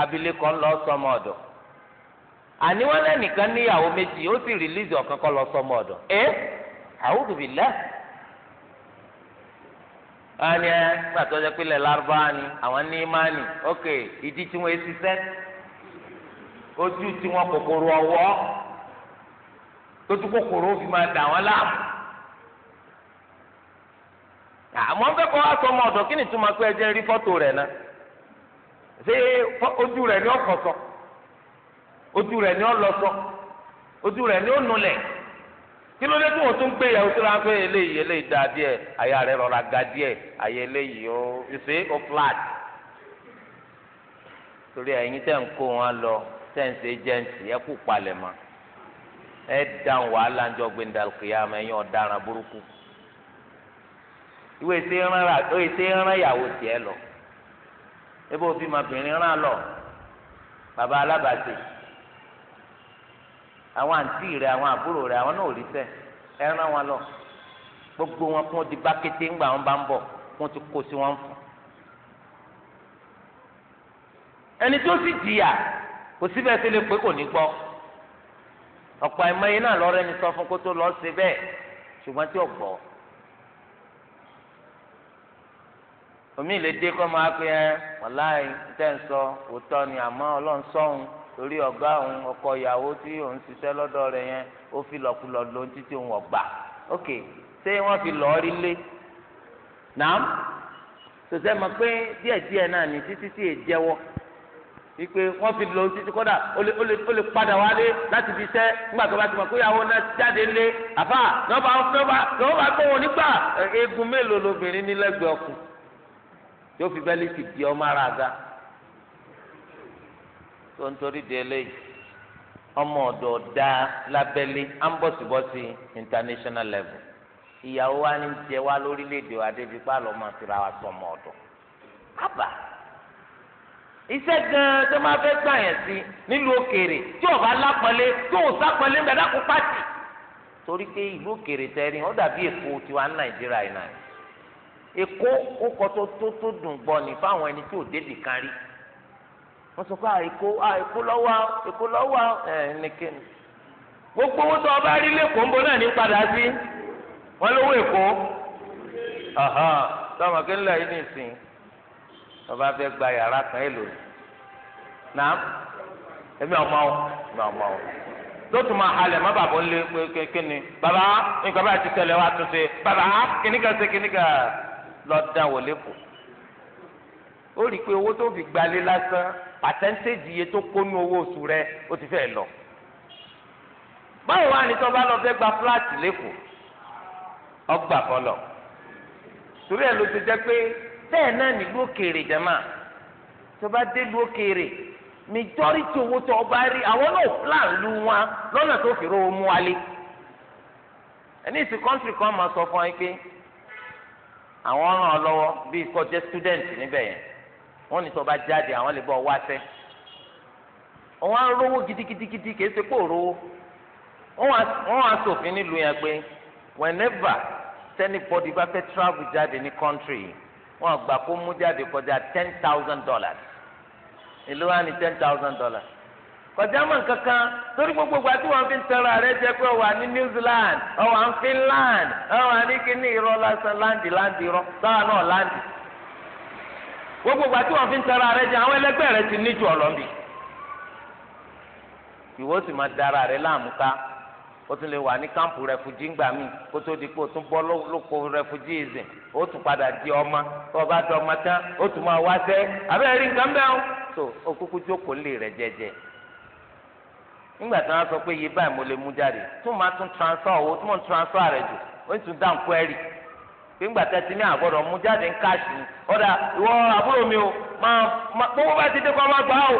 A: abilékọ ń lọ sọmọ ọ̀dọ̀ àníwọ́n lẹ́nìkan níyàwó méjì ó sì rìlíìsì ọ̀kan lọ sọmọ wọ́n yẹ nígbà tó yẹ pé ilẹ̀ lárúbáwá ni àwọn ní imáni ok ìdí tí wọ́n ti sẹ́ ojú tí kòkòrò kòkòrò fi ma dà wọ́n láàmú. àmọ́ ń fẹ́kọ̀ọ́ aṣọ ọmọ ọ̀dọ́ kí ni tó máa pẹ́ ẹ rí fọ́tò ṣé ojú ni ó kí ló dé tó o tún gbé yẹ̀wò tó la fẹ́ eléyìí eléyìí da díẹ̀ àyà rẹ̀ rọra ga díẹ̀ àyà eléyìí ó ó flat torí ẹ̀yin tẹ̀ ń kó wọn lọ tẹ̀ agency ẹ kú palẹ̀ mọ́ ẹ dáhùn wàhálà ńjọ ẹ̀yin ọ̀daràn burúkú ìwé rán lọ òfin àwọn àǹtí rẹ àwọn àbúrò rẹ àwọn náà ò rí ṣẹ́ ẹ rán wọn lọ gbogbo wọn kún di bákété ńgbà wọn bá ń bọ̀ wọn ti kó sí wọn fún. ẹni tó sì jìyà kò síbẹ̀ sí lè pé kò ní gbọ́ ọ̀pọ̀ àìmọye náà lọ́rọ́ ẹni sọ fún kó tó lọ́ọ́ ṣe bẹ́ẹ̀ ṣùgbọ́n tí ò gbọ́. omi ìlédè kọ́ máa pe ẹ wàláì tẹ́ ń sọ òótọ́ ni àmọ́ ọlọ́run sọ́hun torí ọ̀gá òun ọkọ ìyàwó tí òun ṣiṣẹ́ lọ́dọ̀ rẹ̀ yẹn ó fi lọ́kulọ lóun títí òun ọ̀gbà ok ṣé wọ́n fi lọ́ọ́ rí lé nàám tòṣẹ́ mọ̀ pé díẹ̀díẹ̀ náà ní títí tí è jẹ́wọ́ wípé wọ́n fi lọ́ọ́ títí kọ́dà ó lè padà wálé láti fi ṣẹ́ nígbà tó bá ti mọ̀ pé ìyàwó náà jáde lé àbá nọ́ọ̀bà nọ́ọ̀bà nọ́ọ̀bà tó wọn nígbà eegun mélòó lobìnrin nílẹ̀gbẹ̀ẹ́ ọkùn tó fi bẹ́lí ti di ọmọ ara ga tó ń torí di eléyìí ọmọ ọ̀dọ̀ dá lábẹ́lé ambọ̀sibọ́sì international level ìyàwó wa ní tiẹ̀ wá lórílẹ̀‐èdè wa débi pa lọ́ máa tura wa sọ ọmọ ọ̀dọ̀ àbá iṣẹ́ gan-an tó máa fẹ́ gbà yẹn sí nílùú òkèèrè tí ò bá lápọ̀lé tó ò sápọ̀lé ń bẹ̀ dákú pàtì torí pé ìlú òkèèrè tẹ́rí ó dàbí èkó tiwa ní nàìjíríà yìí náà èkó ó kọ́ tó tó dùn gbọ́ ní fáwọn ẹni tí ò débì kan rí wọ́n sọ pé àìkó ah, àìkó ah, lọ́wọ́ àìkó lọ́wọ́ ẹ̀ nìkéni. gbogbo owó tó o bá rí lẹ́kọ̀ọ́ ń bọ̀ náà ní padà sí wọ́n lówó èkó sọmọ kí nílẹ̀ yìí nìsín ọba fẹ́ gba yàrá kan ẹ̀ lò nà ẹ̀mí ọmọ ọ ẹ̀mí ọmọ ọ lótú máa halẹ̀ má bàbá ń lé kékeré bàbá nǹkan bá ti tẹ̀lé wa tún ṣe bàbá kìnnìkà ṣe kìnnìkà lọ́ọ́ dá wọlé kù ó rí i pé owó tó fi gbalé lásán pàtẹ́ńtéèjì iye tó kó nú owó oṣù rẹ ó ti fẹ́ lọ. báwo wá ní tí wọ́n bá lọ fẹ́ gba fúláàtì lẹ́kọ̀ọ́ ọgbà kọlọ̀ torí ẹ̀ ló ti jẹ́ pé bẹ́ẹ̀ náà nílùú òkèèrè jẹ́mà tó bá délùú òkèèrè majority owó tó ọba rí àwọn náà plan lu wọn lọ́nà tó fi rówó mú wálé ẹni ìsìn kọ́ńtì kan máa sọ fún ẹ pé àwọn ọ̀ràn ọ lọ́wọ́ bíi kọjá student níbẹ̀ yẹn wọ́n ní tó bá jáde àwọn lè bọ́ wá sẹ́ wọ́n á rówó gidigidigidi kìí ṣe pé òrówó wọ́n á ṣòfin nílùú yẹn pé whenever anybody bá fẹ́ travel jáde ní country yìí wọ́n gbà kó mú jáde kọjá ten thousand dollars ìlú wa ní ten thousand dollars kọjá mọ nǹkankan torí gbogbo ìgbà tí wọn fi ń tẹrọ ààrẹ jẹ pé ó ní New Zealand ó ní Finland ó wà ní kíní irọ́ lásán láǹdì láǹdì irọ́ báwa náà láǹdì.
B: gbogbo gba tí wọn fi ń tara rẹ jẹ àwọn ẹlẹgbẹ́ rẹ ti níjù ọlọmọbi
A: ìwọ sì máa dara rẹ laamuka o tún lè wà ní kámpù rẹfugí ńgbà míì kó tó di pé o tún bọ́ lóko rẹfugí o tún padà di ọmọ tó o bá di ọmọ tán o tún máa wá sẹ́ abẹ́rẹ́ rí nǹkan bẹ́ẹ̀ o tó o kúkú jókòó rẹ jẹjẹ nígbà tí wọn sọ pé báyìí mo lè mú jáde tún máa transfer owó rẹ jù tún dá nǹkó pé ńgbà tá a ti ní àgbọ̀dọ̀ mú jáde ń káàsì ọ̀dà ìwọ àbúrò mi o máa gbogbo bá ti dé kọ́ máa gbà o.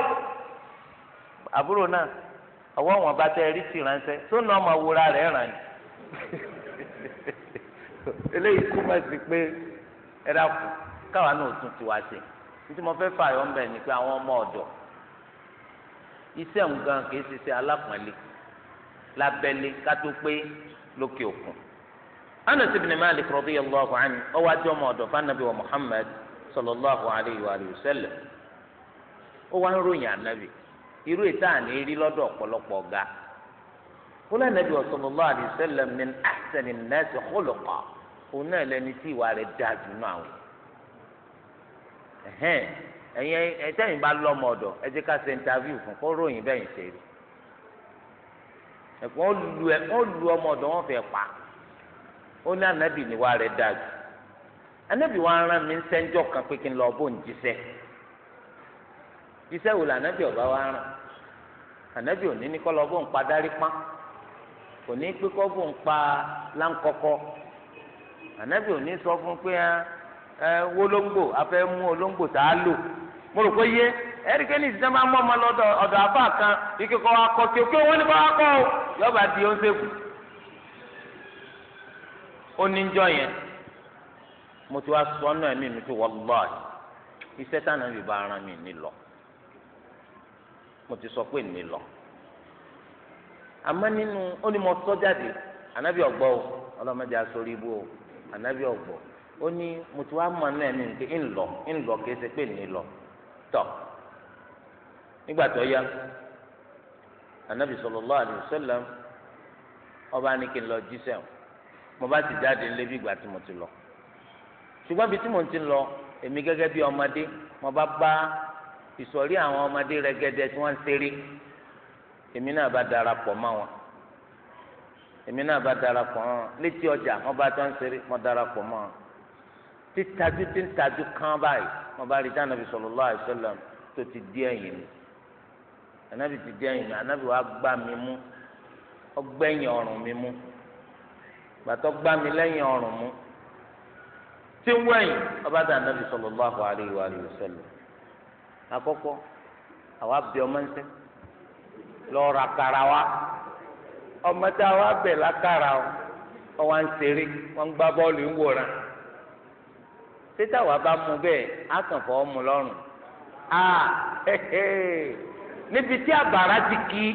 A: àbúrò náà ọwọ́ wọn bá tẹ rí sí ránṣẹ́ tó ná ọmọ wura rẹ̀ ràn ní. eléyìí túmọ̀ sí pé ẹ dákun káwa náà tún ti wá sí i tí mo fẹ́ fà yọ ńbẹ ni pé àwọn ọmọ ọ̀dọ̀ iṣẹ́ nǹkan kì í ṣiṣẹ́ alápọ̀nlé lábẹ́lé ká tó pé lókè òkun anas ibn malik radiyallahu anhu ọwọ àti ọmọ ọ̀dọ̀ fanabi wa muhammad sallallahu alayhi wa sallam ó wá ń ròyìn anabi irú ìta àní rí ọpọlọpọ ọga. ọ̀gá ó lé anabi wa sallallahu alayhi wa sallam bá ká ṣe fún kó ròyìn bẹyìn lu ọmọ wọn pa ó ní anabi ni wàá anabi wàá rán mi sẹ́ńjọ́ kan pé kí n lọ bó ń jíṣẹ́ iṣẹ́ wò ọba rán anabi ò ni kọ́ lọ bó ń pa dárí pán pé kọ́ bó ń anabi ò sọ fún pé ẹ wọlọ́ngbò mú olóńgbò tá a lò mo rò pé yé ẹ̀ríkẹ́ ní ìsinmi máa ọmọ lọ́dọ̀ ọ̀dọ̀ kan ike o kí owó ni bá wà kọ́ ó ní jọ yẹn mo ti wá sọ ọ́nà ẹ̀mí mi tó iṣẹ́ bá ara mi nílọ mo ti sọ pé nílọ àmọ́ nínú ó ní mo sọ jáde ànábì ọ̀gbọ́ o ọlọ́mọdé asorí ibú o ànábì ọ̀gbọ́ ó ní mo ti wá mọ ọ́nà ẹ̀mí mi pé ńlọ ńlọ kìí ṣe pé nílọ tọ̀ nígbà tó yá ànábì mo bá ti jáde ńlé bí ìgbà tí mo ti lọ ṣùgbọ́n bí tí mo ti lọ èmi gẹ́gẹ́ bí ọmọdé mo bá bá ìsọ̀rí àwọn ọmọdé rẹ́gẹ́dẹ́ tí wọ́n ń ṣeré èmi náà bá darapọ̀ mọ́ wọn èmi náà bá darapọ̀ mọ́ wọn létí ọjà wọ́n bá tó ń ṣeré mo darapọ̀ mọ́ wọn títajú tí ń tajú kán báyìí mo bá rí dáná bí sallallahu alaihi wasallam tó ti di ẹ̀yìn mi ànábì ti di ẹ̀yìn mi ànábì wàá gbá mi mú ọgbẹ́yìn ọrùn mi mú gbàtọ́ gbá mi lẹ́yìn ọrùn mú tí ń wẹ̀yìn ọba dà nàbì sallallahu alaihi wa alihi wasallam àkọ́kọ́ àwa bẹ ọmọ ń sẹ́ lọ́ọ́ ra kara wa ọmọ tá a wá bẹ̀ lákàrà o ọwọ́ à ń ṣeré wọ́n ń gbá bọ́ọ̀lù ń wòran títà wà bá mu bẹ́ẹ̀ á kàn fọ́ mu lọ́rùn a níbi tí àbàrà ti kí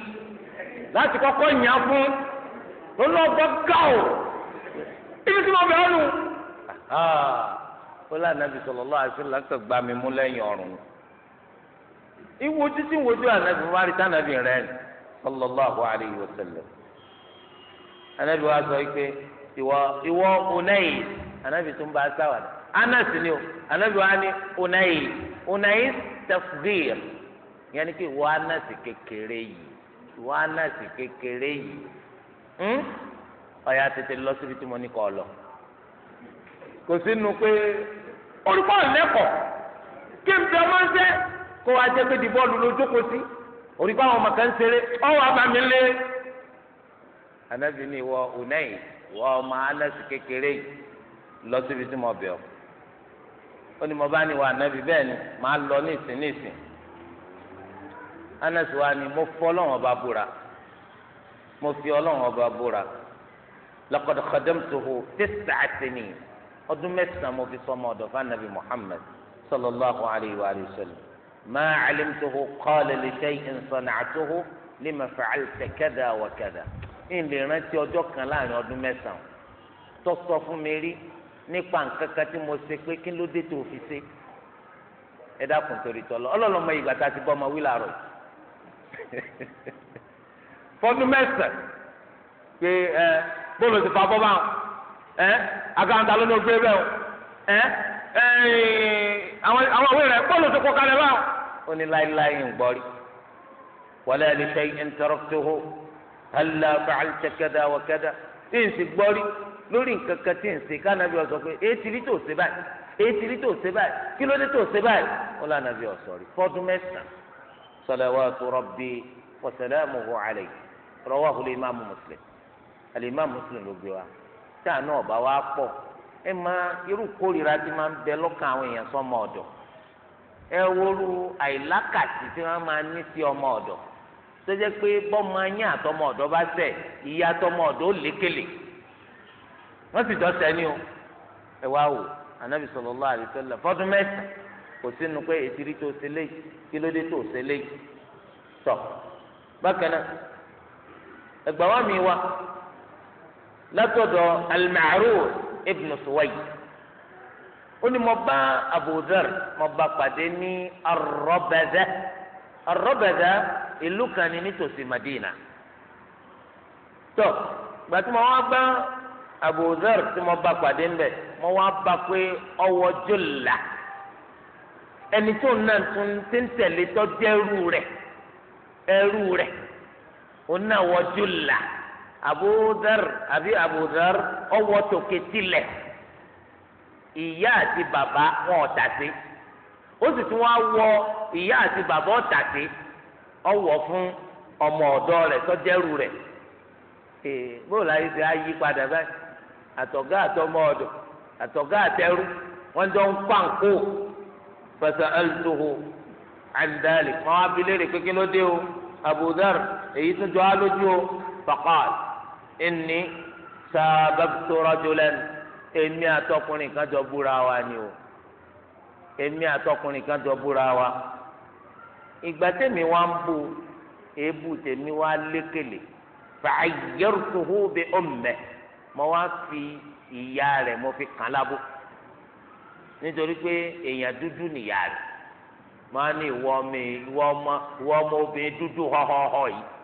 B: láti kọ́kọ́ yàn fún lọ́lọ́gbọ́ gáò
C: ibi tí mo bẹ̀rẹ̀ nù.
A: kólà nàbì sallallahu alaihi wasallam kò gbà mí mú lẹ́yìn ọ̀run. ìwo títí wojú ànábì wá rí tànàbì rẹ̀ sallallahu alaihi wasallam. ànábì wa sọ pé ìwọ ìwọ onáyè ànábì tó ń bá a sáwàdà anas ni o ànábì wa ni onáyè onáyè tafgir yẹn ni pé ìwọ kékeré yìí ìwọ anas kékeré yìí. Hmm? ọ̀yà tètè lọ síbi tí mo ní kọ́ ọ lọ. kò sínú pé olùkọ́ lẹ́kọ̀ọ́
B: kí n bẹ ọmọ ń sẹ́ kó wa jẹ́ pé di
A: bọ́ọ̀lù lójú kò sí olùkọ́ àwọn ọmọ kan ń ṣeré ọwọ́ àbámi lé. anábì ni wọ ọ̀nẹ́yìn wọ ọmọ anẹ́sì kékeré lọ síbi tí mo bẹ̀ ọ́. ó ní mo bá ní wa anábì bẹ́ẹ̀ ni màá lọ ní ìsìn ní ìsìn. anẹ́sì wa ni mo fọ́ ọlọ́run ọba búra mo fi ọlọ́run ọba búra laqad khadamtuhu tis'a sinin ọdún mẹ́sàn-án mo fi sọmọ ọ̀dọ̀ fún anabi muhammed sallallahu alayhi wa sallam ma alimtuhu qala li shay'in sana'tuhu lima fa'alta kada wa kada ń lè rántí ọjọ́ kan láàrin ọdún mẹ́sàn-án tó sọ fún mi rí nípa nǹkan kan tí mo ṣe pé kí ló dé tó fi ṣe ẹ dákun torí tọlọ ọlọlọmọ ìgbà tá a ti bọ ọmọ wí làárọ fọdún mẹ́sàn-án pé ẹ bóòlù ti fa bọ́ bá ẹ agáńtà ló ní o gbé bẹ́ẹ̀ o
C: ẹ àwọn àwọn òwe rẹ bóòlù ti kọ́ kalẹ̀ bá
A: o ní láéláé ń gbọ́ rí wala li shay'in taraktuhu halla fa'alta kada wa kada tí n sì gbọ́ rí lórí nǹkan kan tí n sì ká nàbí ọ̀sọ̀ pé èyí ti rí tó ṣe báyìí èyí ti rí tó ṣe báyìí kí ló dé tó ṣe báyìí ó là nàbí ọ̀sọ̀ rí fọ́dún mẹ́sàn-án salawatu rabbi wa salamuhu alayhi rawahu al-imam muslim. àlèmá mùsùlùm ló gbé wa ọba wa pọ ẹ irú máa ń bẹ lọ́kàn àwọn èèyàn sọ́mọ ọ̀dọ̀ ẹ wóoru àìlákàtì tí máa ní sí ọmọ ọdọ tó pé bọ́mọ yín àtọmọ ọ̀dọ̀ bá ṣẹ̀ ìyá o ẹ wá wò anabi fọdún kò sínú pé ètìrí tó ṣe kí ló dé tó ṣe wa
B: látọ̀dọ̀ al-Ma'rur
A: ibn Suwayd ó ní mo bá Abu Dharr mo bá pàdé ní Ar-Rabada Ar-Rabada ìlú kan ní nítòsí Madina tó gbàtí mo wá bá Abu Dharr tí mo bá pàdé ńbẹ̀ mo wá bá pé ọwọ́ jòlá ẹni tó náà tún ti ń tẹ̀lé tọ́jú ẹrú rẹ̀ ẹrú rẹ̀ òun náà wọ́jú là abudar àbí abudar ọwọ́ tòkè tilẹ̀ ìyá àti bàbá wọn ọ̀tà sí ó sì tún wá wọ ìyá àti bàbá ọ̀tà sí ọwọ́ fún ọmọ ọ̀dọ́ rẹ̀ tọ́jẹ́rù rẹ̀ bó láyé ti á yí padà báyìí àtọ̀gá àtọmọ ọ̀dọ̀ àtọ̀gá àtẹrú wọ́n jọ ń pa nkó fẹsẹ̀ ẹlẹ́tòho àǹdálì wọn á bi léèrè pé dé o Abu èyí tún jọ á o faqal. ẹni sábàbùtò rọ́jòlẹ́n èmi àtọkùnrin kan jọ búra wa ni o èmi àtọkùnrin kan jọ búra wa ìgbà tèmi wá ń bú èébú tèmi wá lékele fàáyẹrùtùhù bẹ ọmọ mọ wá fi ìyá rẹ mo fi kàn lábò nítorí pé èèyàn dúdú nìyá rẹ máa ní ìwọ ọmọ obìnrin dúdú họhọhọ yìí.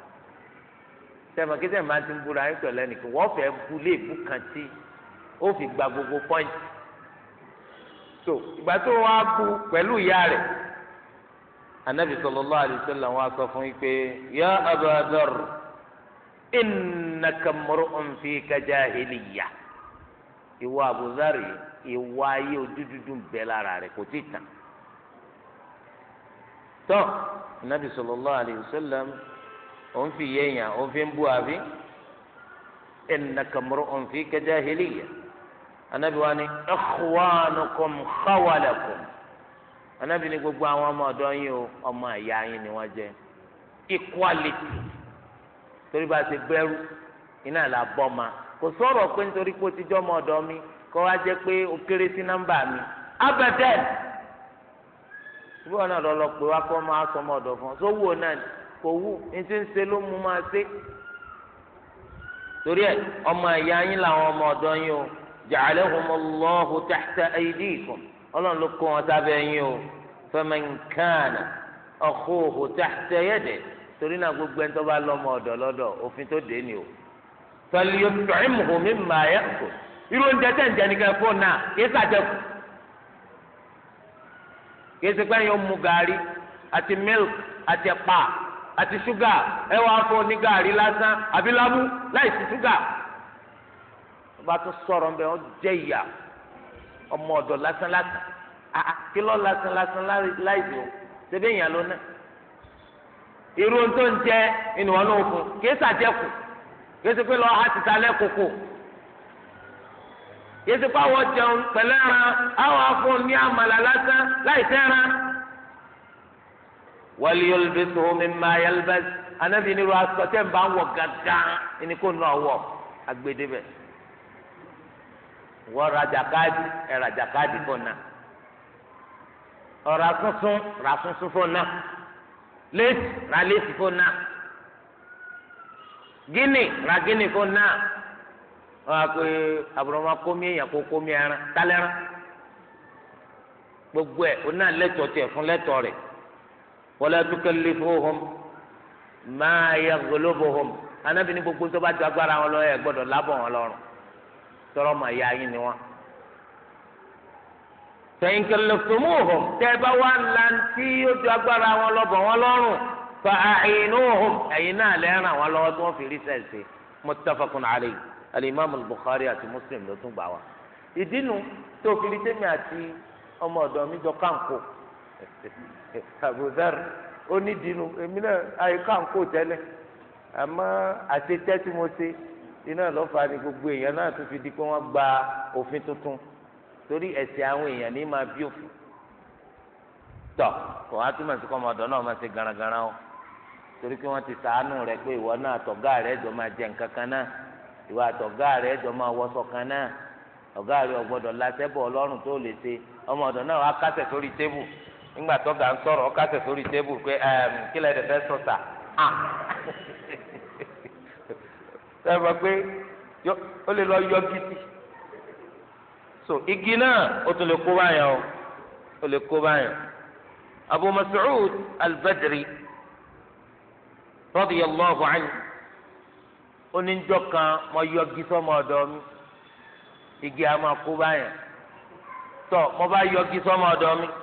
A: sẹ́mi kí sẹ́mi máa ti ń búra yín pẹ̀lú ẹnìkan wọ́n fẹ́ bu léèbù kan tí ó fi gba gbogbo pọ́ìntì so ìgbà tó wàá bu pẹ̀lú ìyá rẹ̀ anabi sallallahu alaihi wasallam wá sọ fún yín pé ya Aba Dharr innaka mur'un fika jahiliyya ìwọ Abu ìwọ ayé ojú dúdú lára rẹ̀ kò tí ì tàn tọ́ anabi sallallahu alaihi wasallam. òun fi yé èèyàn òun fi ń bú àbí innaka mru'un fika jahiliyya anabi wa ni ikhwanukum khawalakum anabi ni gbogbo àwọn ọmọ ọ̀dọ̀ yín o ọmọ àyà yín ni wọ́n jẹ́ torí bá a ti bẹ̀rù iná là bọ́ ma kò sọ̀rọ̀ pé nítorí pé o ti jọ́ ọmọ mi kọ́ wa jẹ́ pé o kéré sí mi náà ọ kò wù ntí ń ṣe ló mú máa ṣe torí ẹ ọmọ ẹ̀yà yín làwọn ọmọ ọ̀dọ́ yín o ja'alahumullahu tahta aydikum ọlọ́run ló kó wọn sábẹ́ yín o faman kana akhuhu tahta yadihi torí náà gbogbo ẹni tó bá lọ́mọ ọ̀dọ̀ lọ́dọ̀ òfin tó dé ni o falyut'imhu mimma ya'kul irú oúnjẹ tẹ̀ ń jẹ nìkan fóònù náà kìí sàjẹkù kìí sèpẹ́ yóò mu gàrí àti mílk àti ẹ̀pà àti ṣúgà ẹ wàá fọ ní gàrí lásán àbí lámú láì sí ṣúgà ọba sọ̀rọ̀ ń jẹ ìyà ọmọ ọ̀dọ̀ lásán lásán ah, ah, kílọ lásán lásán o ṣẹbi èèyàn ló ná irú tó ń jẹ ènìyàn náà fún kìí ṣàjẹkù kìí pé lọ á ti pé àwọn jẹun pẹ̀lẹ́ ẹran àwọn afọ waliyolbeso mimma yalbas anabi niru aṣọ tẹ́ ń bá wọ̀ gàgán ẹni kò náà wọ̀ agbedebẹ wọ́n rajà káàdì ẹ̀ rajà káàdì fún náà ọ̀rọ̀ asúnsún rà asúnsún fún náà léèsì rà léèsì fún náà gíní rà gíní fún náà wọ́n á pé àbùrọ̀mọ́ kómi èèyàn kó kómi ẹran tálẹ́rán gbogbo ẹ̀ ó lẹ́tọ̀ọ́ tiẹ̀ fún lẹ́tọ̀ọ́ rẹ̀ wala tukallifuhum ma yaghlubuhum anábìíní gbogbo tó bá ju agbára wọn lọ ẹ gbọ́dọ̀ lábọ̀ wọn lọ́rùn tọrọ mà ya yín ni wọn. fẹ̀yìn kallafumuhum tẹ́ ẹ bá wà láǹtí yóò ju agbára wọn lọ́bọ̀ wọn lọ́rùn fa a'inuhum ẹ̀yin náà lẹ́ràn wọn lọ́wọ́ tí wọ́n fi rí sẹ́ẹ̀sì muttafaqun alayhi alimami bukhari àti muslim ló tún gbà wá. ìdínú tó fi rí àti ọmọ ọ̀dọ́ mi jọ kánkó abudar onídìínú èmi náà àyíká ń kó tẹ́lẹ̀ àmọ́ àṣetẹ́ tí mo ṣe iná lọ́fà ni gbogbo èèyàn náà tún fi di pé wọ́n gba òfin tuntun torí ẹ̀sìn àwọn èèyàn ní máa bí òfin tọ̀ kò wá túmọ̀ sí kọ́mọdọ̀ náà máa ṣe garagara o torí pé wọ́n ti sàánú rẹ pé ìwọ náà àtọ̀gá rẹ jọ máa jẹ nǹkan kan náà ìwọ àtọ̀gá rẹ jọ máa wọṣọ kan náà ọ̀gá rẹ ọ̀gbọ́dọ̀ lasẹ́bọ̀ ọlọ́run tó lè ṣe ọmọ ọ̀dọ̀ náà wá kásẹ̀ sórí tébù nígbà tó ga ń sọ̀rọ̀ ọkà tẹ̀ sórí tébù pé kí lẹ́ẹ̀ dẹ̀ fẹ́ sọ sà á sọ ma pé ó lè lọ yọ gidi so igi náà ó tún lè kó báyọ̀ ó lè kó báyọ̀ Abu Mas'ud al-Badri radiyallahu anhu oníjọ kan mo yọ igi sọmọ ọ̀dọ̀ mi igi a máa kó báyọ̀
B: tọ mo bá yọ igi sọmọ ọ̀dọ̀ mi. So,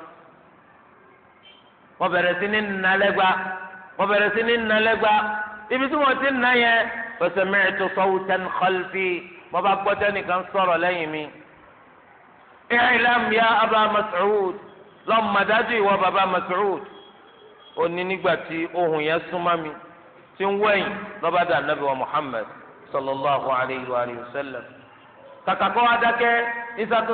B: wọ́n bẹ̀rẹ̀ sí ní nalẹ́gba
A: wọ́n bẹ̀rẹ̀ sí ní nalẹ́gba ibi tí wọ́n ti nà yẹn fasami'tu sawtan khalfi wọ́n bá gbọ́ tẹ́nìkan sọ̀rọ̀ lẹ́yìn mi. i'lam ya aba mas'ud lọ́mọdájú ìwọ baba mas'ud ó ní nígbà tí ohun yẹn súnmọ́ mi tí ń wẹ̀yìn lọ́ba dà nàbí wa muhammad sallallahu alayhi wa sallam kàkàkọ́ adákẹ́ isa pé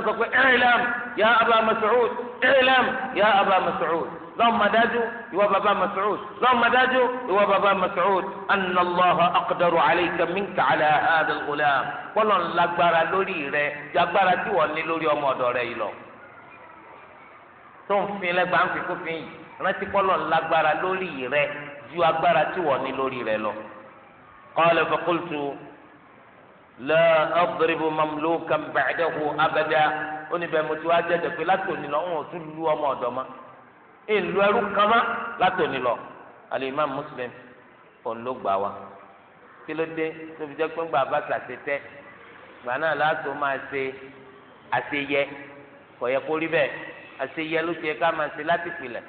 A: i'lam ya aba mas'ud i'lam ya aba mas'ud lọ́mọdájú ìwọ bàbá Mas'ud lọ́mọdájú ìwọ bàbá Mas'ud anna Allaha aqdaru alayka minka ala hadha al-ghulam kọ́lọ̀ ńlágbára lórí rẹ jagbára tí wọ́n ní lórí ọmọ ọ̀dọ̀ rẹ yìí lọ. tó ń fin lẹ́gbàá ń fi kófin yìí rántí kọ́lọ̀ ńlágbára lórí rẹ ju agbára tí wọ́n ní lórí rẹ lọ. qala fa qultu la adribu mamlukan ba'dahu abada ó ní bẹ́ẹ̀ mo ti wá jẹ́ dẹ̀ pé látòun ni lọ́wọ́ tún lu ọmọ ọ̀dọ́ mọ́ ìlú ẹrú kama látòní lọ alimami muslim òun ló gbà wá kí ló dé tóbi jẹ pé ńgbà bá sàṣetẹ gbà náà látò máa ṣe àṣeyẹ kò yẹ kó rí bẹ́ẹ̀ àṣeyẹ ló ṣe ká máa ṣe láti pilẹ̀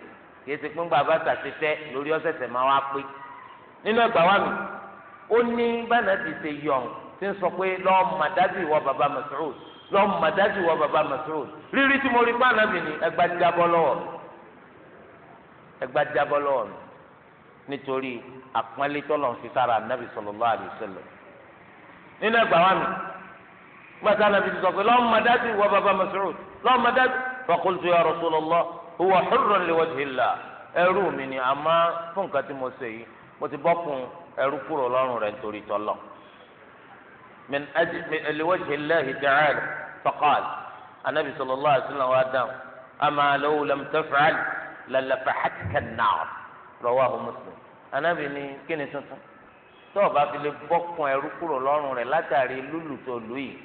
A: kì í ṣe pé ńgbà bá sàṣetẹ lórí ọ̀sẹ̀sẹ̀ máa wá pé nínú ẹgbà wá mi ó ní bánà ti ṣe yọ̀n tí ń sọ pé lọ́ọ́ màdájú ìwọ bàbá Mas'ud lọ́ọ́ màdájú ìwọ bàbá Mas'ud rírí tí mo rí bánà mi ni ẹgbàá ti dábọ́ lọ́wọ́ mi ẹgbà jábọ́ lọ́wọ́ mi nítorí àpọ́nlé tọ́lọ̀ ń fi sára ànábì sallallahu alaihi wasallam nínú ẹgbà wa mi gbàtà ànábì sọ pé lọ́wọ́ mọ̀ dájú wọ bàbá Mas'ud lọ́wọ́ mọ̀ dájú
B: faqultu ya Rasulullah
A: huwa hurrun li wajhillah ẹrú mi ni àmọ́ fún nǹkan tí mo ṣe yìí mo ti bọ́kùn ẹrú kúrò lọ́rùn rẹ̀ nítorí tọ́lọ̀ min ajli li wajhillahi ta'ala faqala ànábì sallallahu alaihi wasallam wa lalafahatika naar rawahu muslim anabi ni kíni tuntun tó o bá fi lè bọ́kùn ẹrú kúrò lọ́rùn rẹ̀ látàrí lúlù tó lù yìí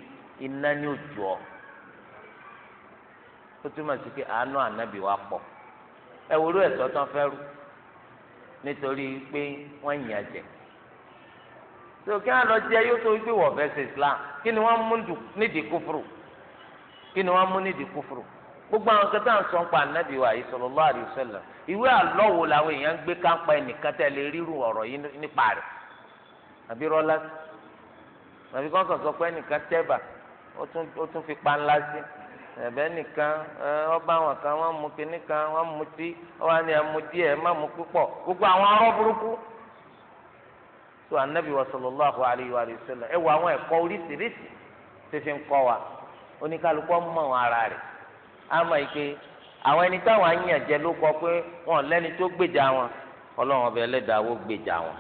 A: iná ní òjò ọ ó túmọ̀ sí pé àánú anabi wa pọ̀ ẹ wúlò ẹ̀tọ́ tán fẹ́ rú nítorí pé wọ́n yàn jẹ tó kí wọn lọ jẹ yóò tó gbé wọ̀ fẹ́ islam kí ni wọ́n mú nídìí kúfùrù kí ni wọ́n mú nídìí kúfùrù gbogbo àwọn kẹta ń sọ̀npa ànábì wa yìí sallallahu alaihi wasallam ìwé àlọ́wò làwọn èèyàn ń gbé káńpá ẹnìkan tẹ̀lé ríru ọ̀rọ̀ yìí nípa rẹ̀ àbí rọ́lá sí àbí kọ́ sọ̀sọ pé ẹnìkan tẹ́bà ó tún fi pa ńlá sí ẹ̀bẹ̀ nìkan ọba àwọn kan wọ́n mú kinní kan wọ́n mú tí wọ́n á ní ẹmu díẹ̀ má mú púpọ̀ gbogbo àwọn arọ́ burúkú tó ànábì wa sallallahu alaihi wasallam ẹ wọ àwọn ẹ̀kọ́ oríṣiríṣi tí fi ń kọ́ wa oníkálukọ́ á mọ̀ yìí pé àwọn ẹni táwọn á yàn jẹ ló kọ pé wọn lẹ́ni tó gbèjà wọn ọlọ́run ọbẹ̀ ẹlẹ́dàá wó gbèjà wọn.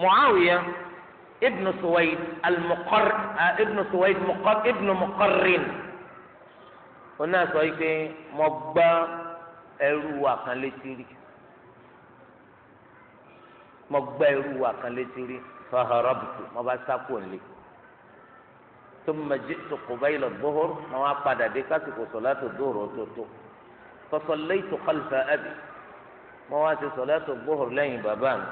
A: Muawiya ibn Suwaid al-Muqar ibn Suwaid ibn Muqarrin oní àsọ yìí pé mo gbá ẹrú wa kan létí rí mo gbá ẹrú wa kan létí rí faharabtu mo bá sá kò nílé. ثم جئت قبيل الظهر نوعد بكاسك صلاة الظهر وتوتو فصليت خلف أبي مواسي صلاة الظهر لين بابان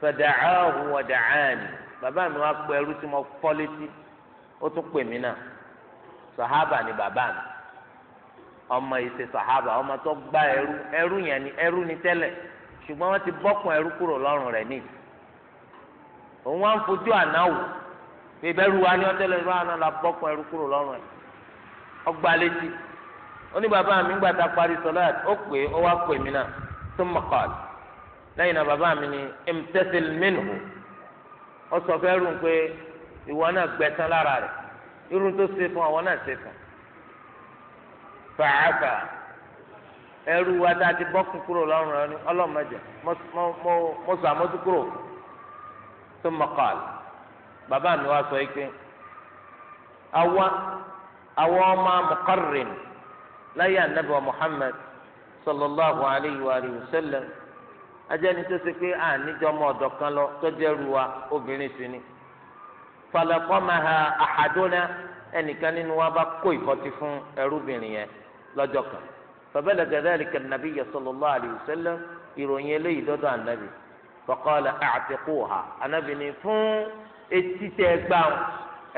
A: فدعاه ودعاني بابان واقبل يروسي مفولتي وتقوي منا صحابة بابان ọmọ ìṣe sàhábà ọmọ tó gba ẹrú ẹrú yẹn ni ẹrú ni tẹ́lẹ̀ ṣùgbọ́n wọ́n ti bọ́kùn ẹrú kúrò lọ́rùn rẹ̀ ní òun wá fojú àná wò ìbẹ̀rù wa ni wọ́n tẹ́lẹ̀ lọ́wọ́ àná la bọ́kùn ẹrú kúrò lọ́rùn ẹ̀ ọgbà létí mi ń gbàtà parí sọlá ó pè ó wá pè mí náà tó mi ni ó sọ fẹ́ rún pé ìwọ gbẹ̀tán lára irun tó ṣe fún àwọn náà fún fàáfà ẹrú wa ti kúrò bàbá mi wá sọ yìí pé àwa àwa ọmọ Muqarrin láyé anabi wa Muhammad sallallahu alayhi wa sallam ajẹni tó ṣe pé àníjọ ọmọ ọ̀dọ̀ kan lọ tó dẹrù wa obìnrin sí ni falaqamaha ahaduna ẹnìkan nínú wa bá kó ìfọtí fún ẹrúbìnrin yẹn lọ́jọ́ kan fabalaga dhalika an-nabiyya sallallahu alayhi ìròyìn eléyìí dọdọ ànábì faqala a'tiquha ànábì ni fún etí tẹ ẹ gbà ń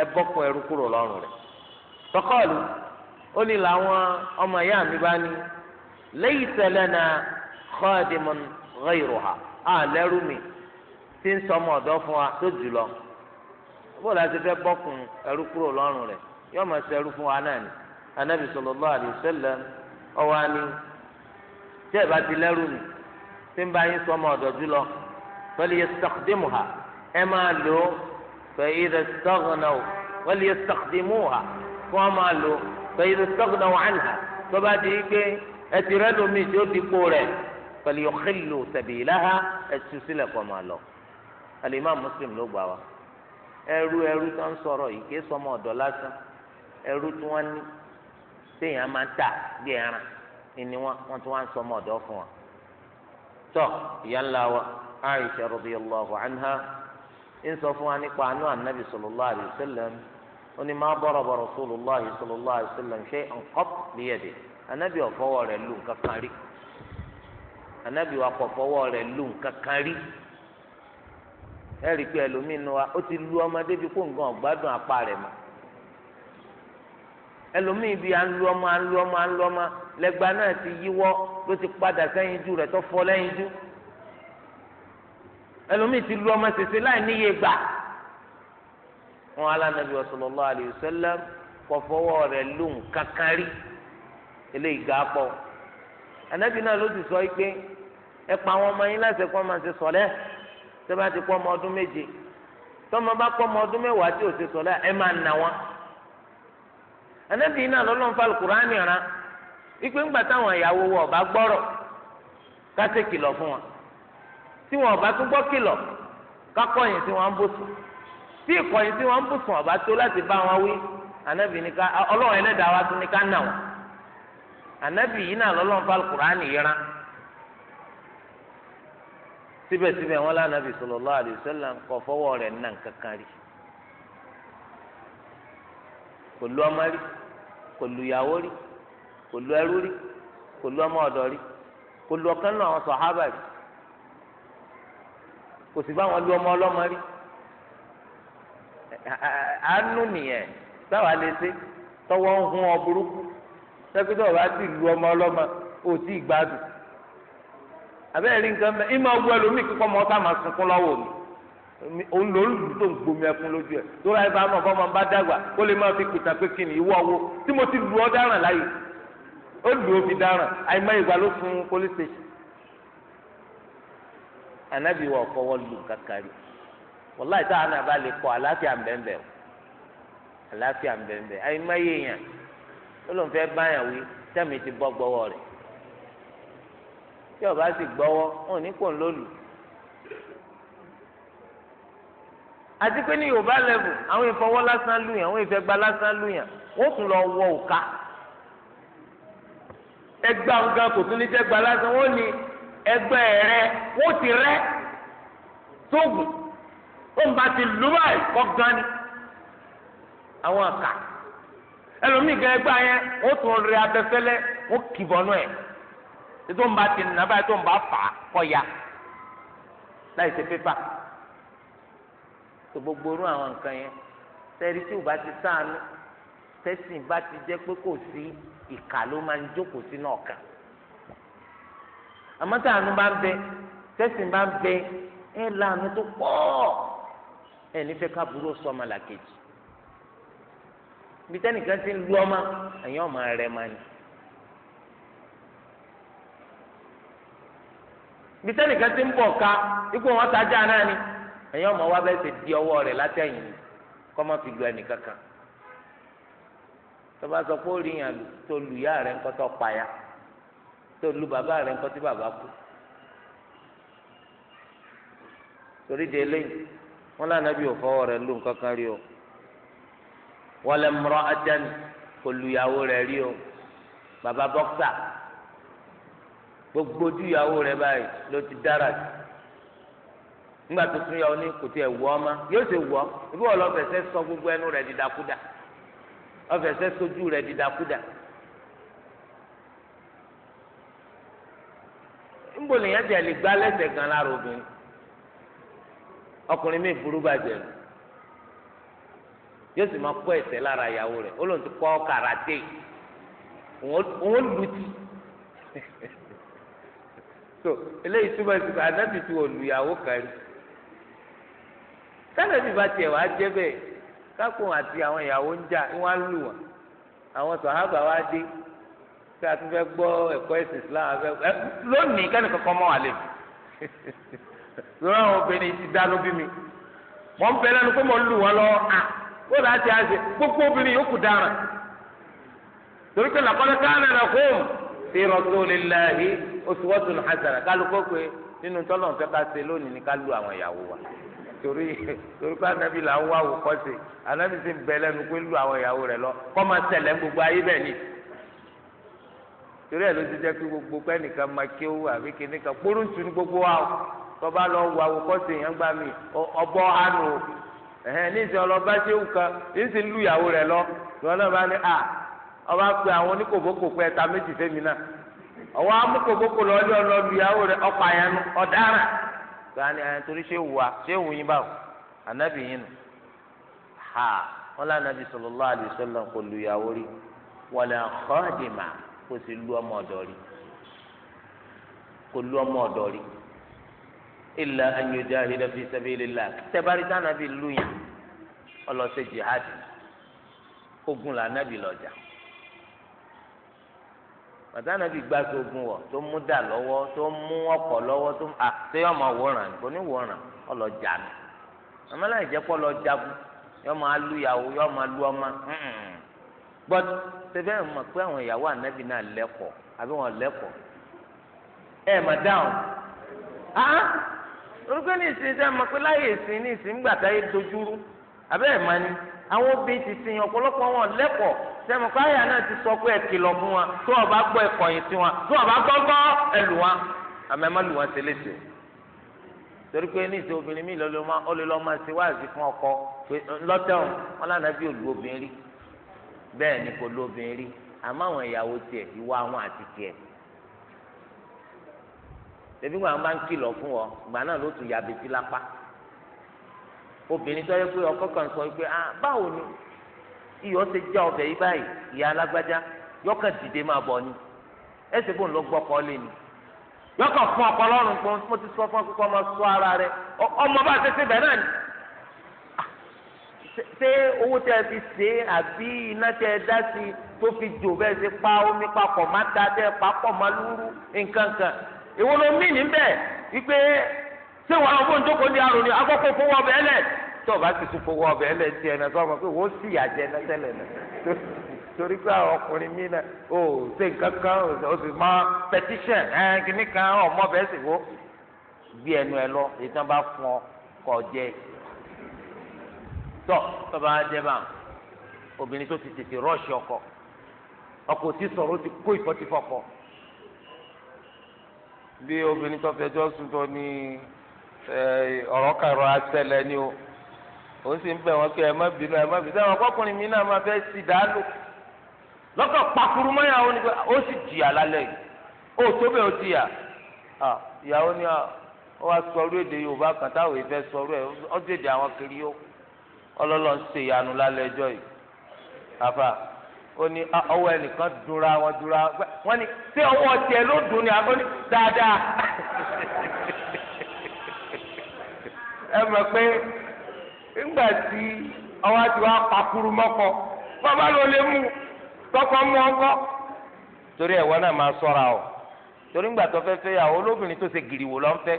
A: ẹ bọ́kùn ẹrú kúrò lọ́rùn rẹ̀ tọkọ́ọ̀lù ó ní làwọn ọmọ ìyá mi bá ní laysa lana khadimun ghayruha á lẹ́rú mi tí ń sọmọ ọ̀dọ́ fún wa tó jù lọ bó la ti fẹ́ bọ́kùn ẹrú kúrò lọ́rùn rẹ̀ yóò máa ṣe ẹrú fún wa náà anabi sallallahu alaihi wasallam ọwọ́ á ní bá ti lẹ́rú mi tí ń bá yín sọmọ ọ̀dọ́ jù lọ falyastaqdimuha ẹ máa lò ó فإذا استغنوا وليستخدموها وما له فإذا استغنوا عنها فبعد إيكي أترلوا من جود كورة فليخلوا سبيلها السلسلة وما له الإمام مسلم لو بوا ẹrú ẹrú tó ń sọ̀rọ̀ yìí kì í sọmọ ọ̀dọ̀ lásán ẹrú tí wọn ní téèyàn máa ń tà bí ẹran ni wọn wọn ń sọmọ ọ̀dọ̀ fún wọn. tọ ìyá ńlá wa Aisha radiyallahu anha ń sọ fún wa nípa àánú ànábì sallallahu alaihi wasallam ma daraba rasulullahi sallallahu alaihi wasallam shay'an qat biyadi ànábì ò fọwọ́ rẹ̀ lù rí pé ẹlòmínú wa ó ti lu ọmọdé bíi kó nǹkan ọ̀gbádùn apá rẹ mọ́ ẹlòmíì bíi à ti ló ti padà tó ẹlòmíì ti lu ọmọ ṣẹṣẹ láì níye gbà wọn alánàbí sallallahu alayhi wa sallam kò fọwọ́ rẹ̀ lù kankan rí eléyìí ga pọ̀ ànábì náà ló ti sọ pé ẹ pa àwọn ọmọ yín láti kọ́ máa ṣe sọ̀lẹ́ tẹ́ bá ti kọ́ ọmọ ọdún méje tọ́mọ bá kọ́ ọmọ ọdún mẹ́wàá tí ò ṣe sọ̀lẹ́ ẹ máa nà wọn ànábì náà lọ́lọ́run fa Al-Qur'ani rán ńgbà táwọn ìyàwó wọ̀ bá gbọ́rọ̀ ká ṣèkìlọ̀ fún wọn tí wọn bá tún gbọ́ kìlọ̀ kakọ̀yìn tí wọn ń bùsùn tí ìkọ̀yìn tí wọn ń bùsùn ọ̀bá tó láti bá wọn wí ànábì ní ká ọlọ́run ẹlẹ́dàá wa tún ní ká nà wọn ànábì yìí náà lọ́lọ́run fa alukur'ani yẹra síbẹ̀síbẹ̀ wọn lánàbì sallallahu alaihi wasallam kò fọwọ́ rẹ̀ nà kankan rí kò lu ọmọ rí kò ìyàwó rí kò ẹrú rí kò ọmọ ọ̀dọ̀ rí kò lu ọ̀kan náà àwọn sàhábà rí kò sì bá wọn lu ọmọ ọlọ́mọ rí àánú nìyẹn táwa lè ṣe tọwọ́ ń hun ọ burúkú sẹ́kítọ̀ ọba sì lu ọmọ ọlọ́mọ ò tí ì gbádùn àbẹ́rẹ́ rí nǹkan bẹ́ẹ̀ ìmọ̀ ọgbọ́n ẹlòmíì kíkọ́ ọmọ ọ̀tá máa sunkún lọ́wọ́ mi òun ló ń lù tó ń gbomi ẹkún lójú ẹ̀ tó ra ibà mọ̀ fọ́mọ bá dàgbà ó lè máa fi pìtà pé kí ni ìwọ wo tí mo ti lu ọ dáràn láyè ó lù ó fi dáràn àìmọ̀ ìgbà ló fún police station anabi wa fọwọ́ lu kakari wàláyé tá a nà bá lè kọ àlàáfíà mbẹ́mbẹ́ o àlàáfíà mbẹ́mbẹ́ ayé má yé yàn olùfẹ́ báyàn wí tẹ́mi ti bọ́ gbọ́wọ́ rẹ̀ tí ọba sì gbọ́wọ́ wọn ní kò ń lólu
B: àti pé ní yorùbá lẹ́bù àwọn ìfọwọ́
A: lásán lùyàn àwọn ìfẹ́gbá lásán lùyàn wọ́n tún lọ wọ òka ẹgbàá nǹkan kò tún ní jẹ́gbàá lásán wọ́n ní ẹgbẹ́ rẹ wọ́n ti rẹ́ sóògùn ó ń bá ti lù báyìí kọ́ gan ni àwọn àkà ẹlòmíì gan ẹgbẹ́ yẹn wọ́n tún rẹ abẹ́fẹ́lẹ́ wọ́n kìbọnú ẹ̀ tó ń bá ti nà báyìí tó ń bá fà á kọ́ ya láì ṣe pépà tó gbogbo orú àwọn nǹkan yẹn sẹ́rí tí ò bá ti sáànù tẹ́sìn bá ti jẹ́ pé kò sí ìkà ló máa ń jókòó sínú ọ̀kan. Amata tá àánú bá ń bẹ tẹ́sìn bá ń bẹ ẹ láàánú tó pọ̀ ẹ nífẹ̀ẹ́ kábúrò sọmọ làkejì ibi tẹ́nìkan ti lu ọmọ ẹ̀yìn ọmọ rẹ̀ máa ní. ibi tẹ́nìkan ti ń ká ipò wọn tajà náà ni ẹ̀yìn ọmọ wa bẹ́ẹ̀ ti di ọwọ́ rẹ̀ látẹ̀yìn kọ́ má fi lu ẹnìkankan tó bá sọ pé ó rí yàn tó lu ìyá rẹ̀ ńkọ́ tó lu bàbá rẹ ńkọ́ tí bàbá torí de eléyìí wọn lànà bí òfọwọ́ rẹ lù nǹkan kan rí o wọlé mọ́rọ́ ajani kò lu ìyàwó rẹ rí o bàbá gbogbo ojú ìyàwó báyìí ló ti dára jù nígbà tó tún ní kò ẹ wọ́ ma yóò ṣe ibi lọ sọ gbogbo ẹnu
C: ńgbò lèyàn jẹ lè gbá lẹ́sẹ̀ gan lára
A: obìnrin ọkùnrin mi burú bàjẹ́ lò yóò sì máa kó ẹsẹ̀ lára ìyàwó rẹ̀ ó lóun ti kọ́ karate òun lù so eléyìí túbọ̀ sí pé anábì tí olùyàwó kan rí bá tiẹ̀ wá jẹ́ bẹ́ẹ̀ kákùn àti àwọn ìyàwó ń jà ń wá lù pé a ti fẹ́ gbọ́ ẹ̀kọ́ ẹ̀sìn Islam fẹ́ ẹ lónìí kẹ́ni kankan mọ́ àlè lọ́wọ́ obìnrin ti dá lóbi mi mọ̀ ń bẹ lẹ́nu pé mo lù wọ́n lọ à ó láti àṣẹ gbogbo obìnrin yòókù dára torí pé làkọ́lẹ́ káàmì rẹ̀ fóun fi rasulillahi uswatun hasana kálukó pé nínú tọ́lọ̀ ń fẹ́ ká ṣe lónìí ni ká lu àwọn ìyàwó wa torí torí pé anabi là ń wá àwòkọ́ṣe anabi sì ń bẹ lẹ́nu pé lu àwọn ìyàwó rẹ̀ lọ kọ́ máa ṣẹlẹ̀ gbogbo ayé bẹ́ẹ̀ ni torí ẹ̀ ló ti jẹ́ pé gbogbo pé nìkan máa kí ó àbí kí nìkan kpóró ní gbogbo wa o tọ́ba lọ wà wò kọ́sì yẹn gbà mí ọbọ̀ hànú o ẹ̀hẹ́n ní ìsìn ṣé wù kan ní lu ìyàwó rẹ̀ lọ náà bá ní ọba pe àwọn oníkòbókò pé méjì fẹ́mi náà ọwọ́ amúkòbókò ìyàwó nu torí ṣé wù wa ṣé wù yín báwò yín ha wọn kó sì lu ọmọ ọ̀dọ̀ rí kó lu ọmọ ọ̀dọ̀ rí illa an yujahida fi sabilillah tẹ́bárí dáná bíi lùyàn ọlọ́sẹ̀ jihadi ogun là nábì lọ́jà bàtà nábì gbàgbé ogun wọ̀ tó mú dà lọ́wọ́ tó mú ọkọ̀ lọ́wọ́ tó à tẹ́yọ̀ máa wòran kò ní wòran ọlọ́jà ni àmọ́ láì jẹ́ kó lọ́ọ́ jagun yọ máa lu ìyàwó yọ máa lu ọmọ but tẹ́fẹ́ mọ̀ pé àwọn ìyàwó ànábì náà lẹ́kọ̀ọ́ àbí wọn lẹ́kọ̀ọ́ ẹ mà dáhùn ah orúkọ ní ìsìn sẹ́ mọ̀ pé láyé ìsìn ní ìsìn gbàtà yé dojúrú àbẹ́ ẹ̀ mà ni àwọn obìnrin ti sìn ọ̀pọ̀lọpọ̀ wọn lẹ́kọ̀ọ́ sẹ́mu káyà náà ti sọ pé ẹ kìlọ̀ fún wa tó ọba gbọ́ ẹ̀kọ́ yìí sí wa tó ọba gbọ́gbọ́ ẹ lù wa àmọ́ ẹ má lù wọn ṣe léṣe torí pé ní ìsìn obìnrin mi lọ́ọ́ lọ́ọ́ máa ṣe wáàzì fún ọkọ pé lọ́tẹ̀ọ̀n bẹ́ẹ̀ ni kò lóbìnrin rí àmọ́ àwọn ìyàwó tiẹ̀ ìwà àwọn àti tiẹ̀ tẹbi wọn bá ń kìlọ̀ fún ọ ìgbà náà ló tún ya bèjì lápá obìnrin tó yẹ pé ọkọ kan sọ pé ah báwo ni iyọ̀ ṣe já ọbẹ̀ yìí báyìí ìyá alágbájá yọkàn dìde máa bọ̀ ni ẹsẹ̀ bò ń lọ gbọ́kọ lé ni yọkàn fún ọkọ lọ́rùn mo ti sọ fún ọkọ máa sọ ara rẹ ọmọ bá ṣe ṣe náà ni ṣé owó tẹ fi ṣe àbí iná tẹ dá sí tó fi jò bẹ́ẹ̀ ṣe pa omi papọ̀ má da dẹ́ papọ̀ má lúrú nǹkankan èwo ló mí níbẹ̀ wípé
C: ṣé wọn àwọn fóun jókòó ní àrùn ni agbọ́kọ̀
A: fowó ọbẹ̀ ẹlẹ̀ tó o bá ti tún fowó ọbẹ̀ ẹlẹ̀ tiẹ̀ náà sọ́mọ pé wọ́n sì àjẹ náà tẹ́lẹ̀ náà
B: torí pé
A: àwọn ọkùnrin mi náà ò ṣe nǹkan kan ò sì mọ petition ẹ̀ kìnnìkan ọmọ bẹ́ẹ̀ sì wó gbé ẹnu ẹ lọ èyí tán fún ọ kọ̀ jẹ́ tọ bàbá wa obìnrin tó ti tètè rọ́ọ̀ṣì ọkọ ọkọ tí sọ̀rọ̀ ti kó ìfọ́tí bí obìnrin tó fẹjọ́ ní ọ̀rọ̀ kàrọ̀ ni o ó sì ń bẹ̀ wọ́n pé ẹ má mi náà máa fẹ́ sì mọ́yàwó ni pé ó sì jìyà lálẹ́ yìí ó tó bẹ́ẹ̀ ó jìyà ìyàwó ni ó wá èdè Yorùbá kan táwọn ọlọ́lọ́ ń ṣe ìyanu lálẹ́ ẹjọ́ yìí àfà ó ní ah, ọwọ́ ẹnìkan dúnra wọn dúnra wọn ni ṣé ọwọ́ tiẹ̀ ló dùn ní àgọ́ ní dáadáa
B: ẹ mọ̀ pé nígbà tí ọwọ́ ti wá pakuru mọ́kọ bàbá
A: ló lè mú tọkọ mú ọkọ torí ẹ̀wọ́ náà máa sọ́ra o torí ńgbà tó fẹ́ fẹ́ yà ó tó ṣe gìrìwò lọ́nfẹ́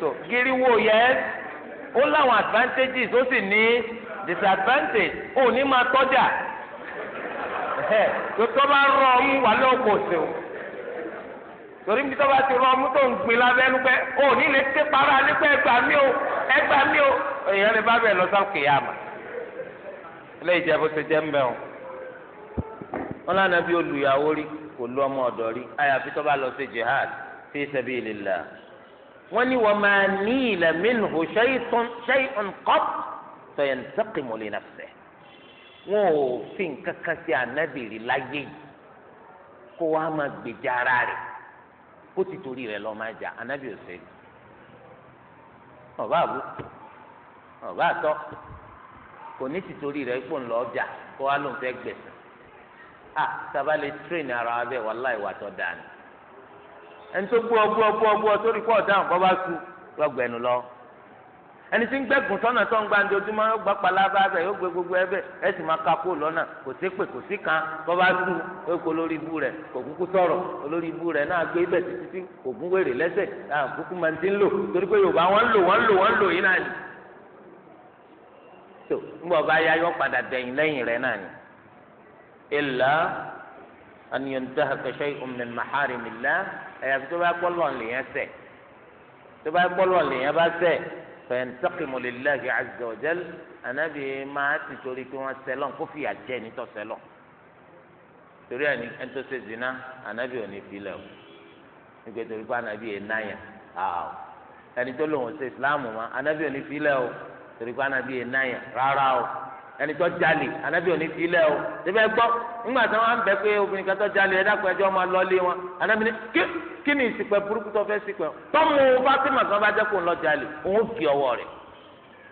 A: so gìrìwò yẹn. Yes ó láwọn advantages ó sì ní disadvantage ó ní máa tọ́jà tó tó bá rọ ọmú wà ló kò sí o torí bí tó bá ti rọ ọmú tó ń gbin lábẹ́ lúpẹ́ ó ní lè ké para nípa ẹgbà mí o ẹgbà mí o èèyàn lè bá bẹ̀ lọ sáà kìí àmà ilé ìjẹ́ bó ṣe jẹ́ ń bẹ̀ o wọn lánàá bí olùyàwó rí kò lu ọ̀dọ́ rí àyàfi tó bá lọ sí jihad fi sabilillah wọ́n ní wọ́n máa ní ilẹ̀ mìíràn ṣe nǹkan sọ̀yẹ̀ ntẹ́kìmọ̀ lè nà fẹ́. wọn ò fi nǹkan kan sí ànábìrì láyé yìí kó wá máa gbèjà ara rẹ̀ kó ti torí rẹ̀ lọ́ọ́ máa jà ànábìrì òṣèlú. ọ̀bá àbú ọ̀bá àtọ́ kò ní ti torí rẹ̀ pò ń lọ ọjà kó wá lóun fẹ́ gbẹ̀sán. a sábà lè tírèèni ara wa bẹ́ẹ̀ wàláì wà tó dáa ni. ẹni tó gbọ́ gbọ́ gbọ́ gbọ́ tó rí pọ̀ dáhùn bá su lọ́gbẹ̀ẹ́nu lọ. ẹni tí ń gbẹ́gùn sọ́nà tó ń gba ní ojúmọ́ yóò gbọ́ palaba bẹ́ẹ̀ yóò gbé gbogbo ẹbẹ̀ ẹ sì máa kakó lọ́nà kò sí pé kò sí kan bọ́ bá su lórí ibu rẹ̀ kò kúkú sọ̀rọ̀ ibu rẹ̀ náà gbé ibẹ̀ títí kò gún wèrè lẹ́sẹ̀ àyàfi tó bá gbọ́ lọ́n lèèyàn ṣẹ̀ tó bá gbọ́ lọ́n lèèyàn bá ṣẹ̀ fẹ̀ǹtẹ́kìmù lillahi azza wa jal ànábì máa ti torí pé wọ́n ṣẹ̀ lọ́n kó fìyà jẹ́ nítọ́ ṣẹ̀ lọ́n torí ẹni tó ṣe zina ànábì ò ní filẹ̀ o nígbà tó rí pé ànábì yẹn náyà àwọ̀ ẹni tó lòun ṣe ìsìláàmù mọ́ ànábì ò ní filẹ̀ o torí pé ànábì yẹn náyà rárá o. ẹni tó jalè anabi òní ti lẹ o síbẹ̀ gbọ́ ńgbà tí wọ́n á ń bẹ pé obìnrin kan tó jalè ẹ dákun ẹjọ́ máa lọ lé wọn anabi ní kí kí ni ìsìpẹ́ burúkú tó fẹ́ o tọ́mù fatima kan bá jẹ́ kó lọ jalè òun fi ọwọ́ rẹ̀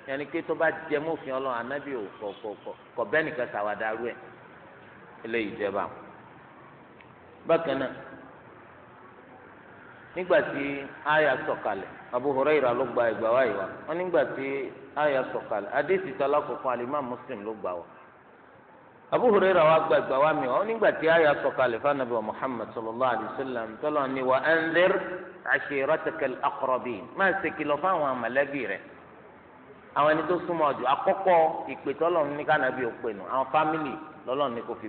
A: yẹnni tó bá jẹ ọlọ́run anabi ò kọ̀ kọ̀ kọ̀ kọ̀ bẹ́ẹ̀ nìkan sàwádàrú ẹ̀ bákan náà nígbà tí aya sọ̀kalẹ̀ Abu ayà sọ̀kalẹ̀ àdéhìí tọ́lá kọ̀ọ̀kan alimá muslim ló gbà wá. Abu Hurairah wa gba ìgbà wa mi ọ nígbà tí ayà sọ̀kalẹ̀ fanabi wa Muhammad sallallahu alayhi wa sallam tọ́lá ni wa anzir ashiratakal aqrabin máa ṣe kìlọ̀ fáwọn àmàlẹ́bí rẹ. àwọn ẹni tó súnmọ́ ọjọ́ àkọ́kọ́ ìpè tọ́lọ́run ní kánábì òpè nù àwọn fámìlì ní kò fi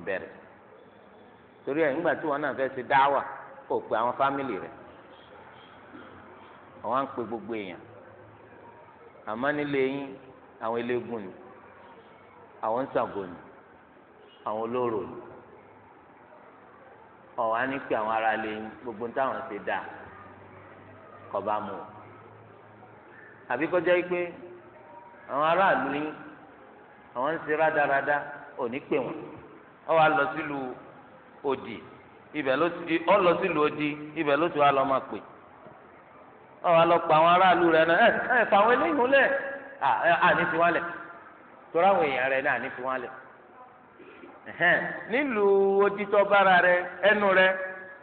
A: torí nígbà tí wọn náà ṣe dáwà gbogbo èèyàn àmọ́ nílé yín àwọn eléégún ni àwọn ṣàngó ni àwọn olóró ni ọ̀wá ní pé àwọn ará lé yín gbogbo táwọn ṣe dáa kò bá mu o àbí kọjá yìí pé àwọn aráàlú yín àwọn ń ṣe rádaràda òní pè wọn ọ wà sílùú òdì ibẹ̀ ló ti ọ sílùú òdì ibẹ̀ ló ti wà lọ máa pè. ọ̀hún alọ́pàá àwọn aráàlú rẹ̀ náà ẹ̀ ẹ̀ fà àwọn eléyìí wọn àní fi wọn torí àwọn èèyàn rẹ̀ náà àní fi nílùú odítọ́ bára rẹ ẹnu rẹ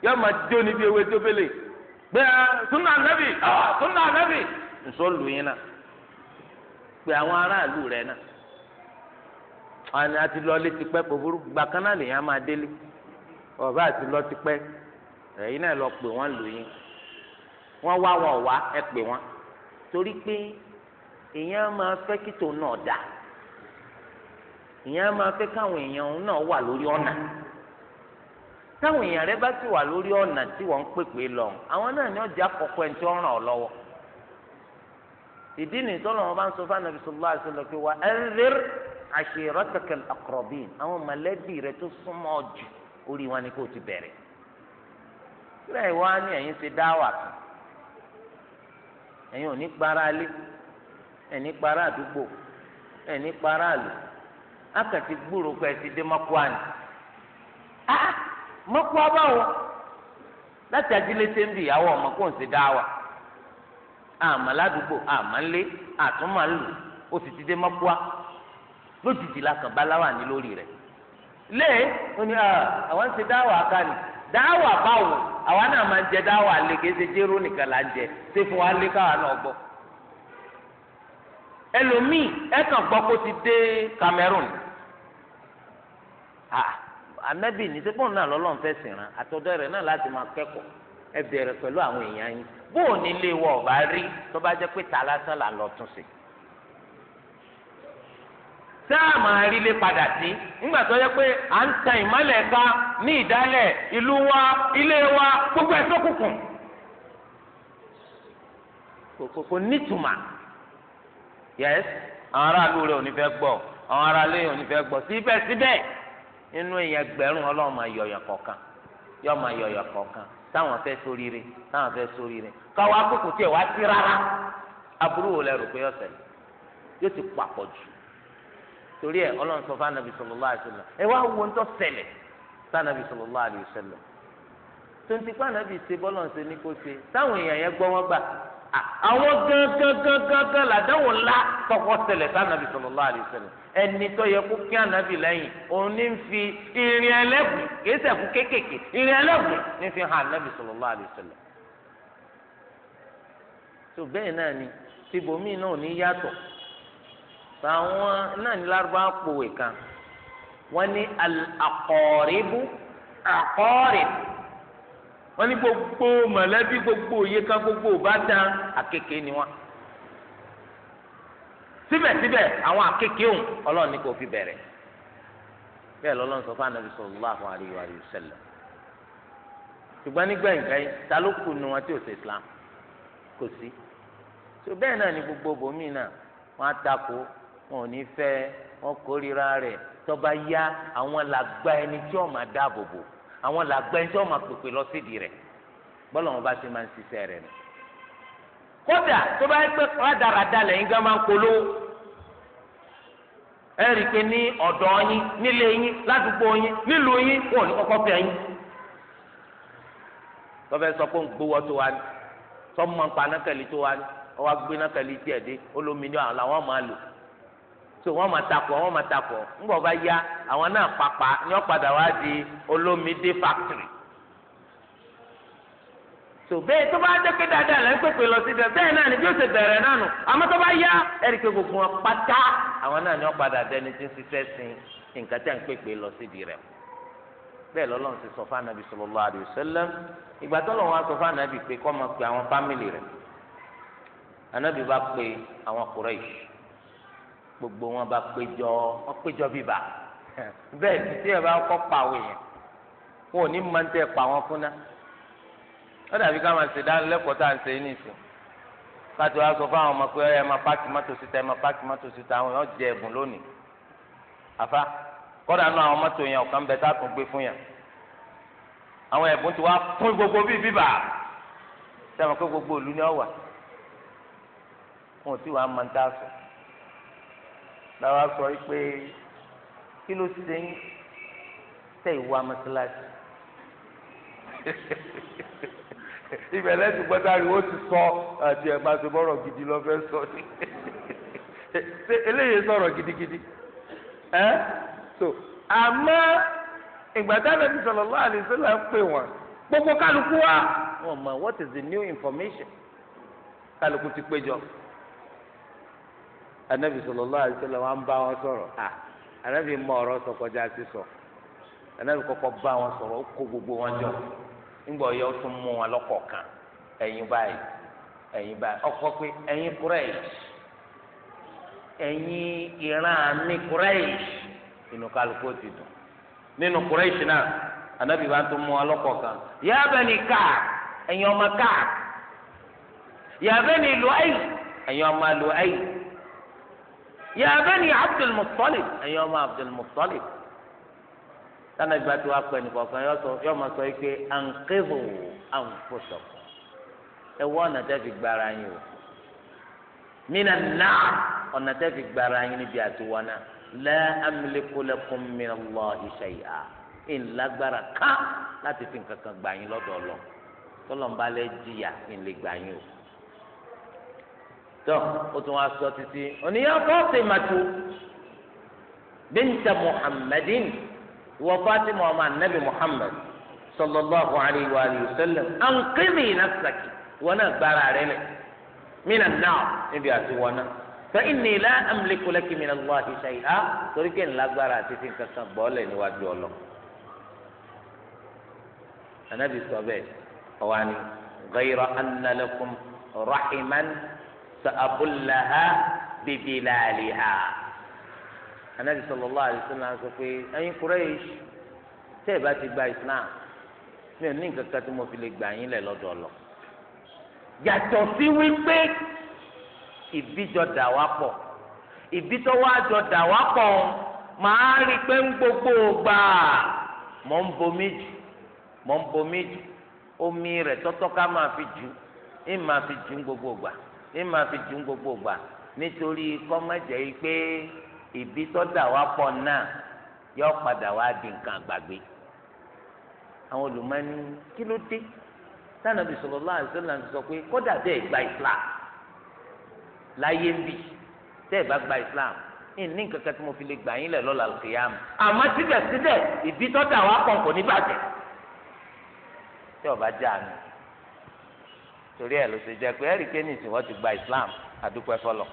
A: yọ ma jó níbi ewé dóbélé gbé súnà nẹ́bì súnà nẹ́bì nsọ́ lù yín náà pé àwọn aráàlú rẹ náà àti lọ létí pẹ́ máa délé àti wọ́n wá wọn wá ẹ pè torí pé èèyàn máa fẹ́ kí tòun náà dà èèyàn máa fẹ́ káwọn èèyàn náà wà lórí ọ̀nà táwọn èèyàn rẹ bá ti wà lórí ọ̀nà tí wọ́n ń pèpè lọ àwọn náà ní ọjà kọ̀ọ̀kọ́ ẹni tí ràn lọ́wọ́ ìdí nìyí tọ́lọ́ bá ń sọ fún anabi sọlá àti wà àwọn ni kò ti ẹ̀yin ti dá ẹ̀yin ò ní para alé ẹ̀ní para àdúgbò ẹ̀ní para àlù akàtí gbúrò pé ẹ ti dé mọ́kúá ni ah mọ́kúá báwo láti ajílẹ̀ tẹ́ ń bì ìyàwó ọmọ kó ń ṣe dá wa àmọ́ ládùúgbò àmọ́ lé àtúmọ̀ lù ó sì ti dé mọ́kúá lójijì la kàn báláwà ní lórí rẹ̀ lé ó ní àwọn ń ṣe dá wa ká ni dá wa báwo àwa náà máa ń jẹ dáwà alẹ́ kìí jéró nìkan là ń jẹ ṣé fún wa lé káwa náà gbọ́.
C: ẹlòmíì ẹ kàn gbọ́ kó ti dé
A: Cameroon anabi ní sẹ́kọ̀ọ́ náà lọ́lọ́run fẹ́ sìn rán àtọ́jọ́ rẹ̀ náà láti máa kẹ́kọ̀ọ́ ẹ bẹ̀rẹ̀ pẹ̀lú àwọn èèyàn yín bóò nílé wọ ọ̀bá rí tó bá jẹ́ pé ta lásán là ń lọ tún sí i. sáàmù àrílé padà sí ńgbà tó yẹ pé à ń tan ìmọ̀lẹ̀ ká ní ìdálẹ̀ ìlú wa ilé wa gbogbo ẹ̀sọ́ kùkùn kòkòkò nítumà yẹs àwọn aráàlú rẹ ò ní fẹ́ gbọ́ àwọn aráàlú rẹ ò ní fẹ́ gbọ́ síbẹ̀síbẹ̀ inú èèyàn gbẹ̀rún yọ̀yọ̀ kọ̀ọ̀kan yọ̀yọ̀ kọ̀ọ̀kan táwọn fẹ́ táwọn fẹ́ káwọn akókò wá sí rárá aburú wo pé ọ̀sẹ̀ yóò ti pàpọ̀ jù torí ẹ Ọlọ́run sọ fún anabi sallallahu alaihi wasallam ẹ wá wo ntọ ṣẹlẹ̀ sí anabi sallallahu alaihi wasallam tonti pa anabi ṣe bọlọ ń ṣe ní kó ṣe táwọn èèyàn yẹn gbọ́ wọn gbà àwọn gángangangangan làdáwò ńlá tọkọ ṣẹlẹ̀ sí anabi sallallahu alaihi wasallam ẹni tó yẹ kó kí anabi lẹ́yìn òun ní fi irin ẹlẹ́gùn kìí sẹ̀kú kéékèèké irin ẹlẹ́gùn ní fi hàn anabi sallallahu alaihi wasallam tó bẹ́ẹ̀ náà ni tìbòmíì náà ní yàtọ̀ àwọn náà ní lárúbáwá pòwe kan wọ́n ní àkọ́rìbù àkọ́rìbù wọ́n ní gbogbo mọ̀lẹ́bí gbogbo òye kan gbogbo ìbátan àkèké ni wọ́n síbẹ̀síbẹ̀ àwọn àkèké òun ọlọ́run ní kò fi bẹ̀rẹ̀ bẹ́ẹ̀ lọ́lọ́run sọ fún anabi sallallahu alaihi wa sallam ṣùgbọ́n nígbà nǹkan yìí ta ló kù nu wọn tí ò ṣe islam kò sí tó bẹ́ẹ̀ náà ni gbogbo bòmí náà wọ́n á takò wọn ò ní fẹ́ wọn kórìíra àwọn làgbà ẹni tí ó máa dáàbòbò àwọn làgbà ẹni tí ó máa pèpè lọ sídìí rẹ̀ wọn bá ṣe máa ń ṣiṣẹ́ rẹ̀ nù.
B: kódà tó bá pẹ́ rádaràda lẹ́yìn gan máa ń sọ
A: pé ń tó wa ni tọ́ tó wa ni ọwọ́ gbé nákàlí dé olómi ni àwọn làwọn máa lò. so wọ́n máa takọ̀ wọ́n máa takọ̀ ńgbọ̀ bá yá àwọn náà pàpà ní ọ̀padà wá di olómìdé factory so bẹ́ẹ̀ tó bá jẹ́ pé dáadáa lẹ́ pèpè lọ sí dẹ bẹ́ẹ̀ náà ni bí ó ṣe bẹ̀rẹ̀ náà nù àmọ́ tó bá yá ẹ̀rí gbogbo wọn pátá àwọn náà ọ̀padà dẹni tí ń ṣiṣẹ́ sin nǹkan a ń pèpè lọ sí di rẹ̀ bẹ́ẹ̀ lọ́lọ́run ti sọ gbogbo wọn bá péjọ wọn péjọ bíbà
B: bẹ́ẹ̀ títí ẹ bá kọ pa àwọn èèyàn
A: wọn ò ní máa ń tẹ pa wọn fúnná ó dàbí ká máa ṣe dánilẹ́kọ̀ọ́ tá à ń ṣe ní ìsìn káàtó wa sọ fáwọn ọmọ pé ẹ máa páàkì mọ́tò síta ẹ máa páàkì mọ́tò síta àwọn èèyàn jẹ ẹ̀bùn lónìí àfa kọ́dà nù àwọn mọ́tò yẹn ọ̀kan bẹ tá a tún gbé fún yẹn àwọn ẹ̀bùn ti wá fún gbogbo bíi bíbà sẹ́wọ̀n pé gbogbo ìlú ni ọ wà wọn ò tí wàá máa ń làwa sọ pé kí ló ṣe ń tẹ ìwà mọ́sálásí ìbẹ̀lẹ̀ ti gbọ́dọ̀ ariwo ti sọ àti ẹ̀ máa ṣe bọ́rọ̀ gidi lọ́fẹ́ sọ ni eléyìí sọ̀rọ̀ gidigidi ẹ́ so àmọ́ ìgbàdá nàbí sallallahu alaihi wasallam ń pè wọ́n gbogbo kálukú wa wọ́n mọ̀ what is the new information kálukú ti péjọ. anabi sallallahu alaihi wasallam wọn bá wọn sọrọ. ha anabi mọ ọ̀rọ̀ sọ kọjá sí sọ anabi kọ́kọ́ bá wọn sọrọ, ó kó gbogbo wọn jọ ńgbọ yọ tún mú wọn lọ́kọ̀ọ̀kan ẹ̀yin báyìí ẹ̀yin báyìí ọkọ pé ẹ̀yin kúrẹ́yì ẹ̀yin ìran mi kúrẹ́yì inú kálukú ti dùn nínú kúrẹ́yì náà anabi bá tún mú wọn lọ́kọ̀ọ̀kan yábẹ́ni káà ẹ̀yin ọmọ káà yábẹ́ni lùáyì ẹ̀yin ọmọ ayi. ya bani Abdul Muttalib ẹ̀yin ọmọ Abdul Muttalib sanni ìgbà tí wàá pẹ́ nìkọ̀ọ̀kan yọ ma sọ pé ànkébò ànfọ̀sọ̀kọ̀ ẹ wọ ọ̀nà tẹ́ fi gbára yín o mina náà ọ̀nà tẹ́ fi gbára yín níbi àtiwọ́ náà la amliku lakum min Allahi shay'a ìlágbára ká láti fi nǹkan gbà yín lọ́dọ̀ ọlọ́ jìyà ìlẹ̀gbà yín o tó o tún wá sọ títí oníyà Fatimatu bínta Muhammadin wọ Fatima ọmọ anabi Muhammad sallallahu alayhi wa alihi wa sallam anqidhi nafsaki wọn náà gbára rẹ lẹ mina náà níbi àti wọn náà fa inni la amliku laki min Allahi shay'a torí kí n lágbára àti fi nǹkan kan níwájú ọlọ. anabi sọ bẹ́ẹ̀ ọ̀wá ni ghayra anna lakum sàbùlàhà bìbìlàlìhà anabi sallallahu alaihi wasallam sọ pé ẹ̀yin Quraysh tẹ́ ẹ ti gba islam mi ò ní nǹkan tí mo fi lè gbà yín lẹ lọ́dọ̀ lọ yàtọ̀ wípé ìbíjọ dà wá gbogbo bomi omi rẹ̀ tọ́tọ́ ka ma fi jù ń ma fi jù gbogbo gbà. ní máa fi dùn gbogbo gbà nítorí kọ́mọ̀jẹ́ yìí pé ìbí tó dà wá pọ̀ náà yọ padà wá di nǹkan àgbàgbé àwọn olùmọ̀ọ́ni kí ló dé tánàbì sallallahu alaihi wasallam sọ pé kódà bẹ́ẹ̀ gba islam láyé ń bì tẹ́ẹ̀ bá gba islam ní ní nǹkan kan tí mo fi lè gbà yín lẹ̀ lọ́la kìyàmù àmọ́ síbẹ̀síbẹ̀ ìbí tó dà wá pọ̀ kò ní bàjẹ́ tí ọba já mi torí ẹ̀ ló ṣe jẹ́ pé ẹ̀rí kéènì tí wọ́n ti gba islam àdúpẹ́ fọlọ́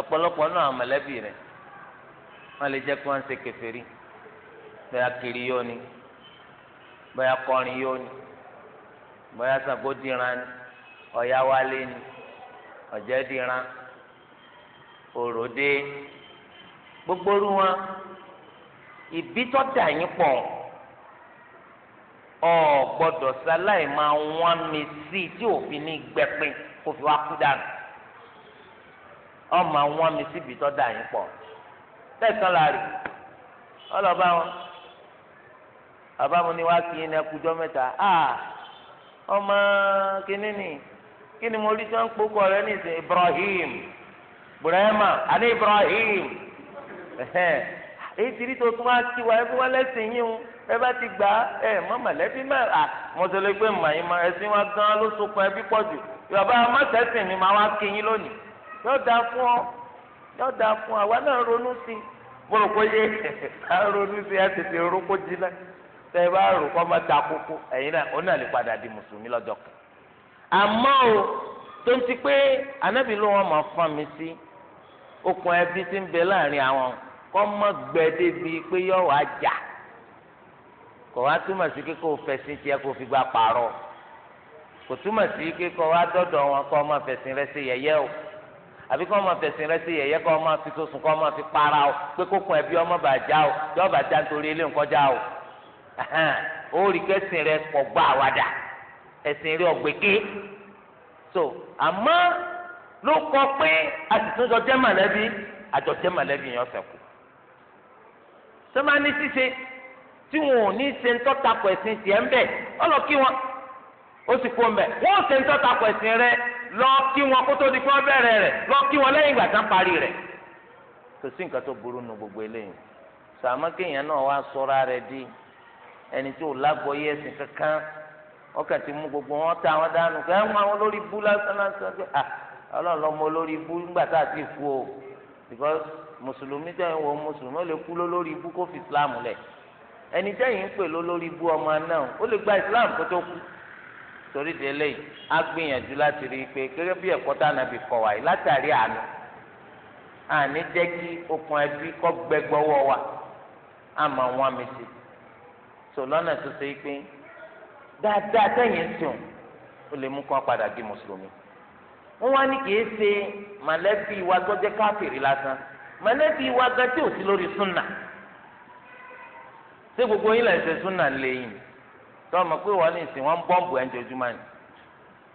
A: ọ̀pọ̀lọpọ̀ náà mọ̀lẹ́bí rẹ̀ wọ́n lè jẹ́ pé wọ́n ń ṣe kèfèrí bóyá kiri yóò ní bóyá kọrin yóò ní bóyá sàgódìran ní ọ̀yá wálé ní ọ̀jẹ̀dìran òròdé gbogbo rú wọn ìbí tó dà yín pọ̀ ọ gbọ́dọ̀ sáláì máa wọ́n mi sí tí òfin ní gbẹpin kó fi wá kú dànù ọ máa wọ́n mi síbi tó dà yín pọ̀ lẹ́ẹ̀kan láàrin ọlọ́ba wọn bàbá mi ni wá kí ní ẹkùjọ́ mẹ́ta ọmọ kínní ni kí ni mo rí tí wọ́n ń kpókò rẹ ní ìsìn Ibrahim burama àní Ibrahim èyí ti rí tó tún wá sí wa ẹ fún wa lẹ́sìn yín o ẹ bá ti gbà á ẹ mọ mọ̀lẹ́bí mẹ à mọtòlẹ pé màyín ma ẹsìn wa gan ló sokun ẹbí pọ̀ jù yọba mọtẹsìn mi máa wá kéyìn lónìí yóò da fún ọ yóò da fún àwa náà ronú sí i mo rò pé yé ká ronú sí i ẹ tètè rúkó jiná tẹ bá rò kọ́ máa ta kókó ẹ̀yin náà ó náà lè padà di mùsùlùmí lọ́jọ́ kan
B: àmọ́ o
A: tó ń ti pé anábì ló wọn máa fọ́n mi sí okùn ẹbí ti ń bẹ láàrin àwọn kọ́ mọ́ gbẹ pé yọ̀ wá jà kò wá túmọ̀ sí pé kò fẹ̀sìn tiẹ̀ kò fi gba pààrọ̀ kò túmọ̀ sí pé kò wá dọ́dọ̀ wọn kọ́ ọmọ fẹ̀sìn rẹ sí yẹ̀yẹ́ o àbí kọ́ ọmọ fẹ̀sìn rẹ sí yẹ̀yẹ́ kọ́ ọmọ fi sosùn kọ́ ọmọ fi para o pé kókun ẹbí ọmọ bà já o yọ bà já nítorí ilé nkọjá o ó rí kẹ́sìn rẹ kọ̀ gbọ́ àwàdà ẹ̀sìn rẹ ọ̀gbẹ́kẹ́ so àmọ́ ló kọ pé àtìtúnjọ jẹ́ mọ̀lẹ́bí àjọ jẹ́ mọ̀lẹ́bí yẹn ọ̀sẹ̀ kù tí wọn ò ní ṣe ń tọ́ta pọ̀ ẹ̀sìn tiẹ̀ ń bẹ̀ ọlọ kí wọn ó sì kó ń wọn ò ṣe ń tọ́ta pọ̀ ẹ̀sìn rẹ lọ kí wọn kó tó di kí rẹ lọ kí wọn lẹ́yìn ìgbà tán rẹ. kò sí nǹkan tó burú gbogbo eléyìí kéèyàn náà wá rẹ di ẹni tí ò kankan ọkàn ti mú gbogbo wọn ta wọn lásán lásán ah, ọlọ́run ẹni tẹ́yìn ń pè lólórí bú ọmọ náà ó lè gba islam kó tó kú torí délé yìí á gbìyànjú láti rí i pé gẹ́gẹ́ bí ẹ̀kọ́ tá ànábì kọ̀ wáyé látàrí àánú àní jẹ́ kí okùn ẹbí kọ́ gbẹ gbọ́wọ́ wa á mọ wọn mi sí so lọ́nà tó ṣe pé dáadáa tẹ̀yìn sùn ó lè mú kán padà di mùsùlùmí wọ́n wá ní kì í ṣe mọ̀lẹ́bí wa gbọ́jẹ́ káfíìrì lásán mọ̀lẹ́bí wa gan tí lórí súnà. ṣé gbogbo yín lẹ́sẹ̀ súnà lẹ́yìn tọ́ mọ̀ pé wọ́n ní ìsìn wọn ń bọ́ǹbù ẹ̀ ń ni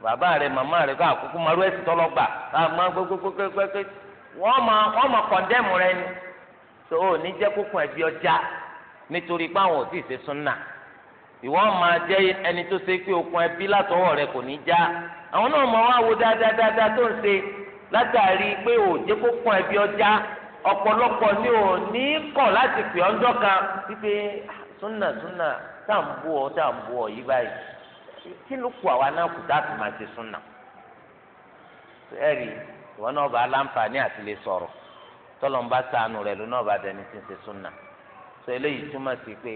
A: bàbá rẹ̀ màmá rẹ̀ kọ́ àkókò marú kwe. wọ́n mọ wọ́n re rẹ ni tó o ní jẹ́ kókun ẹ̀bí ọjà nítorí pé ò tí ì ṣe súnà ìwọ máa ẹni tó ṣe pé okun ẹbí látọwọ́ rẹ kò ní já àwọn náà mọ̀ wá wo dáadáa tó ń ọ̀pọ̀lọpọ̀ ni ò ní kọ̀ láti pè ọ́ ńjọ́ kan wípé ah, súnà súnà tá à ń bú ọ tá à ń bú ọ yí báyìí kí ló kù àwa náà kù tá a fi máa ṣe súnà ẹ̀rí ìwọ náà bá aláǹfààní àti lè sọ̀rọ̀ tọ́lọ́mbà sànù rẹ̀ ló náà bá dẹni tí ń ṣe súnà sọ eléyìí túmọ̀ sí pé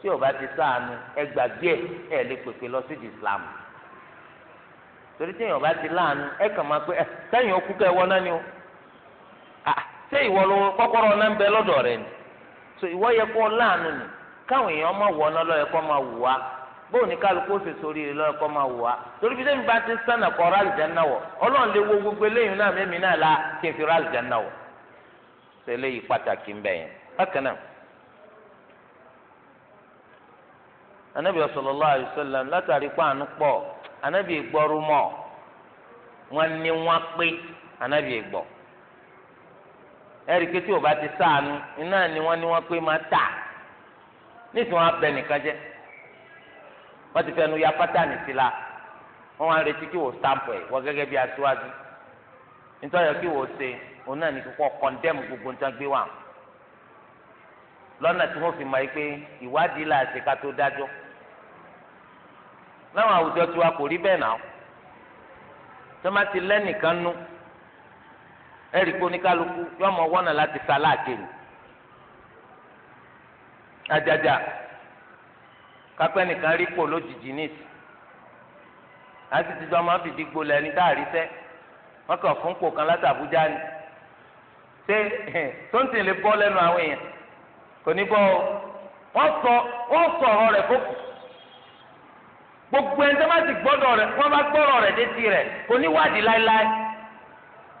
A: tí o bá ti sànù ẹgbàgbé ẹ̀ lè pèpè lọ sí Islam torí tí èèyàn bá ti láàánú ẹ kàn máa pé eh, ẹ sẹ́yìn okú kẹ́ wọ́n náà ni o ah, ṣé ìwọ ló kọ́kọ́rọ́ ọ̀nà ń bẹ lọ́dọ̀ rẹ ni so ìwọ yẹ kó láàánú ni káwọn èèyàn máa wọ̀ ọ́nà lọ́yẹ kó máa wù wá bóun ní kálukú ó sì sórí rẹ lọ́yẹ kó máa wù wá torí bí sẹ́mi bá ti sànà kọ́ wọ̀ ọlọ́run lè wo gbogbo eléyìí náà náà la kí n fi wọ̀ ṣe eléyìí pàtàkì ń bẹ yẹn bákan náà ẹ̀ríkẹ́ tí o bá ti sáànù iná ni wọ́n ní wọ́n pé máa tà nísìnyí wọ́n abẹ nìkan jẹ́ wọ́n ti fẹnu ya pátánì sí la wọ́n wá retí kí wò stamp ẹ̀ wọ́n gẹ́gẹ́ bí aṣíwájú nítorí kí wò ṣe òun náà ní kíkọ́ kọ́ndẹ́mù gbogbo nǹkan gbé wà lọ́nà tí wọ́n fi mọ̀ pé ìwádìí là ṣe ká tó dájọ́ láwọn àwùjọ tiwa kò rí bẹ́ẹ̀ náà tọ́mátì lẹ́nìkan nú. eriko pé oníkálukú yọ ọmọ wọ́nà láti sa láàkiri ajaja kápẹ́ nìkan rí pò lójijì nìsí láti ti jọ máa fìdí gbolẹ̀ ní dáàrí sẹ́ wọ́n kàn fún kan láti ni ṣé tóńtì lè bọ́ lẹ́nu àwọn èèyàn kò ní bọ́ gbogbo ẹni tó bá ti gbọ́dọ̀ rẹ̀ wọ́n bá gbọ́rọ̀ rẹ̀ dé kò ní wádìí láéláé.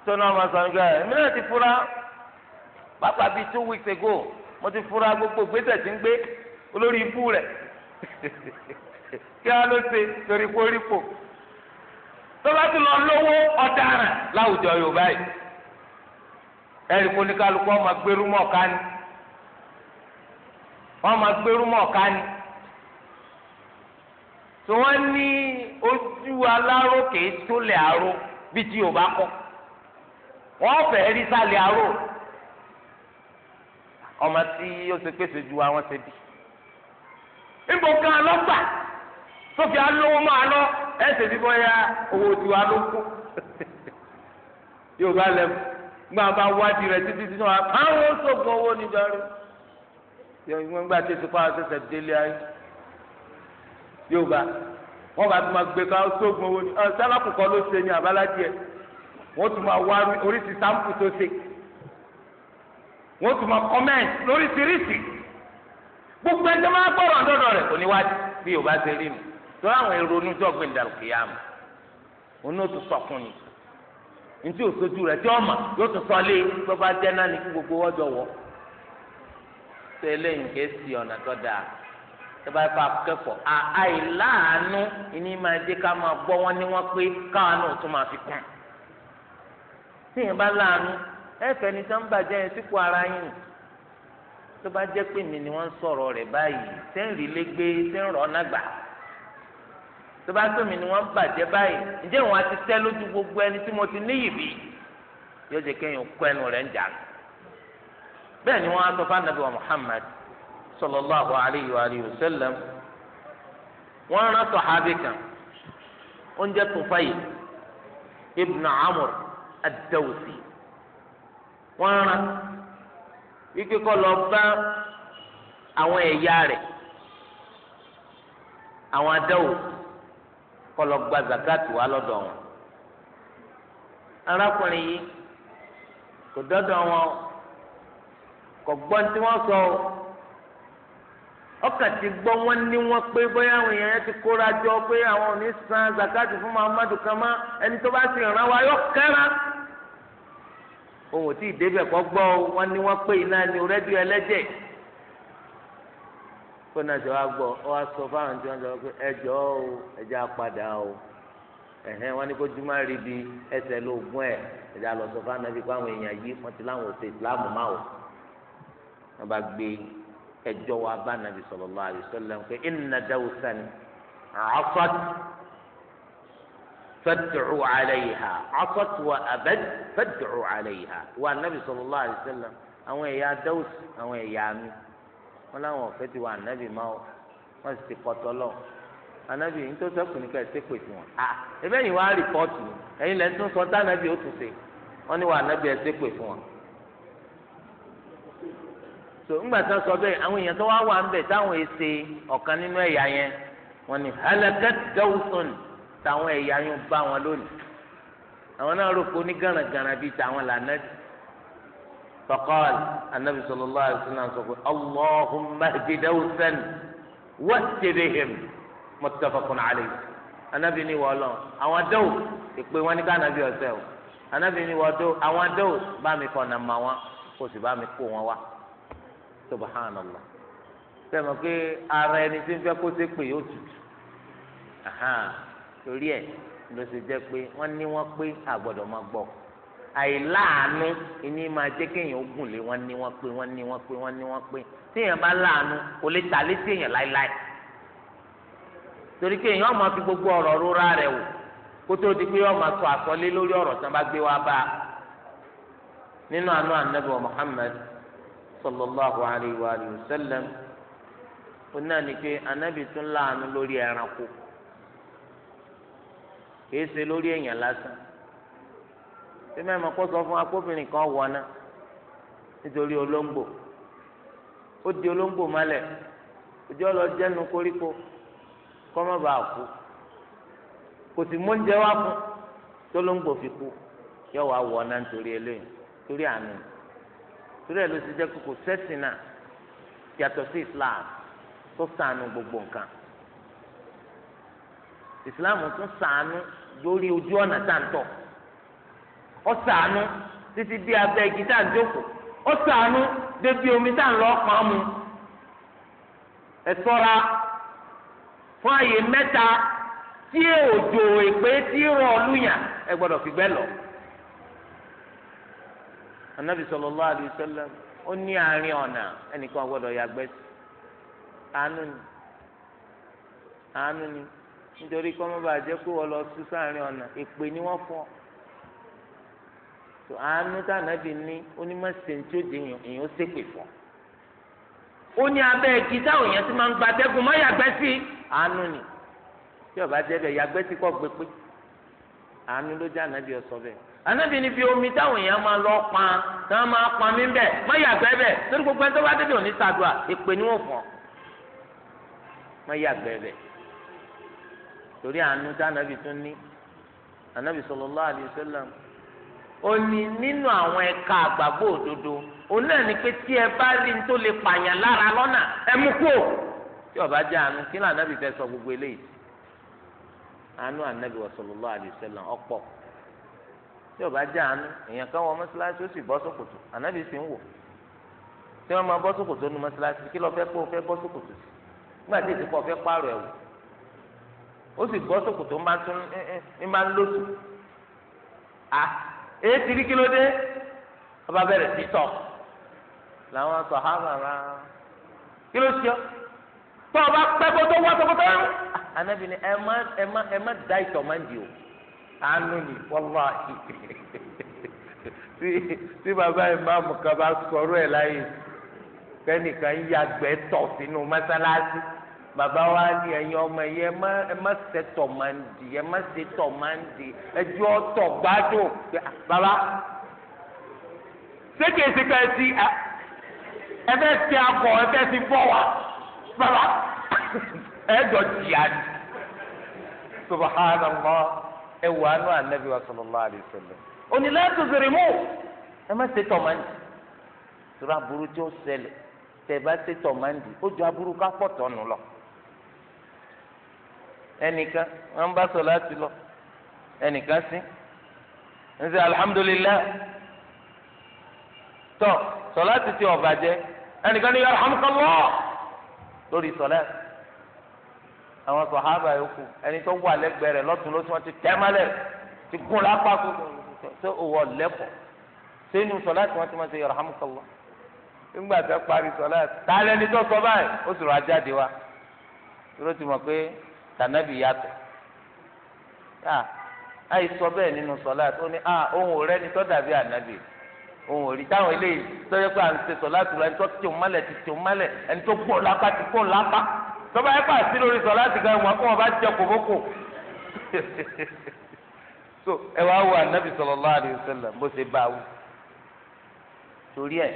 A: tó náà máa sọ nígbà ti fura pápá bíi two weeks ago mo ti fura gbogbo gbèsè tí ń gbé olórí ibú rẹ̀
C: kí á ló ṣe torí ti lọ lówó ọ̀daràn
A: láwùjọ Yorùbá yìí ẹ̀rí kò ní kálukú ọmọ mọ́ ọ̀ká ni ọmọ mọ́ ọ̀ká ni tí wọ́n ní ojú aláró kèé tó lè wọ́n fẹ́ rí sálẹ̀ aró ọmọ tí ó ṣe pèsè ju àwọn ṣe bí
C: níbo kan lọ́gbà tó fi alówó máa lọ
A: ẹ ṣe bí bọ́yá owó tiwa ló kú yóò bá lẹ́mu gbọ́n bá wádìí rẹ̀ títí tí wọ́n á káwọn sóògùn owó níjàre ìwọ̀n gbà tí èso pàrọ̀ ṣẹ̀ṣẹ̀ délé ayé yóò bá wọ́n bá tún máa gbé ká sóògùn owó ní ọ̀sán lákòókò ló ṣe ní àbálájì ẹ̀. wọ́n tún máa wá oríṣi sáǹpù tó ṣe wọ́n tún máa kọ́mẹ́ǹt lóríṣiríṣi
B: gbogbo ẹjọ́ máa gbọ́rọ̀ ọ̀dọ́dọ̀ rẹ̀ kò bí yóò bá ṣe rí
A: mi tó láwọn èrò onújọ́ gbẹ̀ndàlù kìyàmù òun ó tún sọkún ni ntí òṣojú rẹ̀ tí ọmọ yóò tún jẹ́ náà ní kí gbogbo ọjọ́ wọ̀ ṣe eléyìí kìí sí ọ̀nà tó dáa tó bá fà kẹ́kọ̀ọ́ àìláàánú ìní máa dé ká máa gbọ́ ní pé káwọn fi kún
B: tíyẹn bá láàánú
A: ẹ̀fẹ̀ ni tó ń bàjẹ́ yẹn sípò ara yín tó bá jẹ́ pé mi ni wọ́n sọrọ sọ̀rọ̀ báyìí tẹ́ ń rí légbé tẹ́ ń rọ̀ nágbà tó bá mi ni wọ́n báyìí ǹjẹ́ tẹ́ lójú ẹni tí mo ti níyì bí yóò jẹ́ kéèyàn kọ́ ẹnu ń jà bẹ́ẹ̀ ni wọ́n á sọ fáànàbí wa Muhammad sallallahu alayhi wa wa wọ́n kan ad-Dawsi wọ́n rán wípé kọ́ lọ bá àwọn ẹ̀yà rẹ̀ àwọn adáwò kọ́ lọ gba zakati wá lọ́dọ̀ wọn
B: arákùnrin yìí
A: kò dọ́dọ̀ wọn kò gbọ́ tí wọ́n sọ o ọkàn ti gbọ́ wọ́n ní wọ́n pé bóyá àwọn èèyàn ti kóra jọ pé àwọn ò ní san zakati fún Muhammadu kan mọ́ ẹni tó bá sì ràn wá yóò kẹ́ra òun ò tí ì débẹ̀ kọ́ gbọ́ wọn ni wọ́n pè iná ní rédíò ẹlẹ́jẹ̀ kó náà ṣe wá gbọ́ ọ wá sọ fáwọn tí wọ́n sọ pé ẹjọ́ o ẹjọ́ apàdà o ẹ̀hẹ́n wọn ni kó jùmọ̀ rí bi ẹsẹ̀ lóògùn ẹ̀ ẹjọ́ àlọ́sọ fáwọn náà kó àwọn èèyàn yìí wọ́n ti láwọn òsè ìsìláàmù máa wọ̀ wọ́n bá gbé ẹjọ́ wa bá nàbì sallallahu alaihi wasallam pé inna dawsan 'asat فادعوا عليها عصت وأبد فادعوا عليها والنبي صلى الله عليه وسلم àwọn ẹ̀yà dẹ́wùs àwọn ẹ̀yà mi wọn láwọn ọ̀fẹ́ ti wà ń sọ tàwọn ẹ̀yà yóò bá wọn lónìí àwọn náà rò pé ní gànàgànà bíi tàwọn lànà jù faqal anabi sallallahu alaihi wasallam sọ pé allahumma ihdi dawsan wa'ti bihim muttafaqun alayhi anabi ni wọ́n lọ àwọn dẹ́wò ìpè wọn ní gànàbí ọ̀sẹ̀ o anabi ni wọ́n dẹ́wò àwọn dẹ́wò bá mi kọ́ nà mà wọn kó sì bá mi kó wọn wá subhanallah sẹ́mi pé ara ẹni tí ń fẹ́ kó sépè yóò tutù torí ẹ ló ṣe jẹ pé wọn ní wọn pé àgbọ́dọ̀ máa gbọ́ àìláàánú ìní máa jẹ́ kéèyàn ogun lé wọn ní wọn pé wọn ní wọn pé wọ́n ní wọ́n pé téèyàn bá láàánú kò lè ta létí èèyàn láéláé torí kéèyàn ọmọ fi gbogbo ọrọ rúra rẹ̀ wò kótó di pé ọmọ sọ àsọlé lórí ọ̀rọ̀ tí wọ́n bá gbé wá nínú àánú wa sallallahu alayhi wa sallam ó náà ní pé tún láàánú lórí kìí ṣe lórí èèyàn lásán bí mẹ́mọ̀ kó sọ fún akóbìnrin kan wọná nítorí olóńgbò ó di olóńgbò mọ́lẹ̀ òjò lọ jẹ́nu koríko kọ́mọ́ bá kú kò sì mú oúnjẹ wá fún tólóńgbò fi kú yọ wá wọná nítorí eléyìí torí àánú torí ẹ̀ ló ti jẹ́ kókò sẹ́sìn yàtọ̀ sí Islam tó ṣàánú gbogbo nǹkan Islam tún ṣàánú. lórí ojú ọ̀nà táǹtọ̀ ọ̀sàánú títí bí abẹ́ igi táǹjókòó ọ̀sàánú débi omi táǹlọ́ pàá mu ẹ ṣọ́ra fún àyè mẹ́ta tí òjò èpè tí rọ̀ lùyàn ẹ gbọ́dọ̀ fi gbẹ́ lọ. anabi ó ní àárín ọ̀nà ẹnìkan gbọ́dọ̀ yàgbẹ́ sí àánú ni àánú ni. nítorí kọ́ mọ́ bàa jẹ́ pé wọ́n lọ sí sáàrin ọ̀nà èpè ni wọ́n fọ́ tó àánú tànàbí ní onímọ̀sẹ̀ tí ó di èèyàn ó ṣépè fún ó ní abẹ́ ẹ̀kí táwọn èèyàn ti máa ń gba dẹ́gun mọ́ yàgbẹ́ sí àánú ni tí ọba jẹ́ bẹ́ẹ̀ yàgbẹ́ sí kọ́ gbé pé àánú ló jẹ́ ànábì ọ̀sọ́ bẹ́ẹ̀ ànábì níbi omi táwọn èèyàn máa lọ pa tí wọ́n máa pa mí bẹ́ẹ̀ mọ́ yàgbẹ́ bẹ́ẹ̀ torí gbogbo ẹni tó bá débi òní ṣàdúrà èpè ni wọ́n fọ́ mọ́ yàgbẹ́ bẹ́ẹ̀ torí àánú tá ànábì tún ní ànábì sallallahu alaihi wasallam ó ní nínú àwọn ẹ̀ka àgbàgbọ́ òdodo òun náà ni pé tí ẹ bá rí n tó lè pààyàn lára lọ́nà ẹ mú kú tí ó bá jẹ́ àánú kí ló ànábì fẹ́ sọ gbogbo eléyìí àánú ànábì sallallahu alaihi wasallam ọ̀pọ̀ tí ó bá jẹ́ àánú èèyàn kan wọ mọ́ṣáláṣí ó sì bọ́ sókòtò ànábì sì ń wò tí wọ́n máa bọ́ sókòtò nu mọ́ṣáláṣí kí ló fẹ́ kó o fẹ́ bọ́ sókòtò sí nígbà tí èsì pọ̀ fẹ́ pààrọ̀ ó sì gbọ́ sòkòtò ń bá tún ń bá ń lòtù à èyí ti rí kí ló dé ọba bẹ̀rẹ̀ sí tọ̀ làwọn sọ ha bàbá kí ló ṣe
B: tọ́ ọba pẹ́ kó tó wá sòkòtò rẹ̀
A: anabi ni ẹ má ẹ má ẹ má da ìtọ̀ máa ń di o àánú ni wàláhì tí tí bàbá ìmáàmù kan bá sọ̀rọ̀ ẹ̀ láyè kẹ́nìkan yàgbẹ́ tọ̀ sínú mọ́sálásí
B: bàbá wa ní
A: ẹ̀yin ọmọ yẹ ẹ má ṣe tọ̀ máa ń di ẹ má ṣe tọ̀ máa ń di ẹjọ́ tọ̀ gbádùn ah, bàbá ṣé kìí ṣe pẹ́ sí ah,
B: ẹ fẹ́ ṣe akọ ẹ fẹ́ ṣe fọ́ wa
A: bàbá ẹ jọ jìyà ni subahánàlá ẹ wà á nù ànábì wa sallallahu alaihi wasallam onílẹ̀ mú ẹ má ṣe tọ̀ máa ń di tura burú tí ó ṣẹlẹ̀ tẹ̀ bá ṣe tọ̀ máa ń di ó jọ aburú ká pọ̀ tọ́nu lọ ẹnìkan wọn bá sọ láti lọ ẹnìkan sí ń sẹ alihamudulilayi tọ sọ láti ti ọba jẹ
C: ẹnìkan ní alhamdulilayi
A: lórí sọlá àwọn sọhábà yòókù ẹni tó wà lẹ́gbẹ̀ẹ́ rẹ̀ lọ́tùn lósì wọn ti tẹmálẹ ti gún lápá kó ṣe òwò lẹpọ sínú sọlá tí wọn ti máa ṣe alhamdulilayi nígbà tó parí sọlá tálẹ́ni tó sọ báyìí ó sì rọ ajáde wa tó ti mọ̀ pé tànàbì yàtọ̀ àì sọ bẹ́ẹ̀ nínú sọlá tó ní ohun rẹ ni tó dàbí ànábì ohun òrí táwọn eléyìí tó yẹ pé à ń ṣe sọlá tó lọ ẹni tó tì ń mọ́lẹ̀ ti tì ń mọ́lẹ̀ ẹni tó pọ̀ lápá ti pọ̀
C: lápá tọ́ba yẹ fà sí lórí sọlá ti gan wọn kó wọn bá jẹ kòbókò
A: so ẹ wá wo ànábì sallallahu alaihi wasallam bó ṣe bá wù torí ẹ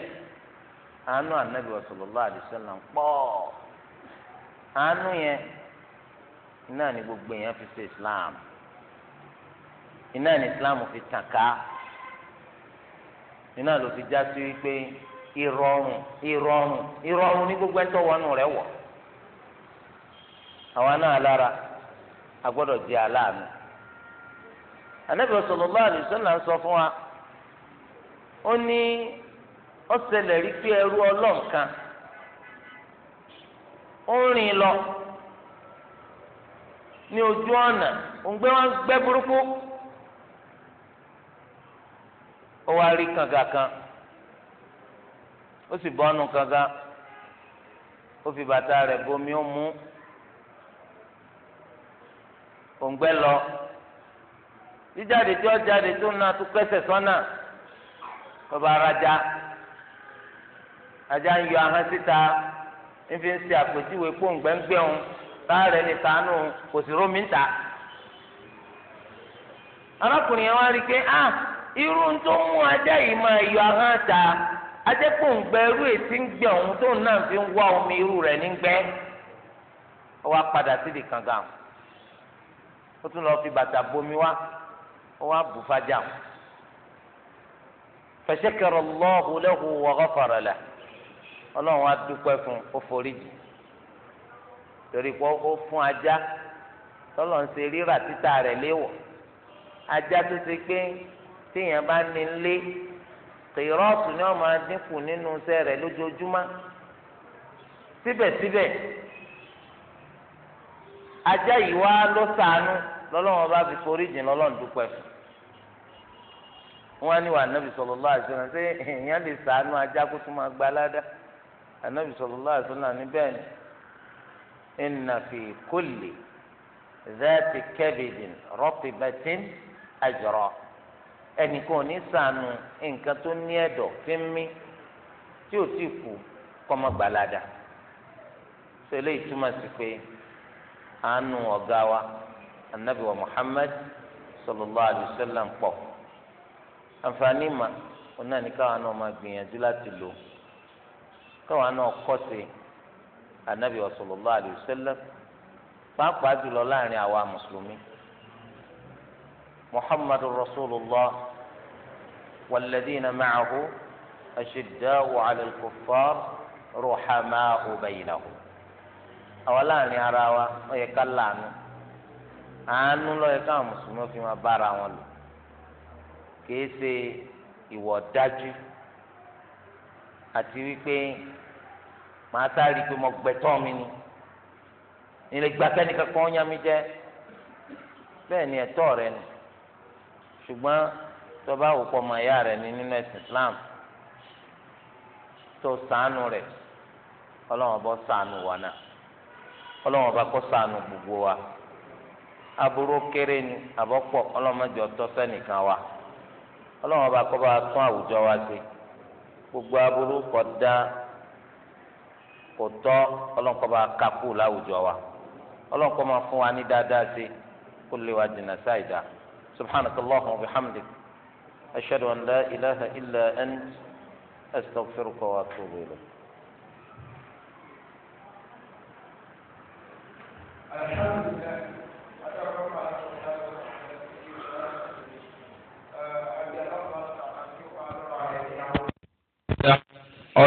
A: àánú ànábì sallallahu alaihi wasallam pọ̀ àánú yẹn. iná ni gbogbo èèyàn fi ṣe islam iná ni islam fi tàn ká iná ló fi já sí wípé ìrọ̀rùn ìrọ̀rùn ìrọ̀rùn ní gbogbo ẹ̀tọ́ wọnú rẹ̀ wọ. àwa náà lára a gbọ́dọ̀ di aláàánú sọ fún wa ó ní ó rí pé ẹrú ọlọ́ọ̀kan
B: ó lọ.
A: ní ojú ọ̀nà òǹgbẹ́ wọn gbẹ́ burúkú ó wá rí kànga kan ó sì bọ́nu kanga. ó fi bàtà rẹ̀ bomi ó mú òǹgbẹ́ lọ
B: jíjáde tí ó tó
A: na tó kẹsẹ̀ sọ́nà bàbá arajà ajá ń yọ ahọ́n síta ń fi ń báàrẹ̀ ní sànú kò sí rómi ń arákùnrin yẹn wá rí i pé ah irú tó mú ajá yìí máa yọ ahọ́n ta ajẹ́pọ̀ ń gbẹ irú èsì ń gbẹ tó náà fi ń wá omi irú rẹ̀ ní
B: gbẹ́.
A: padà ó tún lọ fi bàtà bomi wá ó wá bù fájà ọlọ́run torí pé ó fún ajá tọ́lọ̀ ń ṣe rírà títà rẹ̀ léwọ̀ ajá tó ṣe pé téèyàn bá ní lé kìrọ́ọ̀tù ni wọ́n máa dínkù nínú iṣẹ́ rẹ̀ lójoojúmọ́ síbẹ̀síbẹ̀
B: ajá yìí wá ló sànú
A: lọ́lọ́wọ́n bá fi forí jìn lọ́lọ́run dúpẹ́ wọn ní wà nábì sallallahu alaihi wasallam ṣé èèyàn lè sànú ajá kó tó máa gbalada ànábì ní bẹ́ẹ̀ ni. إن في كل ذات كبد رطبة أجرا ẹnì kan ò ní sànù nǹkan tó ní ẹ̀dọ̀ fi ń mí tí ò tí kú kọ́mọ gbalada sọlẹ́ ìtumọ̀ sí pé àánú ọ̀gá wa anabi wa muhammad sallallahu alayhi wa sallam pọ̀ àǹfààní mà ọ̀nà ní káwọn náà máa gbìyànjú láti lò káwọn náà kọ́ sí i anabi sallallahu alayhi wa sallam pàápàá jùlọ láàrin àwa mùsùlùmí muhammadu rasulillah walladina ma'ahu ashidda'u ala al-kuffar ruhama'u baynahum àwa láàrin ara wa ó yẹ ká láàánú àánú ló yẹ káwọn mùsùlùmí fi máa bára wọn lò kìí ṣe ìwọ̀ dájú àti màá sáré pé mo gbẹ̀tọ́ mi ni ilé gbàtẹ́ni kankan ó yàn mí jẹ́ bẹ́ẹ̀ ni ẹ̀tọ́ rẹ ni ṣùgbọ́n tó bá wò pọ̀ rẹ ni nínú ẹ̀sìn Islam tó rẹ ọlọ́wọ́n bọ́ náà gbogbo wa aburú kéré ni àbọ̀pọ̀ wa ọlọ́wọ́n bá kọ́ bá wa gbogbo aburú kọ́ kò tọ́ ọlọ́nkọ́ bá kakú láwùjọ wa ọlọ́nkọ́ máa fún wa ní dáadáa sí kó lè wa jìnnà sáìdá subhanakallahumma wa bihamdik ashhadu an la ilaha illa ant astaghfiruka wa atubu ilayk.
B: الحمد لله